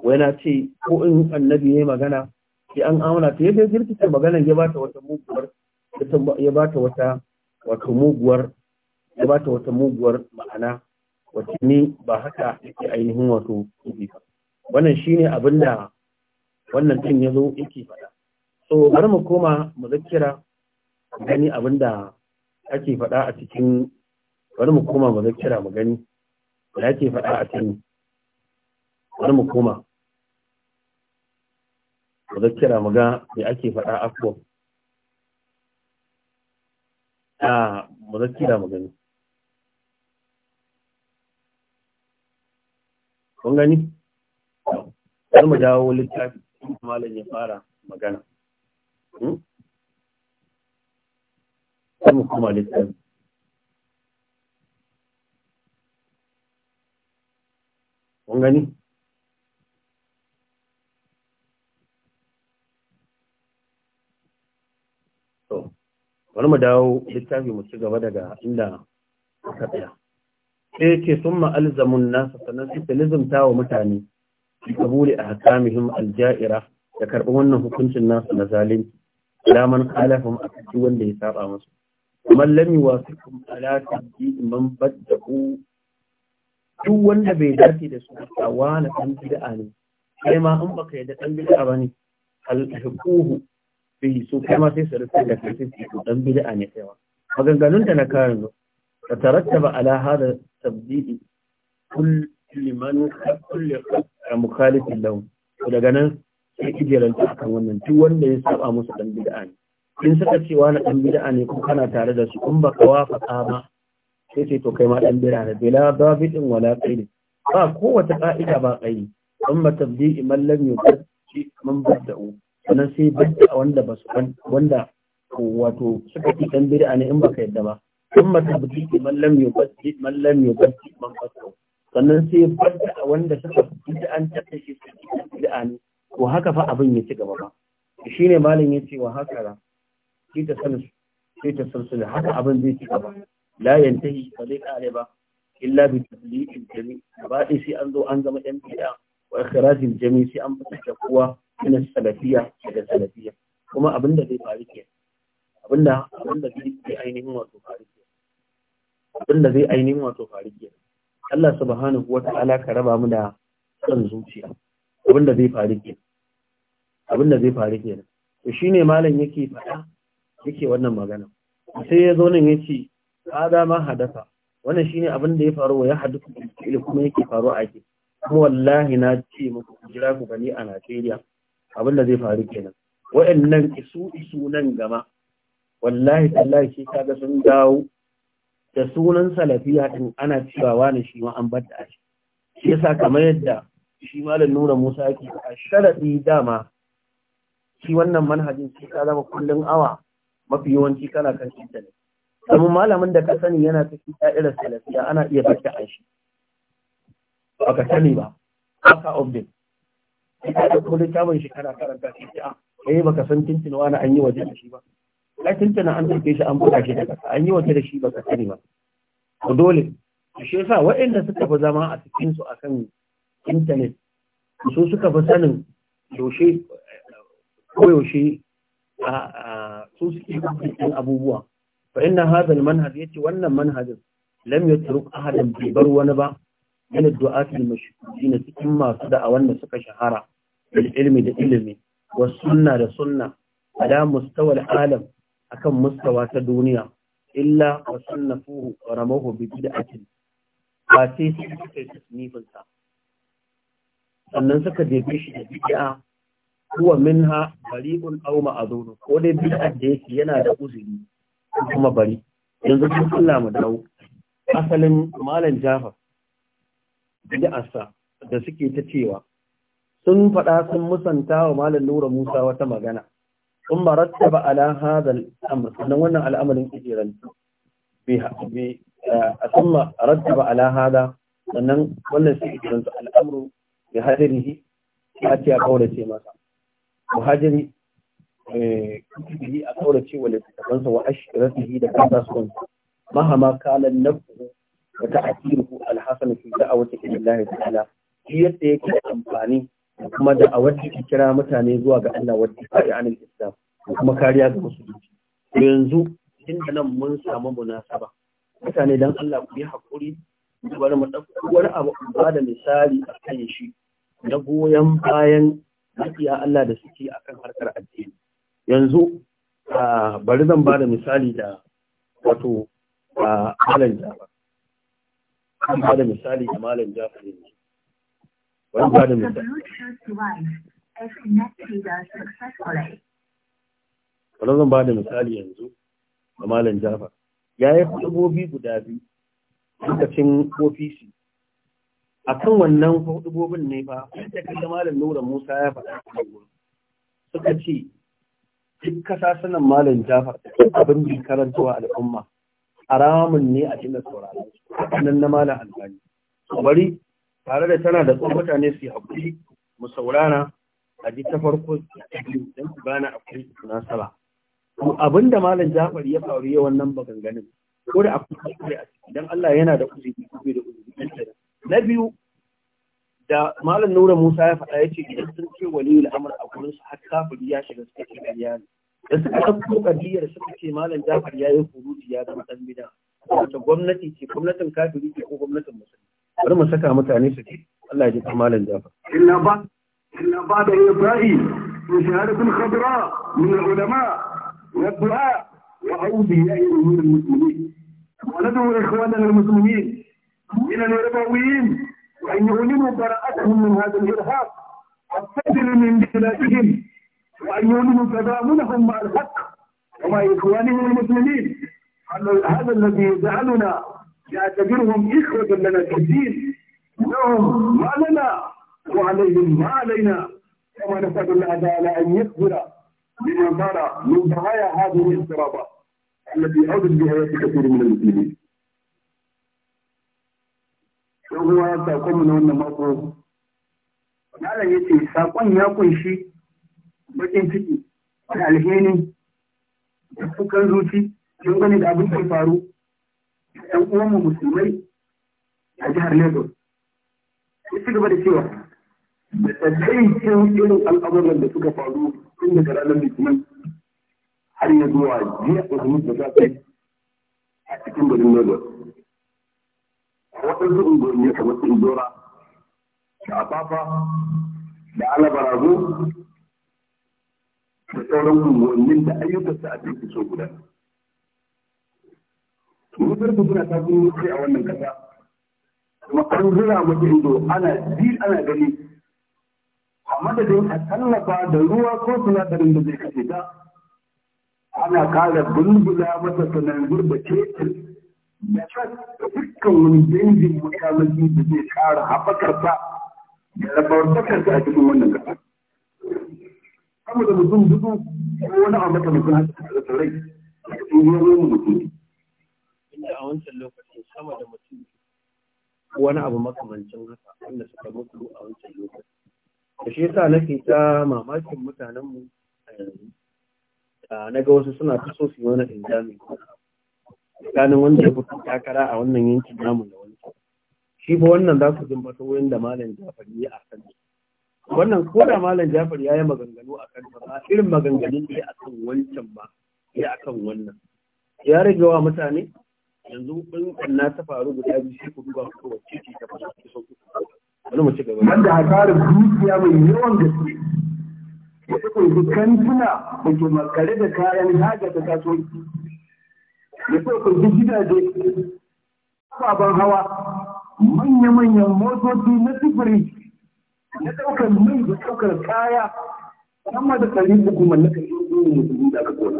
wai na ce ko in annabi ne magana sai an auna ta yadda girkita maganar ya bata wata muguwar ya bata wata wato muguwar ya bata wata muguwar ma'ana wacce ni ba haka yake ainihin wato kudi ba wannan shine abin da wannan din ya zo yake faɗa so bari mu koma mu zakkira gani abin da ake faɗa a cikin bari mu koma mu zakira mu gani da ake faɗa a cikin bari mu koma zakira mu ga me ake faɗa afwan a ah, zakira mu gani kun gani sai mu dawo littafi malam ya fara magana sai hmm? mu kuma littafi kun gani bari mu dawo littafi mu ci gaba daga inda aka tsaya sai ce sun ma'alzamun nasa sannan suka wa mutane su kabuli a hakamihim alja'ira da karɓi wannan hukuncin nasu na zalunci alaman alafin a kaci wanda ya saba musu mallami wasu kun alata ji iman badda ku duk wanda bai dace da su a wani ɗan bid'a ne sai ma in baka yadda ɗan bid'a ba ne fihi su kai ma sai su rufe da kai sai su dan bid'a ne kai ma maganganun na kayan zo ta tarattaba ala hada tabdidi kulli man kulli mukhalifin to daga nan sai ijeranta akan wannan duk wanda ya saba musu dan bid'a ne in suka cewa na dan bid'a ne kuma kana tare da su kun baka wafaka ma sai sai to kai ma dan bid'a ne bila dabidin wala qaid ba kowace ka'ida ba qaid amma tabdi'i man lam yuqaddi man bada'u sannan sai bid'a wanda ba su wanda wato suka fi dan bid'a ne in baka yadda ba in mata bid'a man lam yubaddi man lam yubaddi man fasu sannan sai bid'a wanda suka bid'a an ta shi su bid'a ne Ko haka fa abin ya ci gaba ba shine malam yace wa haka ra shi ta san shi ta san haka abin zai ci gaba la yantahi ba zai kare ba illa bi tasliyil jami'a. ba sai an zo an zama yan bid'a wa ikhrajil jami'a sai an fitar da kowa min salafiyya daga salafiyya kuma abin da zai faru ke abin da zai ainihin wato faru abin da zai ainihin wato faru ke Allah subhanahu wata'ala ka raba mu da son zuciya abin da zai faru ke abin da zai faru ke to shine malam yake faɗa yake wannan magana sai ya zo nan yace hada ma hadasa wannan shine abin da ya faru wa ya hadu kuma yake faru a ke kuma wallahi na ce maku ku jira ku gani a Najeriya abin da zai faru kenan waɗannan isu isu nan gama wallahi tallahi shi kaga sun dawo da sunan salafiya din ana cewa wani shi ma an bada shi shi yasa kamar yadda shi malam nura musa yake a sharadi dama shi wannan manhajin shi ka zama kullun awa mafi yawanci kana kan intanet amma malamin da ka sani yana cikin da'irar salafiya ana iya bada shi baka sani ba haka update in ka ɗauko littafin shi shekara karanta shi ta ah, yi eh, baka san tintin wani an yi waje da shi ba ai tintin an ɗauke shi an buɗa shi da ƙasa an yi waje da shi baka sani ba to dole shi yasa waɗanda suka fi zama a cikin su akan intanet su suka fi sanin yaushe koyaushe su suke cikin abubuwa fa inna hadha al manhaj yace wannan manhajin lam yatruk ahadan bi bar wani ba min ad-du'ati al na cikin masu da wanda suka shahara bil ilmi da ilimi wa sunna da sunna ala mustawa al-alam akan mustawa ta duniya illa wa sunnafuhu wa da bi bid'atin ba sai suka yi tasnifin sannan suka jefe shi da bid'a huwa minha bari'un aw ma'dhurun ko dai bid'a da yake yana da uzuri kuma bari yanzu sun Allah mu dawo asalin malam Jafar bid'arsa da suke ta cewa sun faɗa sun musanta wa malam Nura Musa wata magana sun ba ala hadha al-amr sannan wannan al'amarin kijiran bi bi thumma rattaba ala hadha sannan wannan su kijiran su al'amru bi hadrihi ya ce a kaurace masa muhajiri eh, kutubihi a kaurace wa littafansa wa ashiratihi da kasa sun mahama kalan nafsu wa ta'thiruhu al-hasan fi da'wati ila ta'ala shi yadda yake amfani kuma da a kira mutane zuwa ga Allah wadda fa'i anil islam kuma kariya ga musulunci yanzu da nan mun samu munasaba mutane dan Allah ku yi hakuri bari mu dauko wani abu ba da misali a kan shi na goyon bayan ya Allah da suke akan harkar addini yanzu bari zan ba da misali da wato a halin jaba an ba da misali da malam jafar ne wani ba da misali wani zan ba da misali yanzu a malam jafar ya yi hudubobi guda biyu lokacin ofishi a kan wannan hudubobin ne fa da kan malam nura musa ya faɗa suka ce duk kasa sanan malam jafar abin karantawa al'umma haramun ne a cikin sauraron nan na malam albani bari tare da tana da tsohon mutane su yi haƙuri mu saurana a ji ta farko don su gane akwai munasaba to abin da malam Jafar ya faru yawan nan maganganun ko da akwai kuskure a ciki don Allah yana da uzuri da bai da uzuri na biyu da malam Nura Musa ya faɗa ya ce idan sun ce waliyul al'amur a gurin su har kafin ya shiga cikin iyali da suka ɗauko ƙadiyar suka ce malam jafar ya yi kuruci ya zama ɗan bida wata gwamnati ce gwamnatin kafiri ce ko gwamnatin musulmi bari mu saka mutane su ce Allah ya ji ta malam jafar inna ba inna ba da ibrahim min shahadatul khadra min ulama wa du'a wa awliya min muslimin وندعو اخواننا المسلمين من الربويين وان يعلنوا براءتهم من هذا الارهاب والصدر من بلادهم وأن يؤمنوا تزامنهم مع الحق ومع إخوانهم المسلمين هذا الذي يجعلنا نعتبرهم إخوة لنا في الدين لهم ما لنا وعليهم ما علينا كما نسأل الله تعالى أن يغفر لمن صار من ضحايا هذه الاضطرابات التي عدت بها كثير من المسلمين. Yan kuma ta kuma na wannan mako, Malam ya ce saƙon ya kunshi baƙin ciki wani alheri da fukan zuci gani da abin da faru ‘yan uwanmu musulmai a jihar Lagos. Ya ci gaba da cewa da cikin irin al'amuran da suka faru tun daga ranar Litinin har ya zuwa jiya Alhamis da safe a cikin garin Lagos. Waɗansu unguwanni kamar su Indora, da abafa da Alabarago, da sauran unguwannin da ayyukansa a cikin so guda. Mutar da suna tafi mutu a wannan kasa, kuma an zura mata ido ana ji ana gani, a madadin a tallafa da ruwa ko sinadarin da zai kashe ta, ana kara bulbula mata sanangur da ketir da da dukkan wani dangin makamaki da zai kara haɓakarsa da rabartakarsa a cikin wannan kasa. sama da mutum dubu ko wani abu mata mutum a da rai sun yi wani mutum inda a wancan lokacin sama da mutum wani abu makamancin haka wanda suka mutu a wancan lokacin da shi yasa nake ta mamakin mutanenmu a yanzu na ga wasu suna ta so su yi wani injami tsakanin wanda ya fito takara a wannan yankin namu da wani shi ba wannan za su jin fata wurin da malam jafari ya a kan wannan ko da malam jafar ya yi maganganu a kan ba irin maganganun ya a kan wancan ba ya a kan wannan ya rage wa mutane yanzu ɗan kanna ta faru guda biyu sai ku duba ko wacce ce ta faru ki sauki wani mu ci gaba wanda hasarar dukiya mai yawan gaske ya ɗauki kantuna da ke makare da kayan haja ta kasuwanci ya ɗauki gidaje ababen hawa manya-manyan motoci na sifiri na ɗaukar mai da ɗaukar kaya amma da ɗari uku mallakar yin musulmi da aka kona.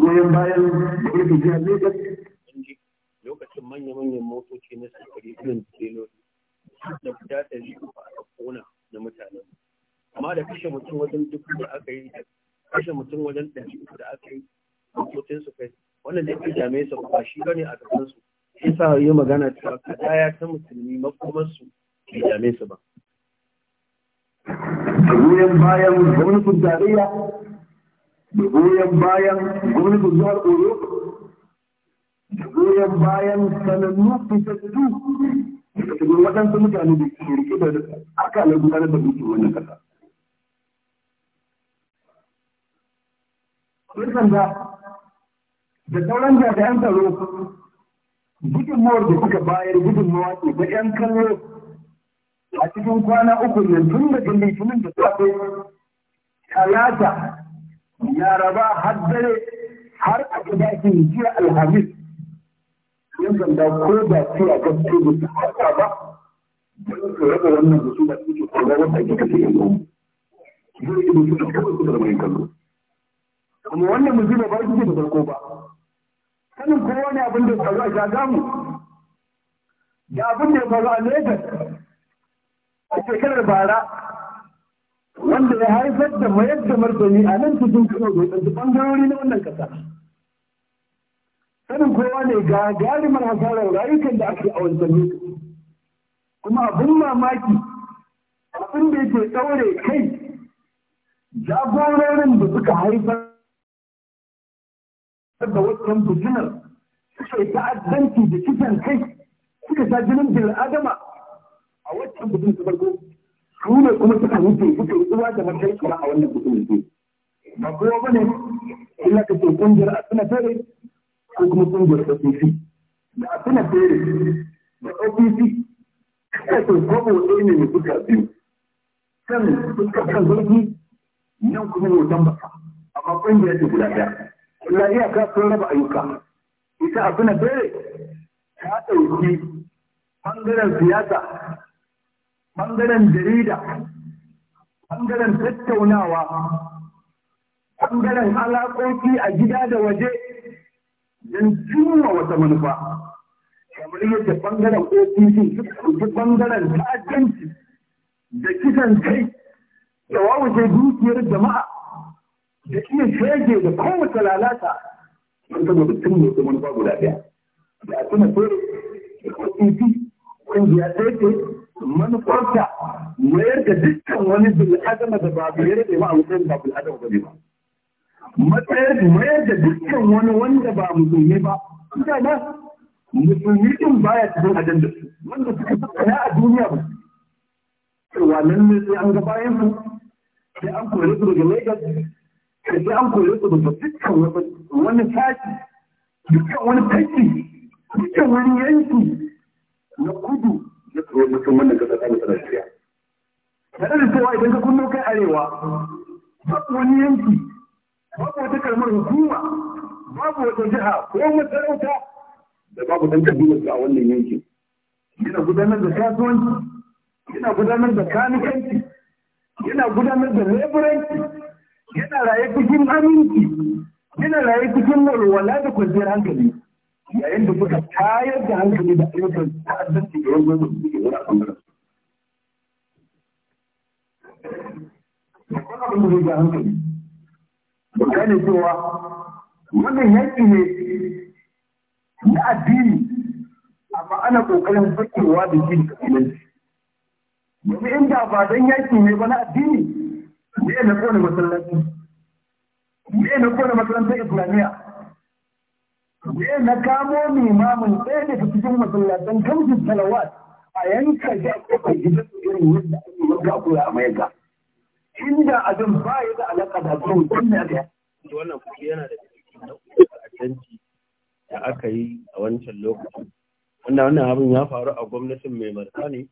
Goyon bayan da ya fi jihar Lagos. Lokacin manya-manyan motoci na sufuri irin teloli da guda ɗari uku a kona na mutane, Amma da kashe mutum wajen dubu da aka yi da kashe mutum wajen ɗari uku da aka yi motocin su kai. Wannan da ke jami'ai su ba shi bane a gabansu. Shi sa yi magana cewa kadaya ta musulmi makomansu bai dame su ba goyon bayan gwamnatin tarayya da goyon bayan gwamnatin jihar oyo da goyon bayan sanannu fitattu da cikin waɗansu mutane da ke rike da akalar gudanar da mulkin wannan ƙasa. Kun sanda da sauran jami'an tsaro gudunmawar da suka bayar gudunmawa ce ta 'yan kallo a cikin kwana uku yanzu da daga litinin da safe talata laraba har dare har a gida ke jiya alhamis yan zanda ko da cewa gaske ba su haka ba don su raba wannan da su da suke kwana wata ke kashe yanzu zai yi musu da kawai kusa da mai kallo kuma wannan mu zuba ba shi da farko ba sanin kowane abin da ya faru a shagamu da abin da ya faru a lagos shekarar bara wanda ya haifar da mayar da martani a nan cikin kano da bangarori na wannan kasa sanin kowa ne ga galimar hasarar rayukan da ake a wancan lokaci kuma abin mamaki abin da yake ɗaure kai jagororin da suka haifar da wasan bujinar suka yi ta'addanci da kisan kai suka sa jinin adama. a wancan mutum ta farko su ne kuma suka wuce suke yi uwa da matar kuma a wannan mutum ne ba kowa bane illa ka ce kungiyar a suna fere ko kuma kungiyar OPC da a suna fere da OPC suka ce kwabo ɗaya ne mai suka biyu kan suka kan zurfi nan kuma A ba amma kungiyar ce guda ɗaya illa iyaka sun raba ayyuka ita a suna fere ta ɗauki ɓangaren siyasa ɓangaren jarida ɓangaren tattaunawa ɓangaren alaƙoƙi a gida da waje don cimma wata manufa kamar yadda ɓangaren ofisi suka ɓangaren ta'addanci da kisan kai da wawace dukiyar jama'a da iya shege da kowace lalata don saboda cimma wata manufa guda ɗaya da a tuna fere da ƙungiya ɗaya ce manufarta mayar da dukkan wani bil'adama da ba bai rade ba a wurin ba bil'adama ba ne ba. Matsayar mayar da dukkan wani wanda ba musulmi ba, kuka na musulmi din baya cikin ajandar su, wanda suka tsaya a duniya ba. Cewa nan ne sai an ga bayan su, sai an kore su daga Lagos, sai an kore su daga dukkan wani sashi, dukkan wani kashi, dukkan wani yanki na kudu na mutum wannan kasa ta mutu Najeriya. Da ɗan cewa idan ka kunno kai arewa, babu wani yanki, babu wata kalmar hukuma, babu wata jiha ko masarauta da babu ɗan kabilarsu a wannan yankin. Yana gudanar da kasuwanci, yana gudanar da kanikanci, yana gudanar da leburanci, yana raye cikin aminci, yana raye cikin walwala da kwanciyar hankali. yayin da kuka tayar da hankali da ayyukan ta'addanci da yanzu da suke wani ɓangaren. Babban abin da zai ga hankali, da gane cewa wannan yanki ne na addini amma ana ƙoƙarin fakewa da shi da kabilanci. Yanzu inda ba don yaki ne ba na addini, me na kone masallaci, me na kone masallacin Islamiyya, je na kamo mamun ɗaya daga cikin masallatan kamshin salawat a yanka da gida gidan irin yadda ake yanka a kula a ga inda abin ba ya da alaƙa da su wanda ya wannan kuɗi yana da canji da aka yi a wancan lokacin wanda wannan abin ya faru a gwamnatin mai marka ne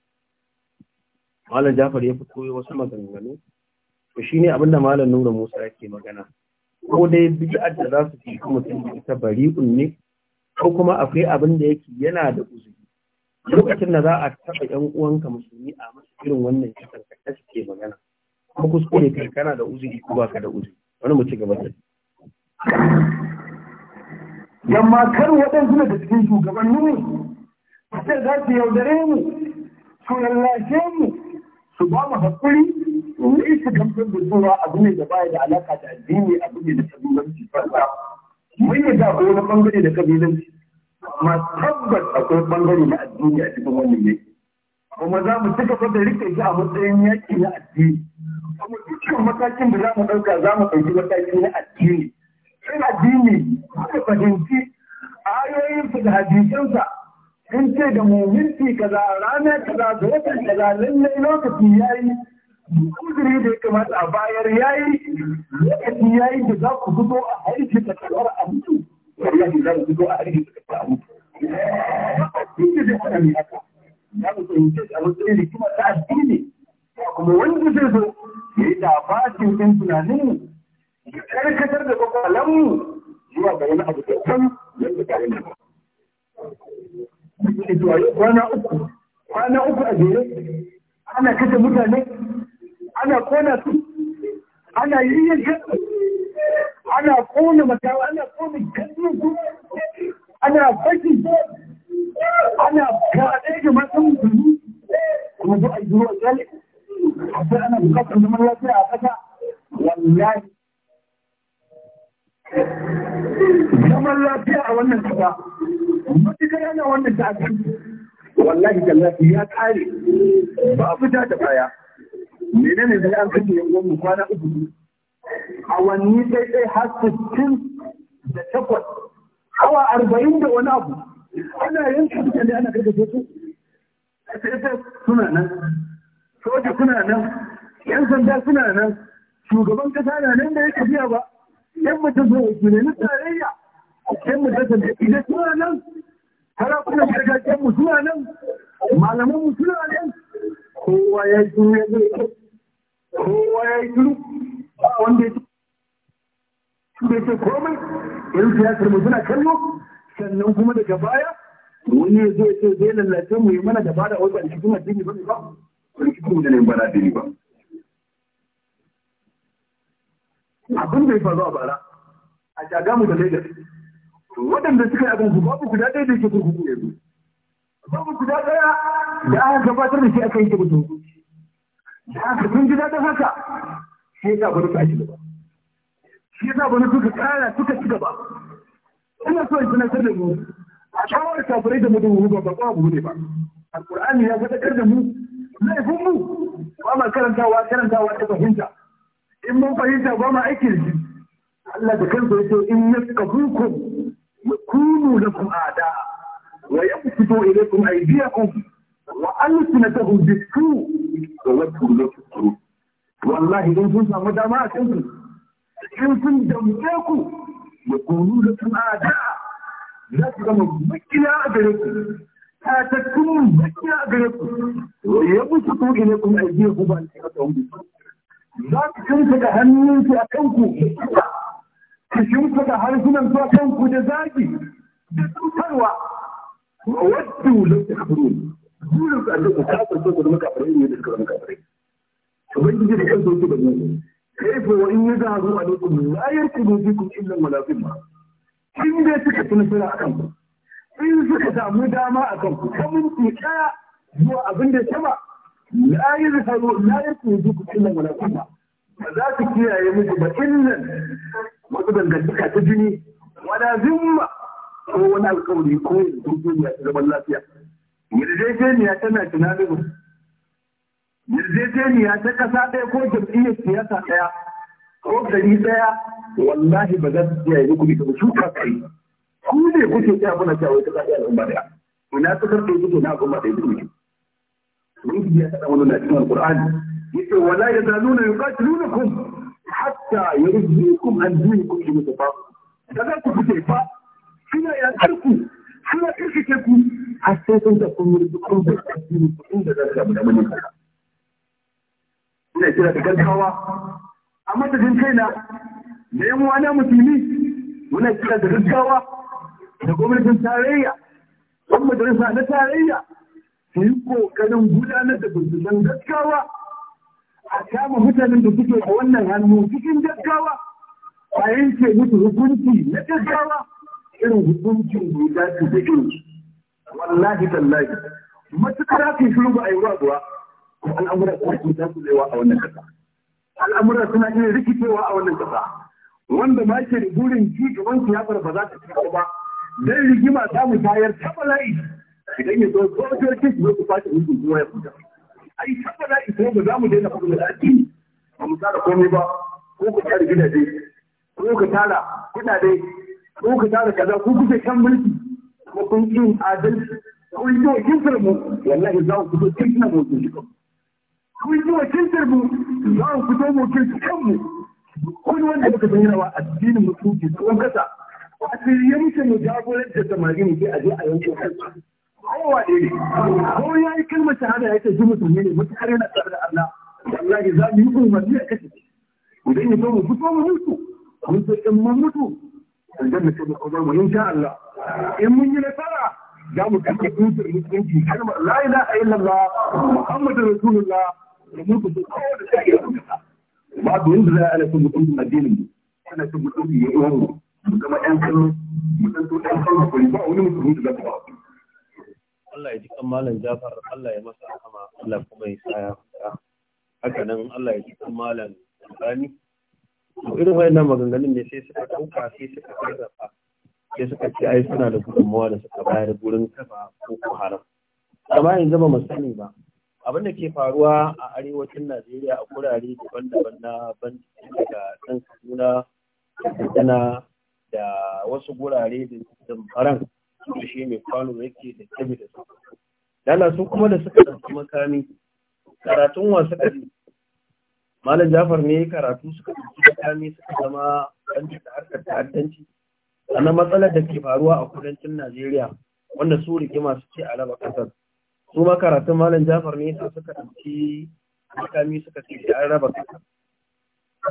malam jafar ya fito wasu maganganu to ne abin da malam nura musa yake magana ko dai bid'ar da za su ci mutum da ita bari'un ne ko kuma akwai abin da yake yana da uzuri lokacin da za a taɓa yan uwanka musulmi a masu irin wannan kisan ka ta magana kuma kuskure kai kana da uzuri ko baka da uzuri wani mu ci gaba da yamma kar waɗansu da cikin shugabanni ne sai za su yaudare mu su lallashe mu su ba mu haƙuri ne su gamsar da cewa abu ne da baya da alaka da addini abu ne da kabilanci farka mun yi da wani bangare da kabilanci amma tabbas akwai bangare na addini a cikin wannan ne kuma za mu cika da rike shi a matsayin yaƙi na addini kuma dukkan matakin da za mu ɗauka za mu ɗauki mataki na addini sai addini suka fahimci ayoyinsa da hadisansa sun ce da mu minti kaza rana kaza da watan kaza lallai lokaci ya yi kudiri da ya kamata a bayar yayi lokacin yayi da za ku fito a harshe ta kalmar a mutu ya ne za ku fito a harshe ta kalmar a mutu addini zai hana ne haka za mu fahimce a matsayin kuma ta addini kuma wanda zai zo ya yi dafatin ɗin tunaninmu ya karkatar da kwakwalanmu zuwa ga wani abu da kan yadda ba yana ba. Kwana uku, kwana uku a jere, ana kashe mutane ana kona su ana yin ana kona matawa ana kona gasu ana baki ana kaɗe da masu musulmi kuma zuwa a yi zuwa zale a sai ana bukatar zaman lafiya a ƙasa wallahi zaman lafiya a wannan ƙasa matuƙar ana wannan ta'addanci wallahi tallafi ya ƙare ba a fita da baya menene ne an kashe yan gwamnati kwana uku ne awanni sai sai har sittin da takwas awa arba'in da wani abu ana yanka mutane ana karkace su sss suna nan soja suna nan yan sanda suna nan shugaban kasa na nan da ya tafiya ba yan mutum zai ne, na tarayya yan mutum sanda da suna nan harakunan gargajiyar mu suna nan malaman mu suna nan kowa ya yi ya zai kowa ya yi tulu ba wanda ya ci da ke komai yan siyasar mu suna kallo sannan kuma daga baya wani ya zo ya ce zai lallace mu yi mana da bada wata a cikin addini ba ba wani cikin da ne ba na addini ba abin da ya faru a bara a shagamu da lagos waɗanda suka yi abin su babu guda ɗaya da ke kurkuku yanzu babu guda ɗaya da aka gabatar da shi aka yi ta mutum da aka sun ji daɗin haka sai ga wani ka ci gaba shi yasa wani suka ƙara suka ci gaba ina so in sanar da mu a shawar kafirai da mutum ba ba babu ne ba alƙur'ani ya faɗaƙar da mu laifin mu ba ma karantawa karantawa ta fahimta in mun fahimta ba ma aiki da shi Allah da kansa ya ce in ya yaskabukum yakunu lakum a'da wa yamsutu ilaykum aydiyakum wa alsinatahum bisu da wasu lokacin wallahi in sun samu dama a kansu in sun damce ku ya kunu da sun ada za su gama makiya a gare ku ta tattun makiya a gare ku ya musu ko ina kun ajiye ku ba ta kawo bisu za ku kanka da hannunsu a kanku ku shimfa da harsunan su a kanku da zagi da tsutarwa wadda lokacin burin su a ku kafirce ku zama kafirai ne da suka zama kafirai ubangiji da kansa yake da mu kaifa wa in yazahu alaikum la yarkubu fikum illa munafiqun in dai suka ci nasara akan ku in suka samu dama akan ku ta minti daya zuwa abin da sama la yarkubu la yarkubu fikum illa munafiqun ba za su kiyaye muku ba illan wasu dangantaka ta jini wala zimma ko wani alkawari ko yanzu duniya ta zaman lafiya yarjejeniya tana tunanin yarjejeniya ta ƙasa ɗaya ko jam'iyyar siyasa ɗaya ko gari ɗaya wallahi ba za su iya yi kuɗi ta su ka kai ku ne kuke ta muna cewa ta ƙasa al'umma ɗaya ina ta karɓe kuke na al'umma ɗaya kuke ubangiji ya faɗa na cikin alqur'ani yace wala na nuna yuqatilunakum hatta kun an dinikum in tafaqu kaga ku fice fa kina ya karku Allah karkace ku a sai sun da kun murzu kun da addini kun da zaka da mani ina kira da gaggawa a madadin kaina na, yan uwana musulmi muna kira da gaggawa da gwamnatin tarayya Ɗan majalisa na tarayya su yi kokarin gudanar da binciken gaggawa a kama mutanen da suke a wannan hannu cikin gaggawa a yanke mutu hukunci na gaggawa irin hukuncin da ya dace da irin wallahi tallahi matukar ake shiru ba a yi ruwa al'amura suna iya tasowa a wannan kasa al'amura suna iya rikicewa a wannan ƙasa. wanda ma ke da burin ci gaban siyasar ba za ta ci ba dan rigima za mu tayar ta bala'i idan ya zo sojoji su zo su fashe hukun kuma ya fita ai ta bala'i ko ba za mu daina faɗin da addini ba mu tsara komai ba ko ka tara gidaje ko ka tara kuɗaɗe ko ka tara kaza ko kuke kan mulki ko kun yi adalci ko yi kintar mu wallahi za ku fito mu ko yi kintar mu za ku fito mu kintar kanmu ko wanda muka san wa addinin ke ko kasa a tsiriyanci mu jagoranci samari ne sai a je a yankin kansa kowa ne ko ya yi kalmar shahada ya ce ji musulmi ne matuƙar na tsare da Allah wallahi za mu yi umarni a kashe idan ya zo mu fito mu mutu mun so in mun mutu aljanna ce da kuma mu insha Allah in mun yi nasara za mu kace dutsen musulunci kalmar la ilaha illallah muhammadur rasulullah da mu ku kowa da take ba da yanda za a alaka mutum addinin mu ana cin mutum ya yi wani mu zama ɗan kallo mu san to ɗan kallo ko ba wani mutum da za ba Allah ya ji kan malam Jafar Allah ya masa rahama Allah kuma ya sa ya haka nan Allah ya ji kan malam Sani irin nan maganganun ne sai suka ɗauka sai suka sarrafa sai suka ce ai suna da gudunmawa da suka bayar gurin kafa ko haram amma yanzu ba mu sani ba abin da ke faruwa a arewacin najeriya a gurare daban-daban na banki daga kan kaduna da da wasu gurare da zamfaran da shi mai kwano yake da kebe da su lala su kuma da suka ɗauki makami karatun wasu ɗari malam jafar ne karatu suka ɗauki makami suka zama ɗan da harkar ta'addanci sannan matsalar da ke faruwa a kudancin najeriya wanda su rigima su ce a raba ƙasar su ma karatun malam jafar ne sa suka ɗauki mutane suka ce an raba ƙasar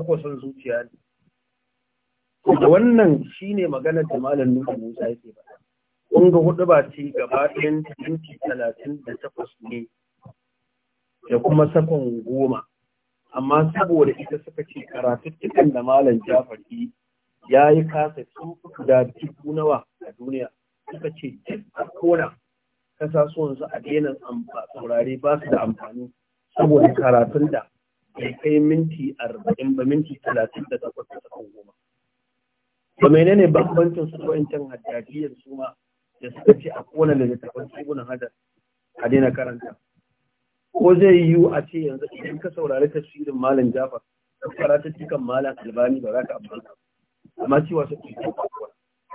ko son zuciya ne da wannan shine maganar da malam Nuhu Musa yake ba. Kun ga hudu ba ce gaba ɗayan talatin da takwas ne da kuma sakon goma. amma saboda ita suka ce karatuttukan da malam jafari ya yi kasa sun da dubu nawa a duniya suka ce duk kona su a denan saurare ba su da amfani saboda karatun da bai kai minti arba'in ba minti talatin da takwas da sakan goma. Ba menene bambancin su wa'incan haddadiyar su ma da suka ce a kona da littafin tsibunan hadar a daina karanta. ko zai yiwu a ce yanzu idan ka saurari shirin malam fara ta cikin malam albani ba za ka amfana amma cewa su cikin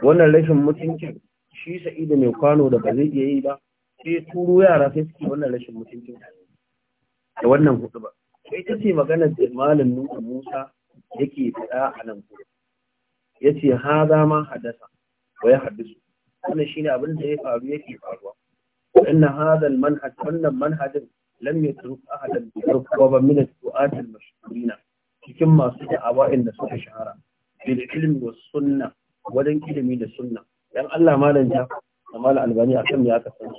wannan rashin mutuncin shi sa'idu mai kwano da ba zai iya yi ba sai turo yara sai suke wannan rashin mutuncin da wannan hudu ba sai ta ce magana da malam nuna musa yake faɗa a nan kuma ya ce ha za ma haddasa wa ya haddisu wannan shine abin da ya faru yake faruwa inna hadal manhaj wannan manhajin lam yatruk ahadan bi tarkuwa min as-su'at cikin masu da'awa da suka shahara bil ilmi was sunna wajen ilimi da sunna 'yan Allah malam ja kamal albani akan ya ka san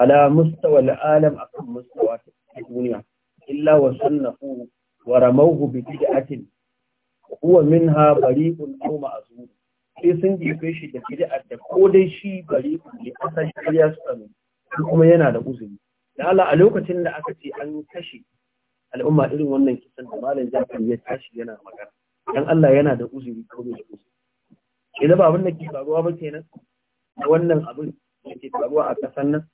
ala mustawa al-alam akan mustawa ta duniya illa wa sunnahu wa ramawhu bi bid'atin huwa minha bari'un aw ma'zur sai sun jefe shi da bid'a da ko dai shi bari'un ne asan shari'a su kuma yana da uzuri da Allah a lokacin da aka ce an kashe al'umma irin wannan kisan da malam Jafar ya tashi yana magana dan Allah yana da uzuri ko bai da uzuri Ke ba abin da ke faruwa ba kenan da wannan abin da ke faruwa a ƙasar nan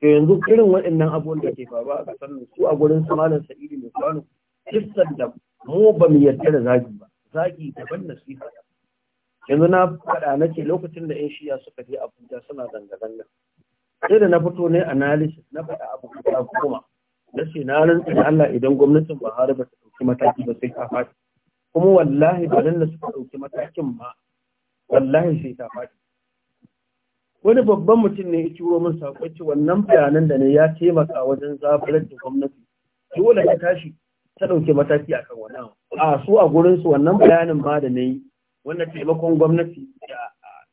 to yanzu irin waɗannan abubuwan da ke faruwa a ƙasar nan su a gurin su malam Sa'idu mai kwano kisan da mu ba mu yarda da zagi ba zagi daban na nasiha yanzu na faɗa na ce lokacin da 'yan shiya suka je Abuja suna zanga-zanga sai da na fito ne analysis na faɗa abu da kuma na ce na rantsa da Allah idan gwamnatin Buhari ba ta ɗauki mataki ba sai ta faɗi kuma wallahi ba nan da suka ɗauki matakin ba wallahi sai ta faɗi wani babban mutum ne ya turo min sakonci wannan bayanan da ne ya taimaka wajen zaburar da gwamnati dole ta tashi ta ɗauki mataki a kan wannan a su a gurinsu wannan bayanin ba da na yi wanda taimakon gwamnati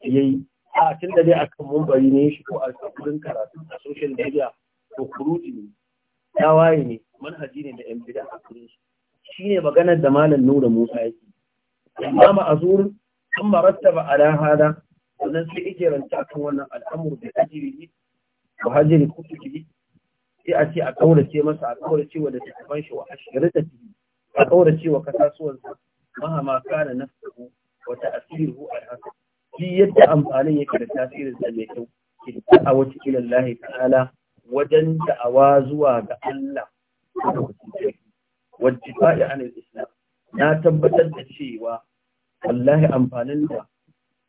ya yi a tun da dai akan mumbari ne shi ko a wurin karatu a social media ko kuruji ne ya waye ne manhaji ne da yan bida a Shi shi ne maganar da malam nura musa yake amma ma'azur ba a dan hada sannan sai rance akan wannan al'amur da yi hajji wa hajiri kutubi sai a ce a kaurace masa a kaurace wa da tattaban shi wa ashirin da a kaurace wa kasasuwansa mahama kana nafsuhu wa ta'asiruhu al-hasan shi yadda amfanin yake da tasirin sa mai kyau a wata ilallahi ta'ala wajen da'awa zuwa ga Allah wajen fa'i anil islam na tabbatar da cewa wallahi amfanin da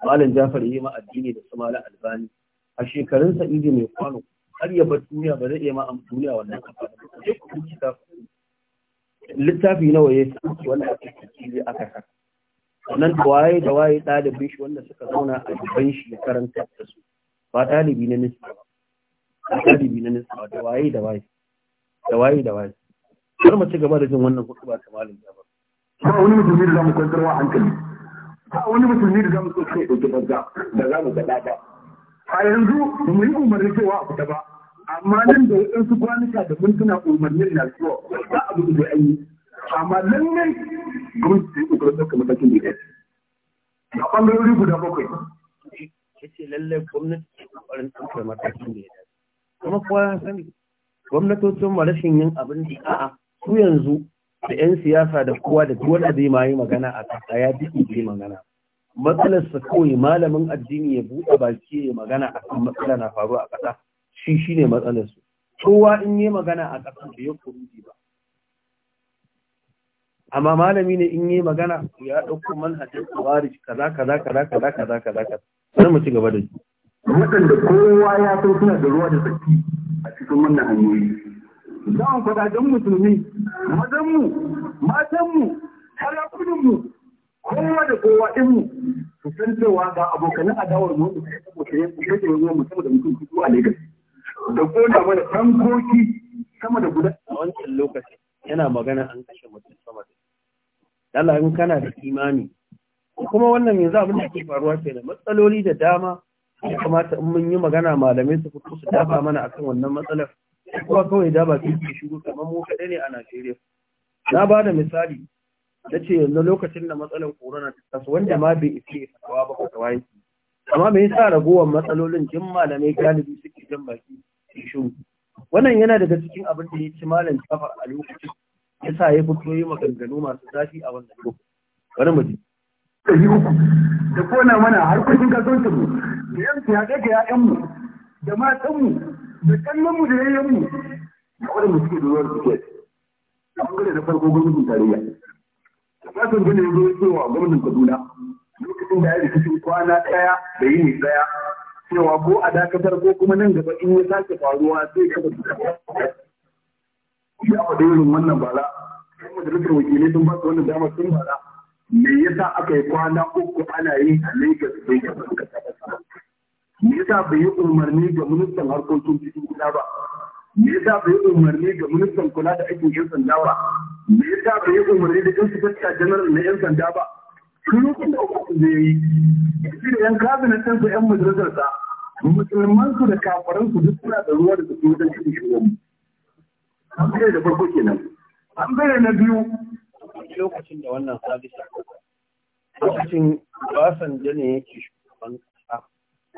malam jafar yi ma addini da su malam albani a shekarun sa'idi mai kwano har ya bar duniya ba zai iya ma duniya wannan amfanin littafi nawa ya sauki wannan ake kiri aka saka Wannan da waye da waye ɗalibin shi wanda suka zauna a gaban shi ya karanta da su ba ɗalibi na nisa ba ba ɗalibi na nisa ba da waye da waye da waye da waye kar mu ci gaba da jin wannan hudu ba ta malam ba ba wani musulmi da zamu kwantar wa hankali ba wani musulmi da zamu so kai dauki banza da zamu ga ba. a yanzu mu yi umarni cewa a fita ba amma nan da waɗansu kwanuka da mintuna umarnin na zuwa ba abu da an yi amma lallai gwamnati ta yi kokarin ɗaukar matakin da ya dace a ɓangarori guda bakwai ya ce lallai gwamnati ta yi kokarin ɗaukar matakin da ya dace kuma kowa ya sani gwamnatocin ma rashin yin abin da a'a su yanzu da 'yan siyasa da kowa da kowa da zai ma yi magana a kasa ya ji zai magana matsalarsa kawai malamin addini ya buɗe baki ya magana a kan matsala na faruwa a ƙasa shi shine matsalarsu kowa in yi magana a ƙasa da ya kuruji ba amma malami ne in yi magana ya ɗauko manhajar khawarij kaza kaza kaza kaza kaza kaza kaza sai mu ci gaba da shi da kowa ya san suna da ruwa da tsaki a cikin wannan hanyoyi za mu faɗa don musulmi mazanmu matanmu sarakunanmu kowa da kowa ɗinmu su san cewa ga abokan adawar mu da suka yi kusurce ruwa mu sama da mutum kudu a Legas da kona mana tankoki sama da guda a wancan lokacin yana magana an kashe mutum sama da Allah in kana da imani kuma wannan yanzu abin da ke faruwa ce da matsaloli da dama ya kamata in mun yi magana malamai su fito su dafa mana akan wannan matsalar kuma kawai da ba ke shigo kamar mu kaɗai ne a Najeriya na ba da misali na ce yanzu lokacin da matsalar corona ta taso wanda ma bai isa ya fatawa ba fatawa yake amma me yasa ragowar matsalolin jin malamai galibi suke jan baki shi shiru wannan yana daga cikin abin da ya ci malam tafa a lokacin yasa ya fito yi maganganu masu zafi a wannan ko bari mu ji ɗari uku da kona mana harkokin kasuwancin mu da yan fiyaɗe ga yan mu da matan mu da kallon mu da yayyan mu da waɗanda suke da ruwan tiket a ɓangare da farko gwamnatin tarayya kasan gane ya zo cewa gwamnatin kaduna lokacin da ya yi cikin kwana ɗaya da yini daya cewa ko a dakatar ko kuma nan gaba in ya sake faruwa sai ya kafa ya faɗi irin wannan bara sai majalisar wakilai sun ba su wannan damar sun bara me yasa aka yi kwana uku ana yi a Lagos bai ga kasa kasa me yasa bai yi umarni ga ministan harkokin cikin gida ba me yasa bai yi umarni ga ministan kula da aikin yan sanda ba me yasa bai yi umarni da yan sufasta janar na yan sanda ba lokacin da uku zai yi shi da yan kabinetin su yan majalisar sa musulman da kafaran duk suna da ruwa da su wajen cikin shugaban an da farko kenan na biyu lokacin da wannan sabisa lokacin Obasanjo ne yake shugaban kasa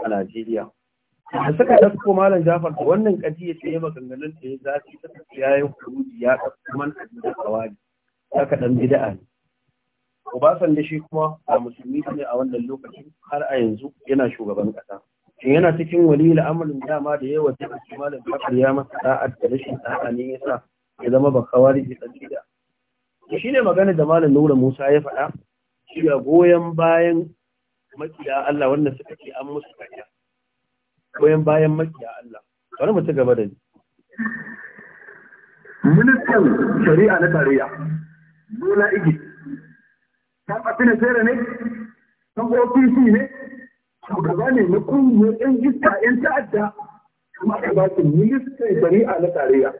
a Najeriya. Da suka ɗauko Malam Jafar da wannan ƙadiyya ce ya maganganun da ya zafi ta tafi ya yi huruji ya ɗauko man da kawari. Haka ɗan bida'a ne. Ubasan shi kuma a musulmi ne a wannan lokacin har a yanzu yana shugaban ƙasa. yana cikin wali al'amarin dama da yawa ta cikin malam kafar ya masa da'ar da rashin da'a ne sa ya zama ba kawari da tsakida shi ne magana da malam Nura Musa ya faɗa shi ga goyon bayan makiya Allah Wannan suka ce an musu kanya goyon bayan makiya Allah wani mutu gaba da ni ministan shari'a na tarayya nuna Igi ta fatina tsere ne ta ofisi ne shugaba ne na kungiyar yan iska yan ta'adda kuma aka ba su ministan shari'a na tarayya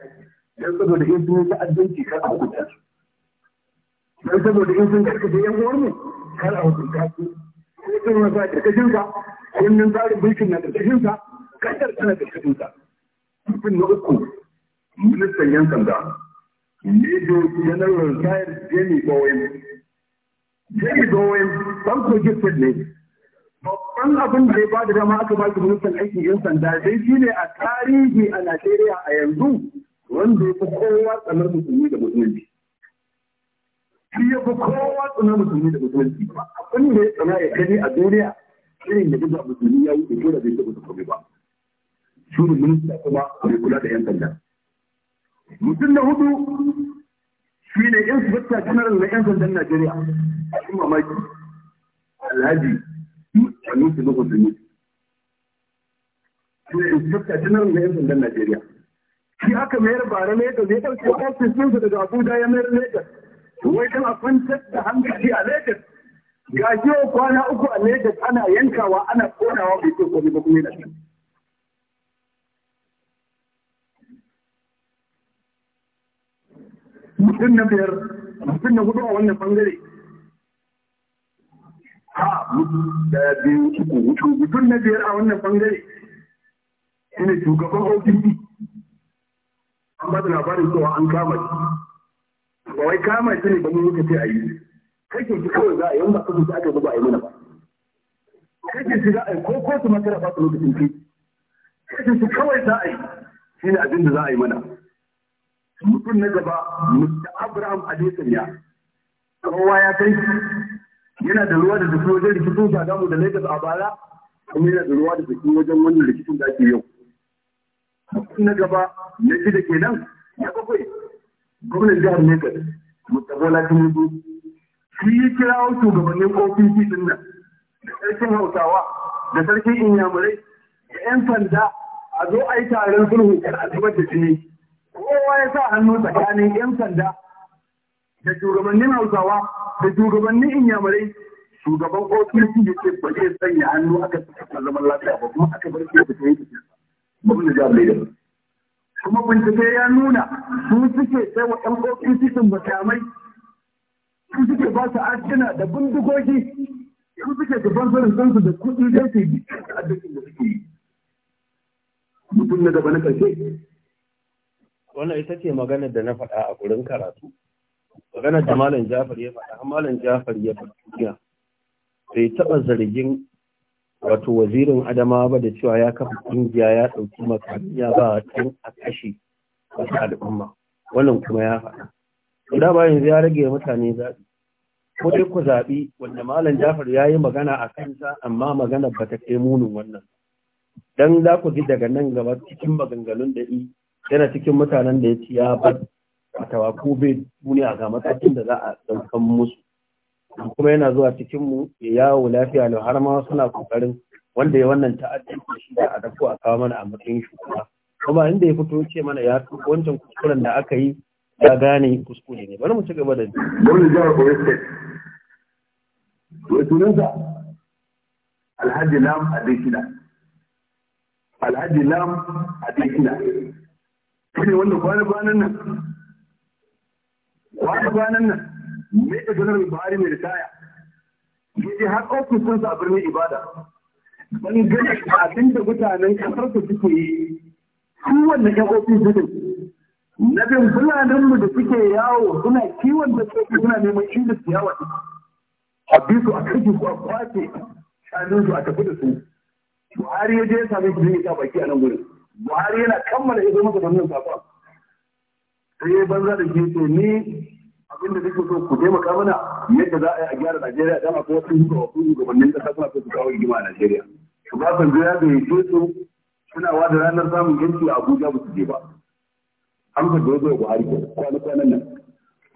don saboda yin sun yi ta'addanci kan a hukunta su don saboda yin sun da yan uwar mu kar a hukunta su sai sun rasa karkashin sa kundin tsarin mulkin na karkashin sa kasar tana karkashin sa mutum na uku ministan yan sanda Major General Retired Jamie Bowen. Jamie Bowen, ɗan kogin ne, Babban abin da ya ba da dama aka ba shi ministan aikin 'yan sanda dai shi ne a tarihi a Najeriya a yanzu wanda ya fi kowa tsanar musulmi da musulunci. Shi ya fi kowa tsanar musulmi da musulunci. Abin da ya tsana ya gani a duniya irin da duka musulmi ya wuce ko da bai taɓa tafi ba. Shi ne minista kuma mai kula da 'yan sanda. Mutum na hudu shi ne inspector general na 'yan sandan Najeriya a cikin mamaki. Alhaji yi Najeriya. Shi aka mayar bara ya ofis ɗinsa daga Abuja ya mayar Wai kwantar da hankali a Ga kwana uku a ana yankawa ana konawa bai Mutum na biyar, mutum na hudu a wannan bangare ha da biyu uku hudu mutum na biyar a wannan bangare shi ne shugaban OPP an ba da labarin cewa an kama shi ba wai kama shi ne ba mu muka ce a yi kake shi kawai za a yi wanda kuma shi aka zuba a yi mana ba kake shi za a yi ko ko su makara ba su lokacin ki kake shi kawai za a yi shi ne abin da za a yi mana mutum na gaba Mr. Abraham Adesanya kowa ya san shi yana da ruwa da jiki wajen rikicin shagamu da lagos a bara kuma yana da ruwa da jiki wajen wannan rikicin da ake yau na gaba na shi da nan ya bakwai gwamnan jihar lagos mustapha latinubu shi ya kirawo shugabannin ofishi din nan da sarkin hausawa da sarkin inyamurai da yan sanda a zo a yi taron sulhu kar a zubar da jini kowa ya sa hannu tsakanin yan sanda da shugabannin hausawa da shugabannin inyamurai shugaban ofishi ya ce ba zai sanya hannu aka saka zaman lafiya ba kuma aka bar shi ya fito yake gwamnati jihar ba. Kuma bincike ya nuna su suke sai wa ɗan ofishi sun makamai su suke ba su ashina da bindigogi su suke gaban sarin kansu da kuɗi don su yi addukin da suke yi. Mutum na gaba na ƙarshe. Wannan ita ce maganar da na faɗa a gurin karatu. maganar da malam jafar ya faɗa malam jafar ya faɗa bai taɓa zargin wato wazirin adama ba da cewa ya kafa kungiya ya ɗauki makamiya ba a tun a kashe wasu al'umma wannan kuma ya faɗa da ba yanzu ya rage mutane zaɓi ko dai ku zaɓi wanda malam jafar ya yi magana a kansa amma magana ba ta kai munin wannan dan za ku ji daga nan gaba cikin maganganun da yi yana cikin mutanen da ya ci ya bar fatawa ko bai duniya ga matakin da za a ɗaukan musu kuma yana zuwa cikin mu ya yawo lafiya lau har ma suna kokarin wanda ya wannan da shi da a dafu a kawo mana a matsayin shugaba kuma inda ya fito ce mana ya tuko wancan kuskuren da aka yi ya gane kuskure ne bari mu ci gaba da ji wani jihar Orestate wai sunansa Alhaji Lam Adekina Alhaji Lam Adekina kuma wanda kwanan nan wani kwanan nan mai da buhari mai ritaya ya har ofis sun a birnin ibada Ban gani abin da mutanen kasar su suke yi su wannan yan ofis suke na bin mu da suke yawo suna kiwon da suke suna neman inda su yawa a bi su a kaji a kwace shanun su a tafi da su buhari ya je ya sami su ita ta baki a nan gurin buhari yana kammala ya zo masa da wannan sai ya banza da ke ce ni abin da nake so ku taimaka mana yadda za a yi a gyara Najeriya dama ko wasu shugabannin shugabannin kasa suna so su kawo rigima a Najeriya Obasanjo ya ce su suna wa da ranar samun yanki a Abuja ba su je ba amsa da ga Buhari kwana kwanan nan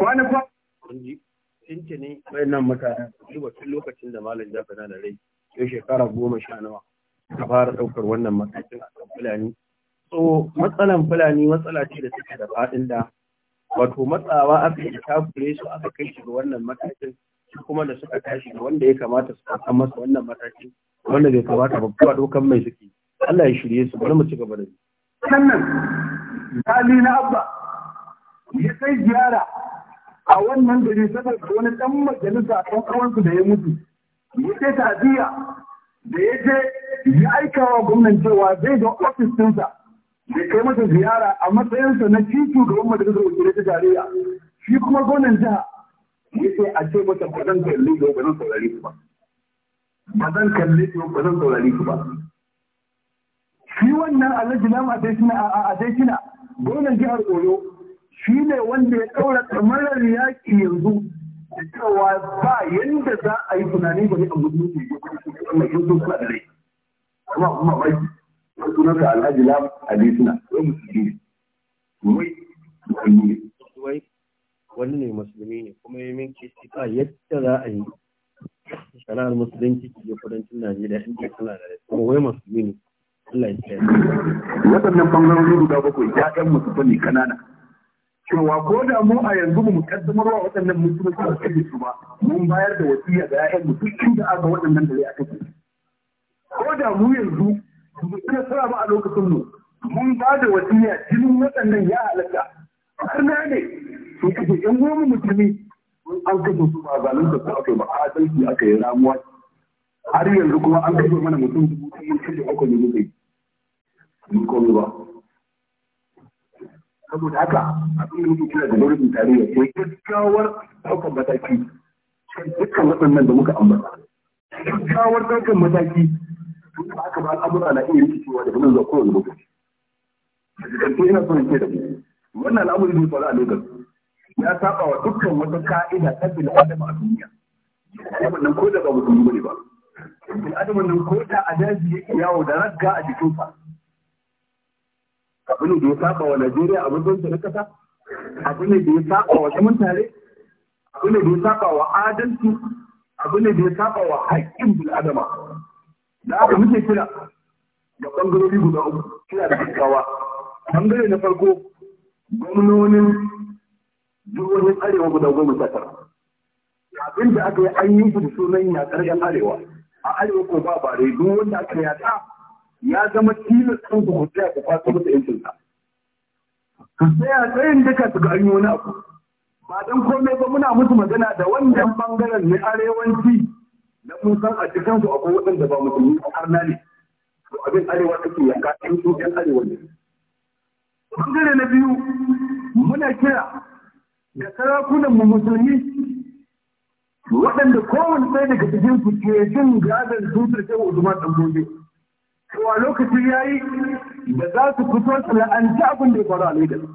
kwana kwanan nan wayannan su duba tun lokacin da malam Jafar na da rai yau shekara goma sha nawa ka fara ɗaukar wannan matakin a kan Fulani so matsalan fulani matsala ce da suke da faɗin da wato matsawa aka yi ta kure su aka kai shi ga wannan matakin kuma da suka tashi da wanda ya kamata su kan masa wannan matakin wanda bai kamata ba kuma dokan mai suke Allah ya shirye su bari mu ci gaba da shi sannan zali na abba ya kai ziyara a wannan gari saboda wani dan majalisa a kan kawansu da ya mutu ya kai ta'aziyya da ya je ya aika wa gwamnan cewa zai ga ofis ɗinsa da kai mata ziyara a matsayinsa na titu cikin gaban majalisar wakilai ta tarayya shi kuma gonan jiha ya ce a ce mata ba zan kalli ba ba zan saurari ku ba ba zan kalli ba zan saurari ku ba shi wannan alhaji lamu a dai kina a dai kina gwamnan jihar oyo shi ne wanda ya daura tsamarar yaƙi yanzu da cewa ba yadda za a yi tunani ba ne a musulunci ko kuma kuma kuma kuma kuma kuma kuma kuma kuma Ka sunansa alhaji lam alisuna wai musulmi ne wai musulmi ne wai wani ne musulmi ne kuma ya min ke cika yadda za a yi shari'ar musulunci ke je kudancin najeriya in ke kala da rai. kuma wai musulmi ne Allah ya kiyaye waɗannan bangarori guda bakwai ƴaƴan musulmi ne kanana cewa ko da mu a yanzu mu kaddamar wa waɗannan musulmi da kake su ba mun bayar da wasiya ga ƴaƴan mutum inda aka waɗannan da zai aka ko da mu yanzu Bukin sa ba a lokacin mu. Mun ba da wasiya jinin waɗannan ya halatta. Har na ne, sun kashe ƴan goma mutumi an kashe su ba zalunta su aka yi ba adalci aka yi ramuwa. Har yanzu kuma an kashe mana mutum dubu ɗaya mun kashe bakwai ne muka yi. Mun komi ba. Saboda haka abin da muke kira da gwamnatin tarayya sai gaggawar ɗaukar mataki. Dukkan waɗannan da muka ambata. Gaggawar ɗaukar mataki in ba aka ba al'amura na iya rikicewa da bunan zakon wani lokaci to ina son ke da mu wannan al'amuri ne faru a lokacin ya saba wa dukkan wata ka'ida ta bil adam a duniya adamin nan ko da ba musulmi bane ba bil adamin nan ko da a daji yake yawo da ragga a jikinsa abu ne da ya saba wa Najeriya a matsayin na kasa abu ne da ya saba wa zaman tare abu ne da ya saba wa adalci abu ne da ya saba wa haƙƙin bil adama da aka muke kira da ɓangarori guda uku kira da gaggawa ɓangare na farko gwamnonin jihohin arewa guda goma sha tara abin da aka yi an yi da sunan yaƙar yan arewa a arewa ko ba bare duk wanda aka yaƙa ya zama tilas ɗan ku tsaya ku kwato masa yankin sa ka tsaya tsayin duka su ga an yi wani abu ba don komai ba muna musu magana da wannan ɓangaren na arewanci na mun san a cikin su akwai waɗanda ba musulmi a har ne to abin arewa take yanka in su ɗan arewa ne bangare na biyu muna kira da sarakunan mu musulmi waɗanda kowane ɗaya daga cikin su ke jin gadon dutar sai usman dan gobe to a lokaci yayi da za su fito su la'anci abin da ya faru a lagos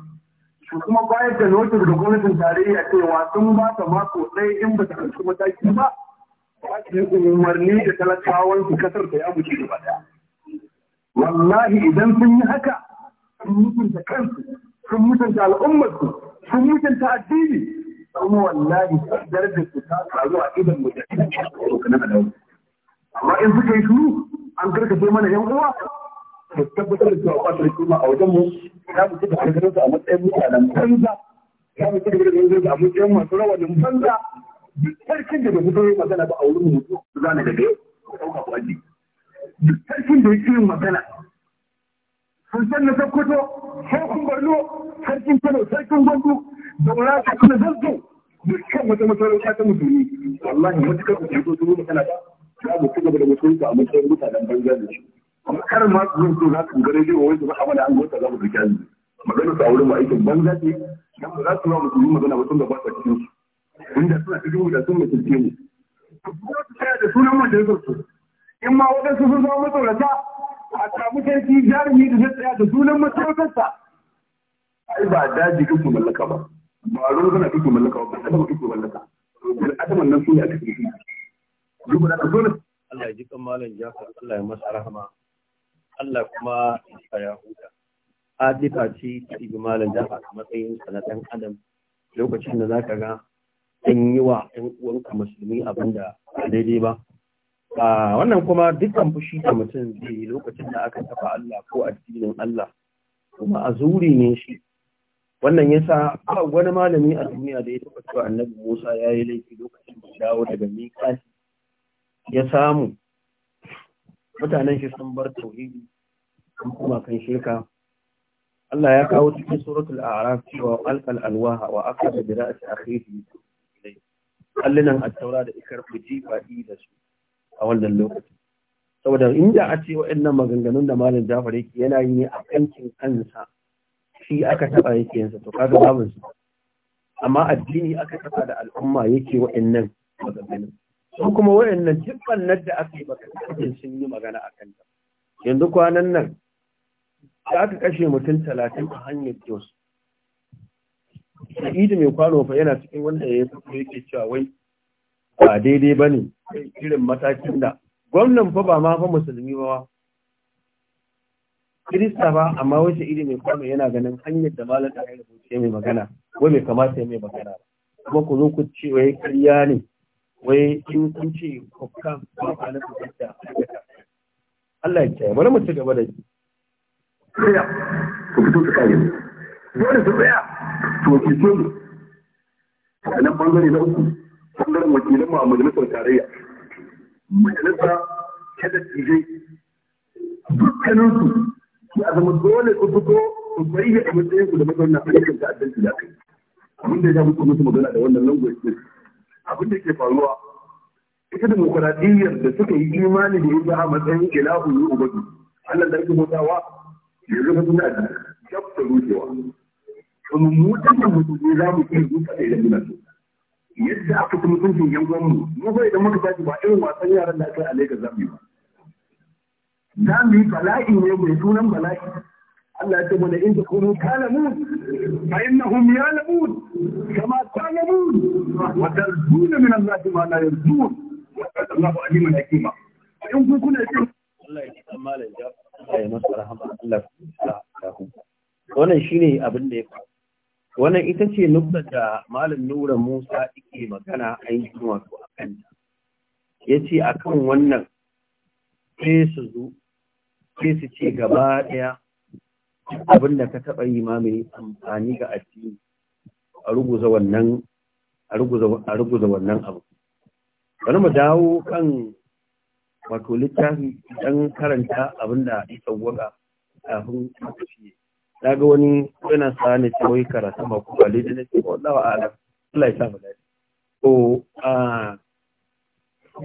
su kuma bayar da notis ga gwamnatin tarayya cewa sun ba ta mako ɗaya in ba ta ɗauki mataki ba sai umarni da talakawan su kasar ta yi abu ke gaba daya wallahi idan sun yi haka sun mutunta kansu sun mutunta al'ummarsu sun mutunta addini kuma wallahi sadar da su ta faru a idan mu da na adawu amma in suka yi shiru an karkace mana yan uwa da tabbatar da cewa kwatar kuma a wajen mu za mu ci da karkatar su a matsayin mutanen banza za mu ci da karkatar su a matsayin masu rawanin banza duk sarkin da bai fito yin magana ba a wurin mutu za na daga yau ku ɗauka ku aji duk sarkin da ya yin magana sun san na sokoto sarkin borno sarkin kano sarkin gwandu daura ta kuma zarto duk dukkan wata masarauta ta musulmi wallahi matukar ku fito su magana ba za mu ci gaba da musulunci a matsayin mutanen banza da shi kuma kar ma su zo za su gare jiwa wai su ba a mana an gota za mu fi kyazi magana su a wurin aikin banza ce dan ba za su yi wa magana ba tun da ba sa cikin inda suna ta dubu da sun mutunce mu da sunan majalisar su in ma waɗansu sun zama matsaurata a samu sarki jarumi da zai tsaya da sunan masarautarsa ai ba daji kuke mallaka ba ba ruwan kuke mallaka ba adama kuke mallaka bil adaman nan sune aka kike duba da zo Allah ya ji kan malam jaka Allah ya masa rahama Allah kuma ya huta adifa ce ta ibi malam jaka a matsayin sa na dan adam lokacin da za ka ga in yi wa ‘yan uwanka musulmi abin da daidai ba. A Wannan kuma dukkan fushi da mutum zai yi lokacin da aka tafa Allah ko addinin Allah, kuma a zuri ne shi. Wannan ya sa ba wani malami a duniya da ya taɓa cewa annabi Musa ya yi laifi lokacin da dawo daga Mikan ya samu. Mutanen shi sun bar tauhidi sun kuma kan shirka. Allah ya kawo cikin suratul a'raf cewa alkal alwaha wa akada bi ra'si allunan attaura da ikar ku faɗi da su a wannan lokaci saboda inda a ce waɗannan maganganun da malam jafar yake yana yi ne a kankin kansa shi aka taɓa yake yansa to kaga babin su amma addini aka taɓa da al'umma yake waɗannan maganganun su kuma waɗannan jibban nan da aka yi maganganun sun yi magana a kanta yanzu kwanan nan za ka kashe mutum talatin a hanyar jos sa'idu mai kwano fa yana cikin wanda ya fito yake cewa wai ba daidai ba ne irin matakin da gwamnan fa ba ma fa musulmi ba wa. kirista ba amma wace iri mai kwano yana ganin hanyar da malar da ya rubuce mai magana wai bai kamata ya mai magana ba kuma ku zo ku ce wai karya ne wai in kun ce kwakwa ba a na ta Allah ya kiyaye bari mu ci gaba da shi. Ku fito su kare mu. dole su tsaya su wakilce mu sannan bangare na uku bangaren wakilan mu a majalisar tarayya majalisa ta dattijai dukkanin su ya zama dole su fito su bayyana matsayin su da mazauna ayyukan ta'addanci da kai abin da ya muku musu magana da wannan language din abin da ke faruwa ita demokuraɗiyyar da suka yi imani da ita a matsayin ilahu ne ubadu Allah da ake motawa yanzu ba suna da jabta rushewa kuma mu dukkan musulmi za mu iya duka da idan muna su. yadda aka ci mutuncin yan gwamnu mu fa idan muka tashi ba irin wasan yaran da aka yi a Lagos za yi ba za mu yi bala'i ne mai sunan bala'i Allah ya ce mana in takunu talamun fa innahum yalamun kama talamun wa tarzuna min Allah ma la yarzun wa Allahu aliman hakima in ku kuna jin Allah ya kamala ya Allah ya masa rahama Allah ya sa wannan shine abin da ya faru wannan ita ce nufin da malam nura musa ike magana ainihin wato a kanta ya ce a kan wannan sai su zo ce gaba ɗaya abin da ka taɓa yi ma mai amfani ga addini a ruguza wannan abu wani mu dawo kan wato littafi dan karanta abin da ya tsawwaka kafin ne. daga ga wani yana sani ne ce wai karatu ba ku ba lejina ce ba a alam Allah ya sa mu dace to a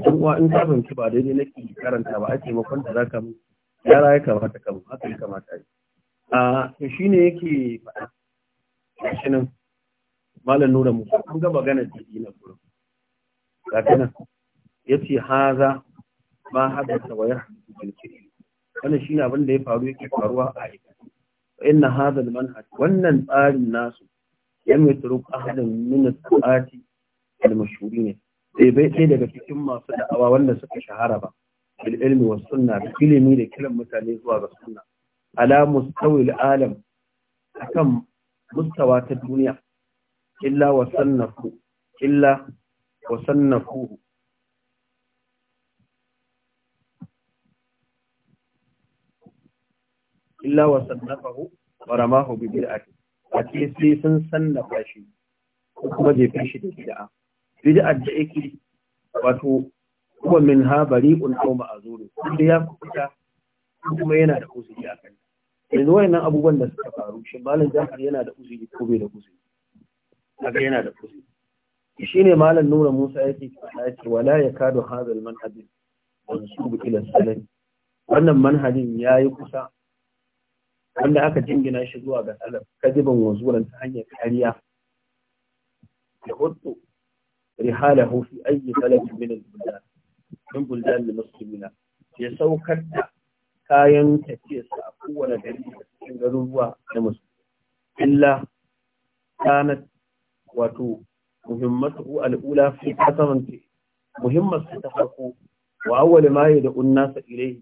duk uwa in ka ki ba daidai nake karanta ba ake makon da zaka mu yara ya kamata ka mu haka ya kamata yi a to shine yake faɗa shi nan malam nura musa an ga magana da na gurin zaka nan yace haza ma hadasa wa yahdu bil kiri wannan shine abin da ya faru yake faruwa a aika inna hadha manhaj wannan tsarin nasu yan yatruk ahadan min as-su'ati al-mashhurin sai bai sai daga cikin masu da'awa wanda suka shahara ba bil ilmi was sunna da da kiran mutane zuwa ga sunna ala mustawil alam akan mustawa ta duniya illa wasannafu illa wasannafu illa wa sannafahu wa ramahu bi bid'ati a ce sai sun sannafa shi ko kuma jefe shi da bid'a bid'a da yake wato kuma min ha bari'un aw ma'zurun inda ya fita kuma yana da uzuri a kan yanzu wayannan abubuwan da suka faru shi malam jafar yana da uzuri ko bai da uzuri kaga yana da uzuri shine malam nura musa yake yake wala yakadu hadha al-manhaj mansub ila salam wannan manhajin yayi kusa wanda aka jingina shi zuwa ga salaf kadiban wazuran ta hanyar kariya ya hoto Rihala fi ayyi salafin min al-buldan min buldan al-muslimina ya saukar da kayan tafiyarsa a kowane gari da cikin garuruwa na musulmi illa kanat wato muhimmatu al'ula fi kasamance muhimmarsa ta farko wa awwal ma unna sa ilayhi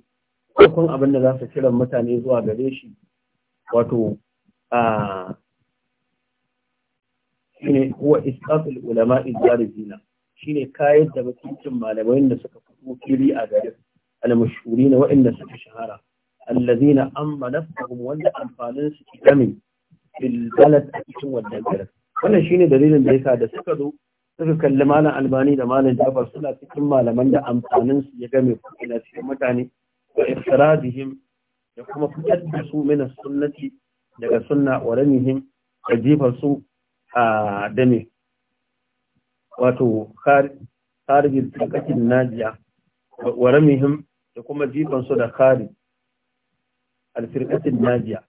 farkon abin da za su kiran mutane zuwa gare shi wato a shine huwa isqatul ulama idarizina shine kayar da mutuncin malamai da suka fito kiri a garin al na waɗanda suka shahara allazina amma nafsuhum wanda amfanin su kidami bil balad a cikin wannan garin wannan shine dalilin da yasa da suka zo suka kalli malam albani da malam jabar suna cikin malaman da amfanin su ya game ko ina cikin mutane wa ifradihim da kuma fitar da su mina sunnati daga sunna wa ramihim da jifar su a dame wato kharij takatin najiya wa ramihim da kuma jifan su da kharij alfirqatin najiya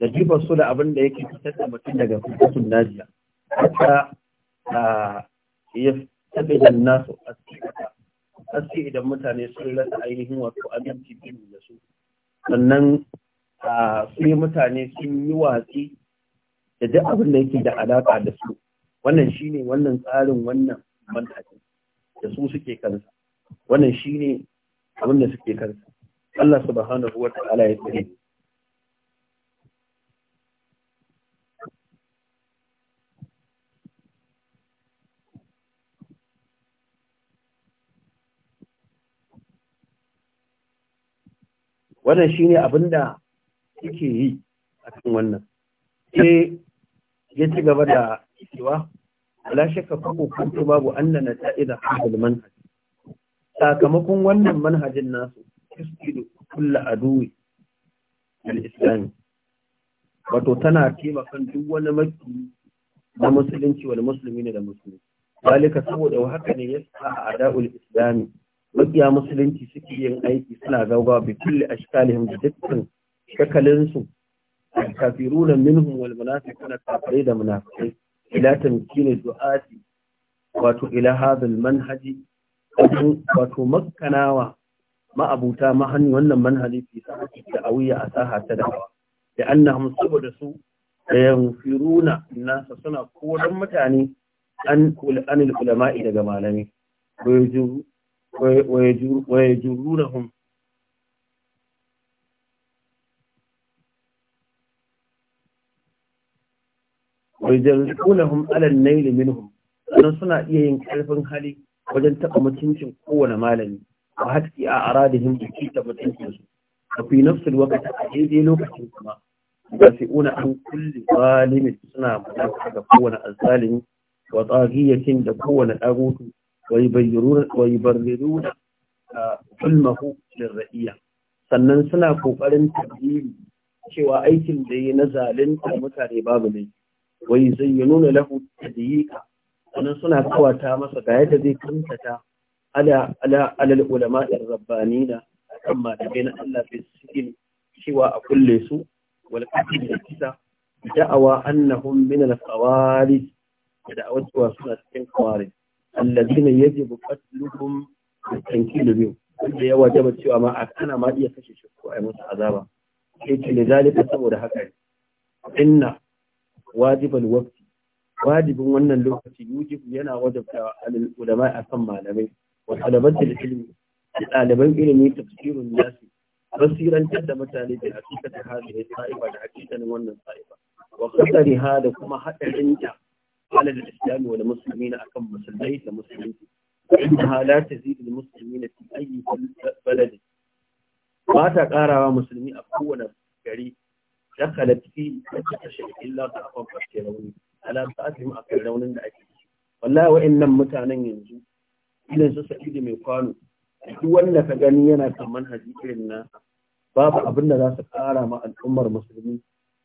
da jifar su da abin da yake fitar da mutum daga firqatin najiya hatta ya tabi nasu a cikin haske idan mutane sun rasa ainihin wato aminci biyu da su sannan sai mutane sun yi watsi da duk abin da yake da alaƙa da su wannan shine wannan tsarin wannan mantaki da su suke kansa wannan shine abin da suke kansa Allah subhanahu wa ta'ala ya tsare wannan shine abin da yake yi a cikin wannan sai ya ci gaba da cewa la shakka ko kuntu babu anna nata'ida hadal manhaj sakamakon wannan manhajin nasu tasdidu kullu aduwi al islam wato tana taimakon duk wani maki na musulunci wal musulmi da musulmi Dalika saboda haka ne yasa a ada'ul islami makiya musulunci suke yin aiki suna gauga bi kulli ashkalihim da dukkan shakalinsu kafiruna minhum wal munafiquna kafirai da munafiqai ila tamkini du'ati wato ila hadhal manhaji wato makkanawa ma'abuta mahani wannan manhaji fi sahati da'awiyya a saha ta da'awa da annahum saboda su da yanfiruna nasa suna koran mutane an kul ulama'i daga malami wa yajurunahum wa suna iya yin ƙarfin hali wajen taɓa mutuncin kowane malami wa hatki a aradihim da kita mutuncinsu a fi nafsul wakata a daidai lokacin kuma ba sai una an kulle zalimin suna mutaka ga kowane azzalimi wa tsagiyatin da kowane ɗagutu ويبررون حلمه للرئية sannan suna kokarin tabbiri cewa aikin da ya na zalunta mutane babu ne wai zai nuna lahu tadiyika sannan suna kawata masa ga yadda zai kantata ala ala alal ulama ir rabbanina kan malamai na Allah bai sigil cewa a kulle su wal kafin da kisa da'awa annahum min al qawarij da da'awatu suna cikin qawarij allazina ya je tankilu biyu da ya wajaba cewa ma a kana ma iya kashe shi ko ai musu azaba sai ce ne zalika saboda haka ne inna wajibal waqti wajibin wannan lokaci yujibu yana wajabta alul ulama akan malamai wa talabatul ilmi ɗaliban ilimi tafsirun nasi basirantar da mutane da hakikatar hadhihi sa'iba da hakikanin wannan sa'iba wa qadariha da kuma hadarin ta على الإسلام والمسلمين أكم مسلمين لمسلمين فإنها لا تزيد المسلمين في أي بلد ما تقارى مسلمين أكون gari dakalat fi kashe illa ta afan fashe rauni ala sa'atihim akan raunin da ake ciki wallahi wa'annan mutanen yanzu irin su sa'idi mai kwano duk wanda ka gani yana kan manhaji irin na babu abin da za su kara ma al'ummar musulmi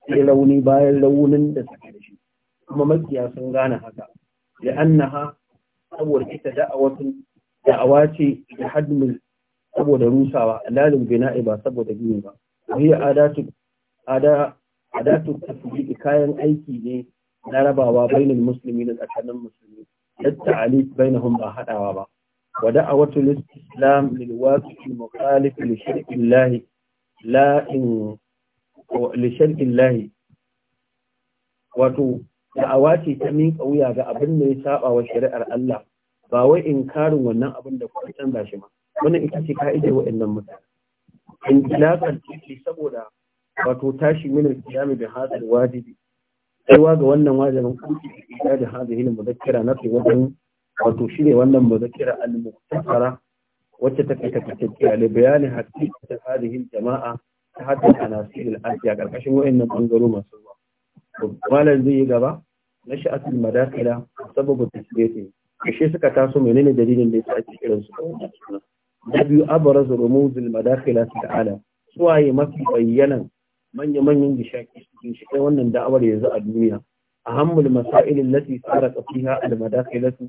sai rauni bayan raunin da suke da shi kuma makiya sun gane haka annaha saboda ita da'awatun da'awa ce da hadmul saboda rusawa lalin bina'i ba saboda gini ba wani adatu ada adatu tafsiri kayan aiki ne na rabawa bainal musulmi da tsakanin musulmi yadda ali bainahum ba hadawa ba wa da'awatu lislam lil waqi li shirki allah la in li shirki allah wato da'awa ce ta miƙa wuya ga abin da ya saba wa shari'ar Allah ba wai in inkarin wannan abin da kuma canza shi ba wannan ita ce ka'idar wa'annan mutane in tilakar ce saboda wato tashi min kiyami bi hadal wajibi kaiwa ga wannan wajibin kuki ita da hadhihi mudakkira na fi wajen wato shi ne wannan mudakkira al-muktasara wacce ta take takaitacciya da bayanin hakikatin hadhihi jama'a ta hadda anasir al-asiya ƙarƙashin wa'annan bangaro masu ruwa malam zai yi gaba na sha'atul madakila sababu tasbiti kashe suka taso menene dalilin da yasa ake kiransu da wannan suna na biyu abaraz rumuzul madakila ta'ala suwaye mafi bayyanan manya-manyan gishaki cikin shi kai wannan da'awar yanzu a duniya ahammul masail allati sarqa fiha al-madakhilatu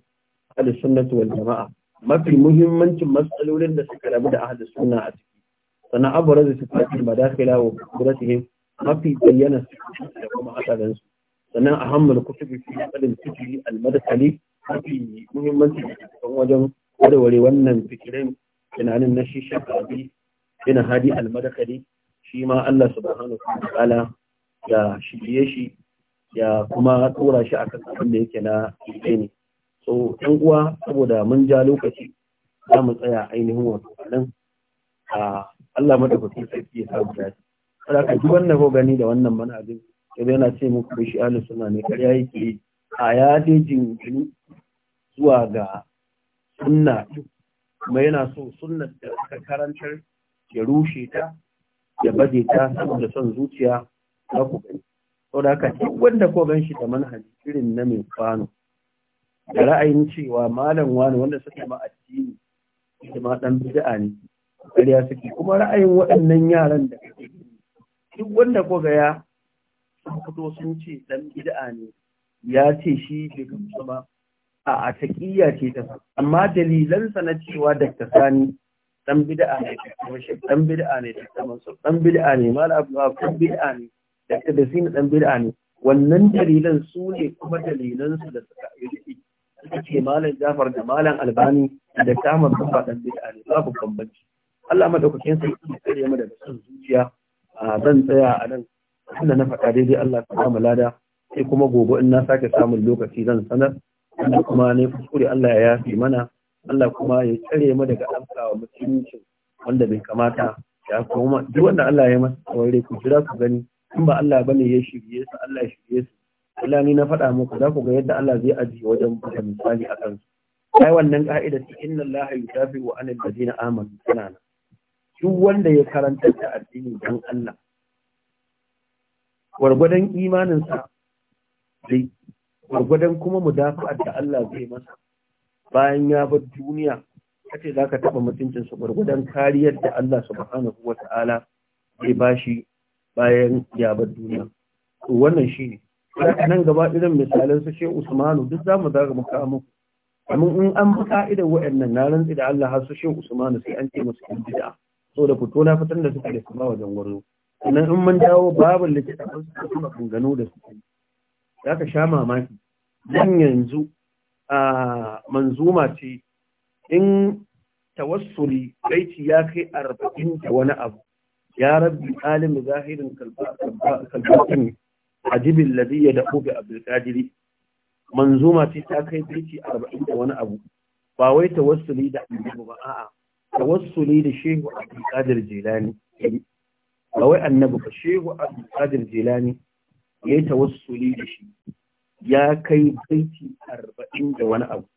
al-sunnah wal jama'a mafi muhimmancin matsalolin da suka rabu da ahlus sunna a ciki sana abaraz sifatul madakhila wa qudratihim mafi bayyana da kuma asalinsu sannan a hammar kusa biki da fikiri almadakali mafi muhimmanci da wajen warware wannan fikirin tunanin na shi shakabi bin hadi almadakali shi ma Allah subhanahu wa ta'ala ya shirye shi ya kuma tura shi akan abin da yake na ilimi ne so ɗan uwa saboda mun ja lokaci za mu tsaya ainihin wato nan Allah madaukakin sarki ya samu dace Kada ka ji wannan ko gani da wannan manhajin yanzu yana ce muku bai shi ahlus sunna ne ƙarya yake a ya dai jinkiri zuwa ga sunna kuma yana so sunna da aka karantar ya rushe ta ya baje ta saboda son zuciya za ku gani saboda haka duk wanda ko gan shi da manhaji irin na mai kwano da ra'ayin cewa malam wani wanda suka ma addini shi ma dan bid'a ne kariya suke kuma ra'ayin waɗannan yaran da kake duk wanda ko ga ya fito sun ce dan bid'a ne ya ce shi bai gamsu ba a a taqiyya ce ta amma dalilansa na cewa Dr. Sani dan bid'a ne kuma shi dan bid'a ne da kuma su dan bid'a ne mal abu dan bid'a ne da da sin dan bid'a ne wannan dalilan su ne kuma dalilan su da suka yi suka ce malam Jafar da malam Albani da Kamar Bamba dan bid'a ne babu bambanci Allah madaukakin sa ya kare mu daga son zuciya zan tsaya a nan inda na faɗa daidai Allah ta kama lada sai kuma gobe in na sake samun lokaci zan sanar inda kuma ne kuskure Allah ya yafi mana Allah kuma ya tsare mu daga wa mutuncin wanda bai kamata ya kuma duk wanda Allah ya masa tsawon ku jira ku gani in ba Allah ne ya shirye su Allah ya shirye su Allah ni na faɗa muku za ku ga yadda Allah zai ajiye wajen buga misali a kansu ai wannan ka'ida ta inna Allah yusafi wa anil ladina amanu tana duk wanda ya karanta da addini don Allah wargwadon imaninsa zai gwargwadon kuma mudafa'ar da Allah zai masa bayan ya bar duniya kace zaka taba mutuncin su wargwadon kariyar da Allah subhanahu wata'ala zai bashi bayan ya bar duniya to wannan shine nan gaba irin misalan su Usmanu duk zamu zaga muka muku amma in an bi ka'idar waɗannan na rantsi da Allah har su Shehu Usmanu sai an ce musu bid'a saboda fito na fitar da suka da kuma wajen gwamnu sannan in mun dawo babin ko suka kuma gangano da suke za ka sha mamaki dan yanzu a manzuma ce in tawassuli baiti ya kai arba'in da wani abu ya rabbi alimi zahirin kalbatin ajibin ladiyya da obi abdulkadiri manzuma ce ta kai baiti arba'in da wani abu ba wai tawassuli da annabi ba a'a tawassuli da shehu kadir jilani ba wai annabi ba shehu kadir jilani ya yi tawassuli da shi ya kai baiti arba'in da wani abu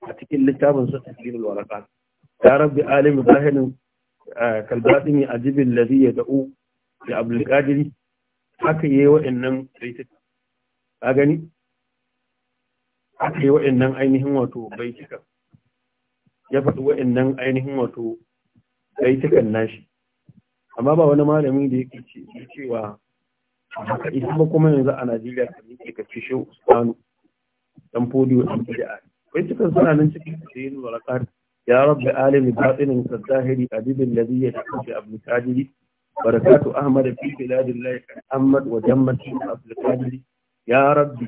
a cikin littafin sa tafsirul waraqat ya rabbi alim zahirin kalbatin ajibin ladhi yad'u li abdulkadir haka yayi wa'annan baitika ka gani haka yayi wa'annan ainihin wato baitika ya faɗi waɗannan ainihin wato ɗaitukan nashi amma ba wani malamin da yake ce cewa a haka isi ba kuma yanzu a najeriya ka yi ka ce shehu usmanu dan podiyo ɗin da ya kai cikin suna nan cikin da sai yanzu wala ƙari ya rabbi alimi batsinin ka zahiri a dibin da zai yi ta abu da kajiri barakatu ahmad fi da lai ahmad wa jammatin abu kajiri ya rabbi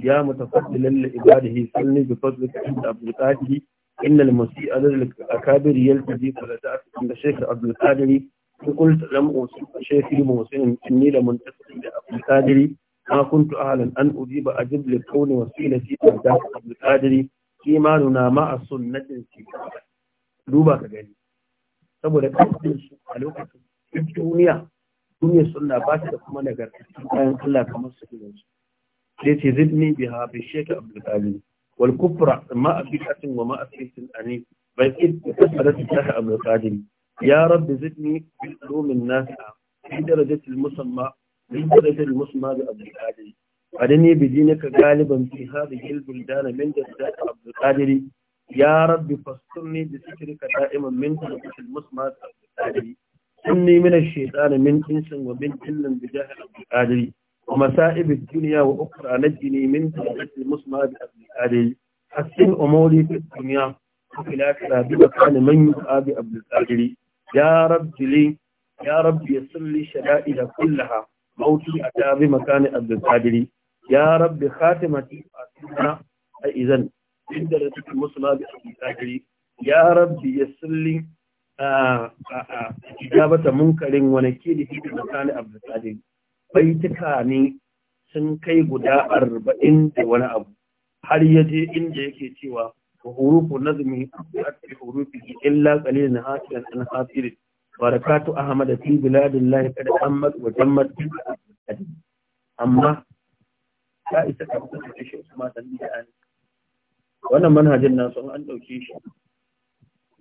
ya lalle li ibadihi sunni da fadlika abu da kajiri إن المسيء للأكابر يلتدي كل ذات عند شيخ عبد القادر قلت لم أوصف شيخي محسن إني لمنتصر لعبد القادر ما كنت أعلم أن أجيب أجب لكون وسيلتي عبد القادر إيماننا مع السنة في duba ka gani saboda kafin su a lokacin duniya duniya sunna ba ta da kuma nagartattun kayan Allah kamar su irin su sai ce zidni biha bi shekar abdulkalim wal kufra ma afiqatin wa ma afiqatin ani bai kasarat ta abul qadir ya rabb zidni min nasa fi darajati al musamma fi darajati al musamma bi abul qadir أدني بدينك غالبا في هذه البلدان من جدات عبد القادر يا رب فاسترني بذكرك دائما من تلقش المسمى عبد القادر سني من الشيطان من إنس ومن جن بجاه عبد القادر ومسائب الدنيا وأخرى نجني من تهجة المسمى بأبني علي حسن أموري في الدنيا وفي الآخرة بمكان من يدعى بأبني الآلي يا رب لي يا رب يسر لي شدائد كلها موتي أتى بمكان أبني الآلي يا رب خاتمتي أتنا إذن من درجة المسمى بأبني الآلي يا رب يسر لي إجابة منكر ونكيل في مكان أبني الآجري baituka ne sun kai guda arba'in da wani abu har ya je inda yake cewa wa hurufu nazmi fi hurufi illa qalilan hasilan an hasir barakatu ahmad fi biladillahi kad ammat wa jammat amma ta isa ka da shi kuma ni da wannan manhajin nan sun an dauke shi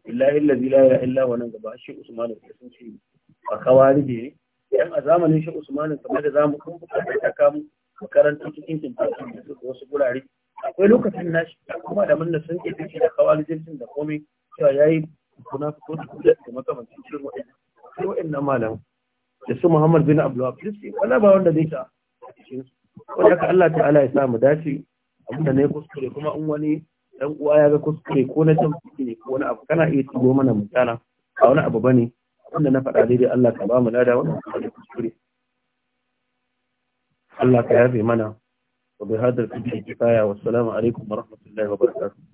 billahi allazi la ya illa huwa nan gaba shi usman da sun ce ba kawari ne yan a zamanin shi usmanin kamar da zamu kun bukatar ta kamu makarantar cikin kimfafi da suka wasu gurare akwai lokacin nashi kuma da manna sun ke da kawalijin da komai cewa yayi kuna fito da kudin da makamancin cikin wa'annan sai wa'annan malam da su Muhammad bin Abdul Hafiz wala ba wanda zai ta cikin su wanda ka Allah ta ala ya sa mu dace abin da ne kuskure kuma in wani dan uwa ya ga kuskure ko na tambaye ne ko wani abu kana iya tudo mana mutana a wani abu bane wanda na faɗa daidai Allah ka ba mu lada wannan kuma kuskure Allah ka yafe mana wa bi hadal kifaya wassalamu alaikum wa rahmatullahi wa barakatuh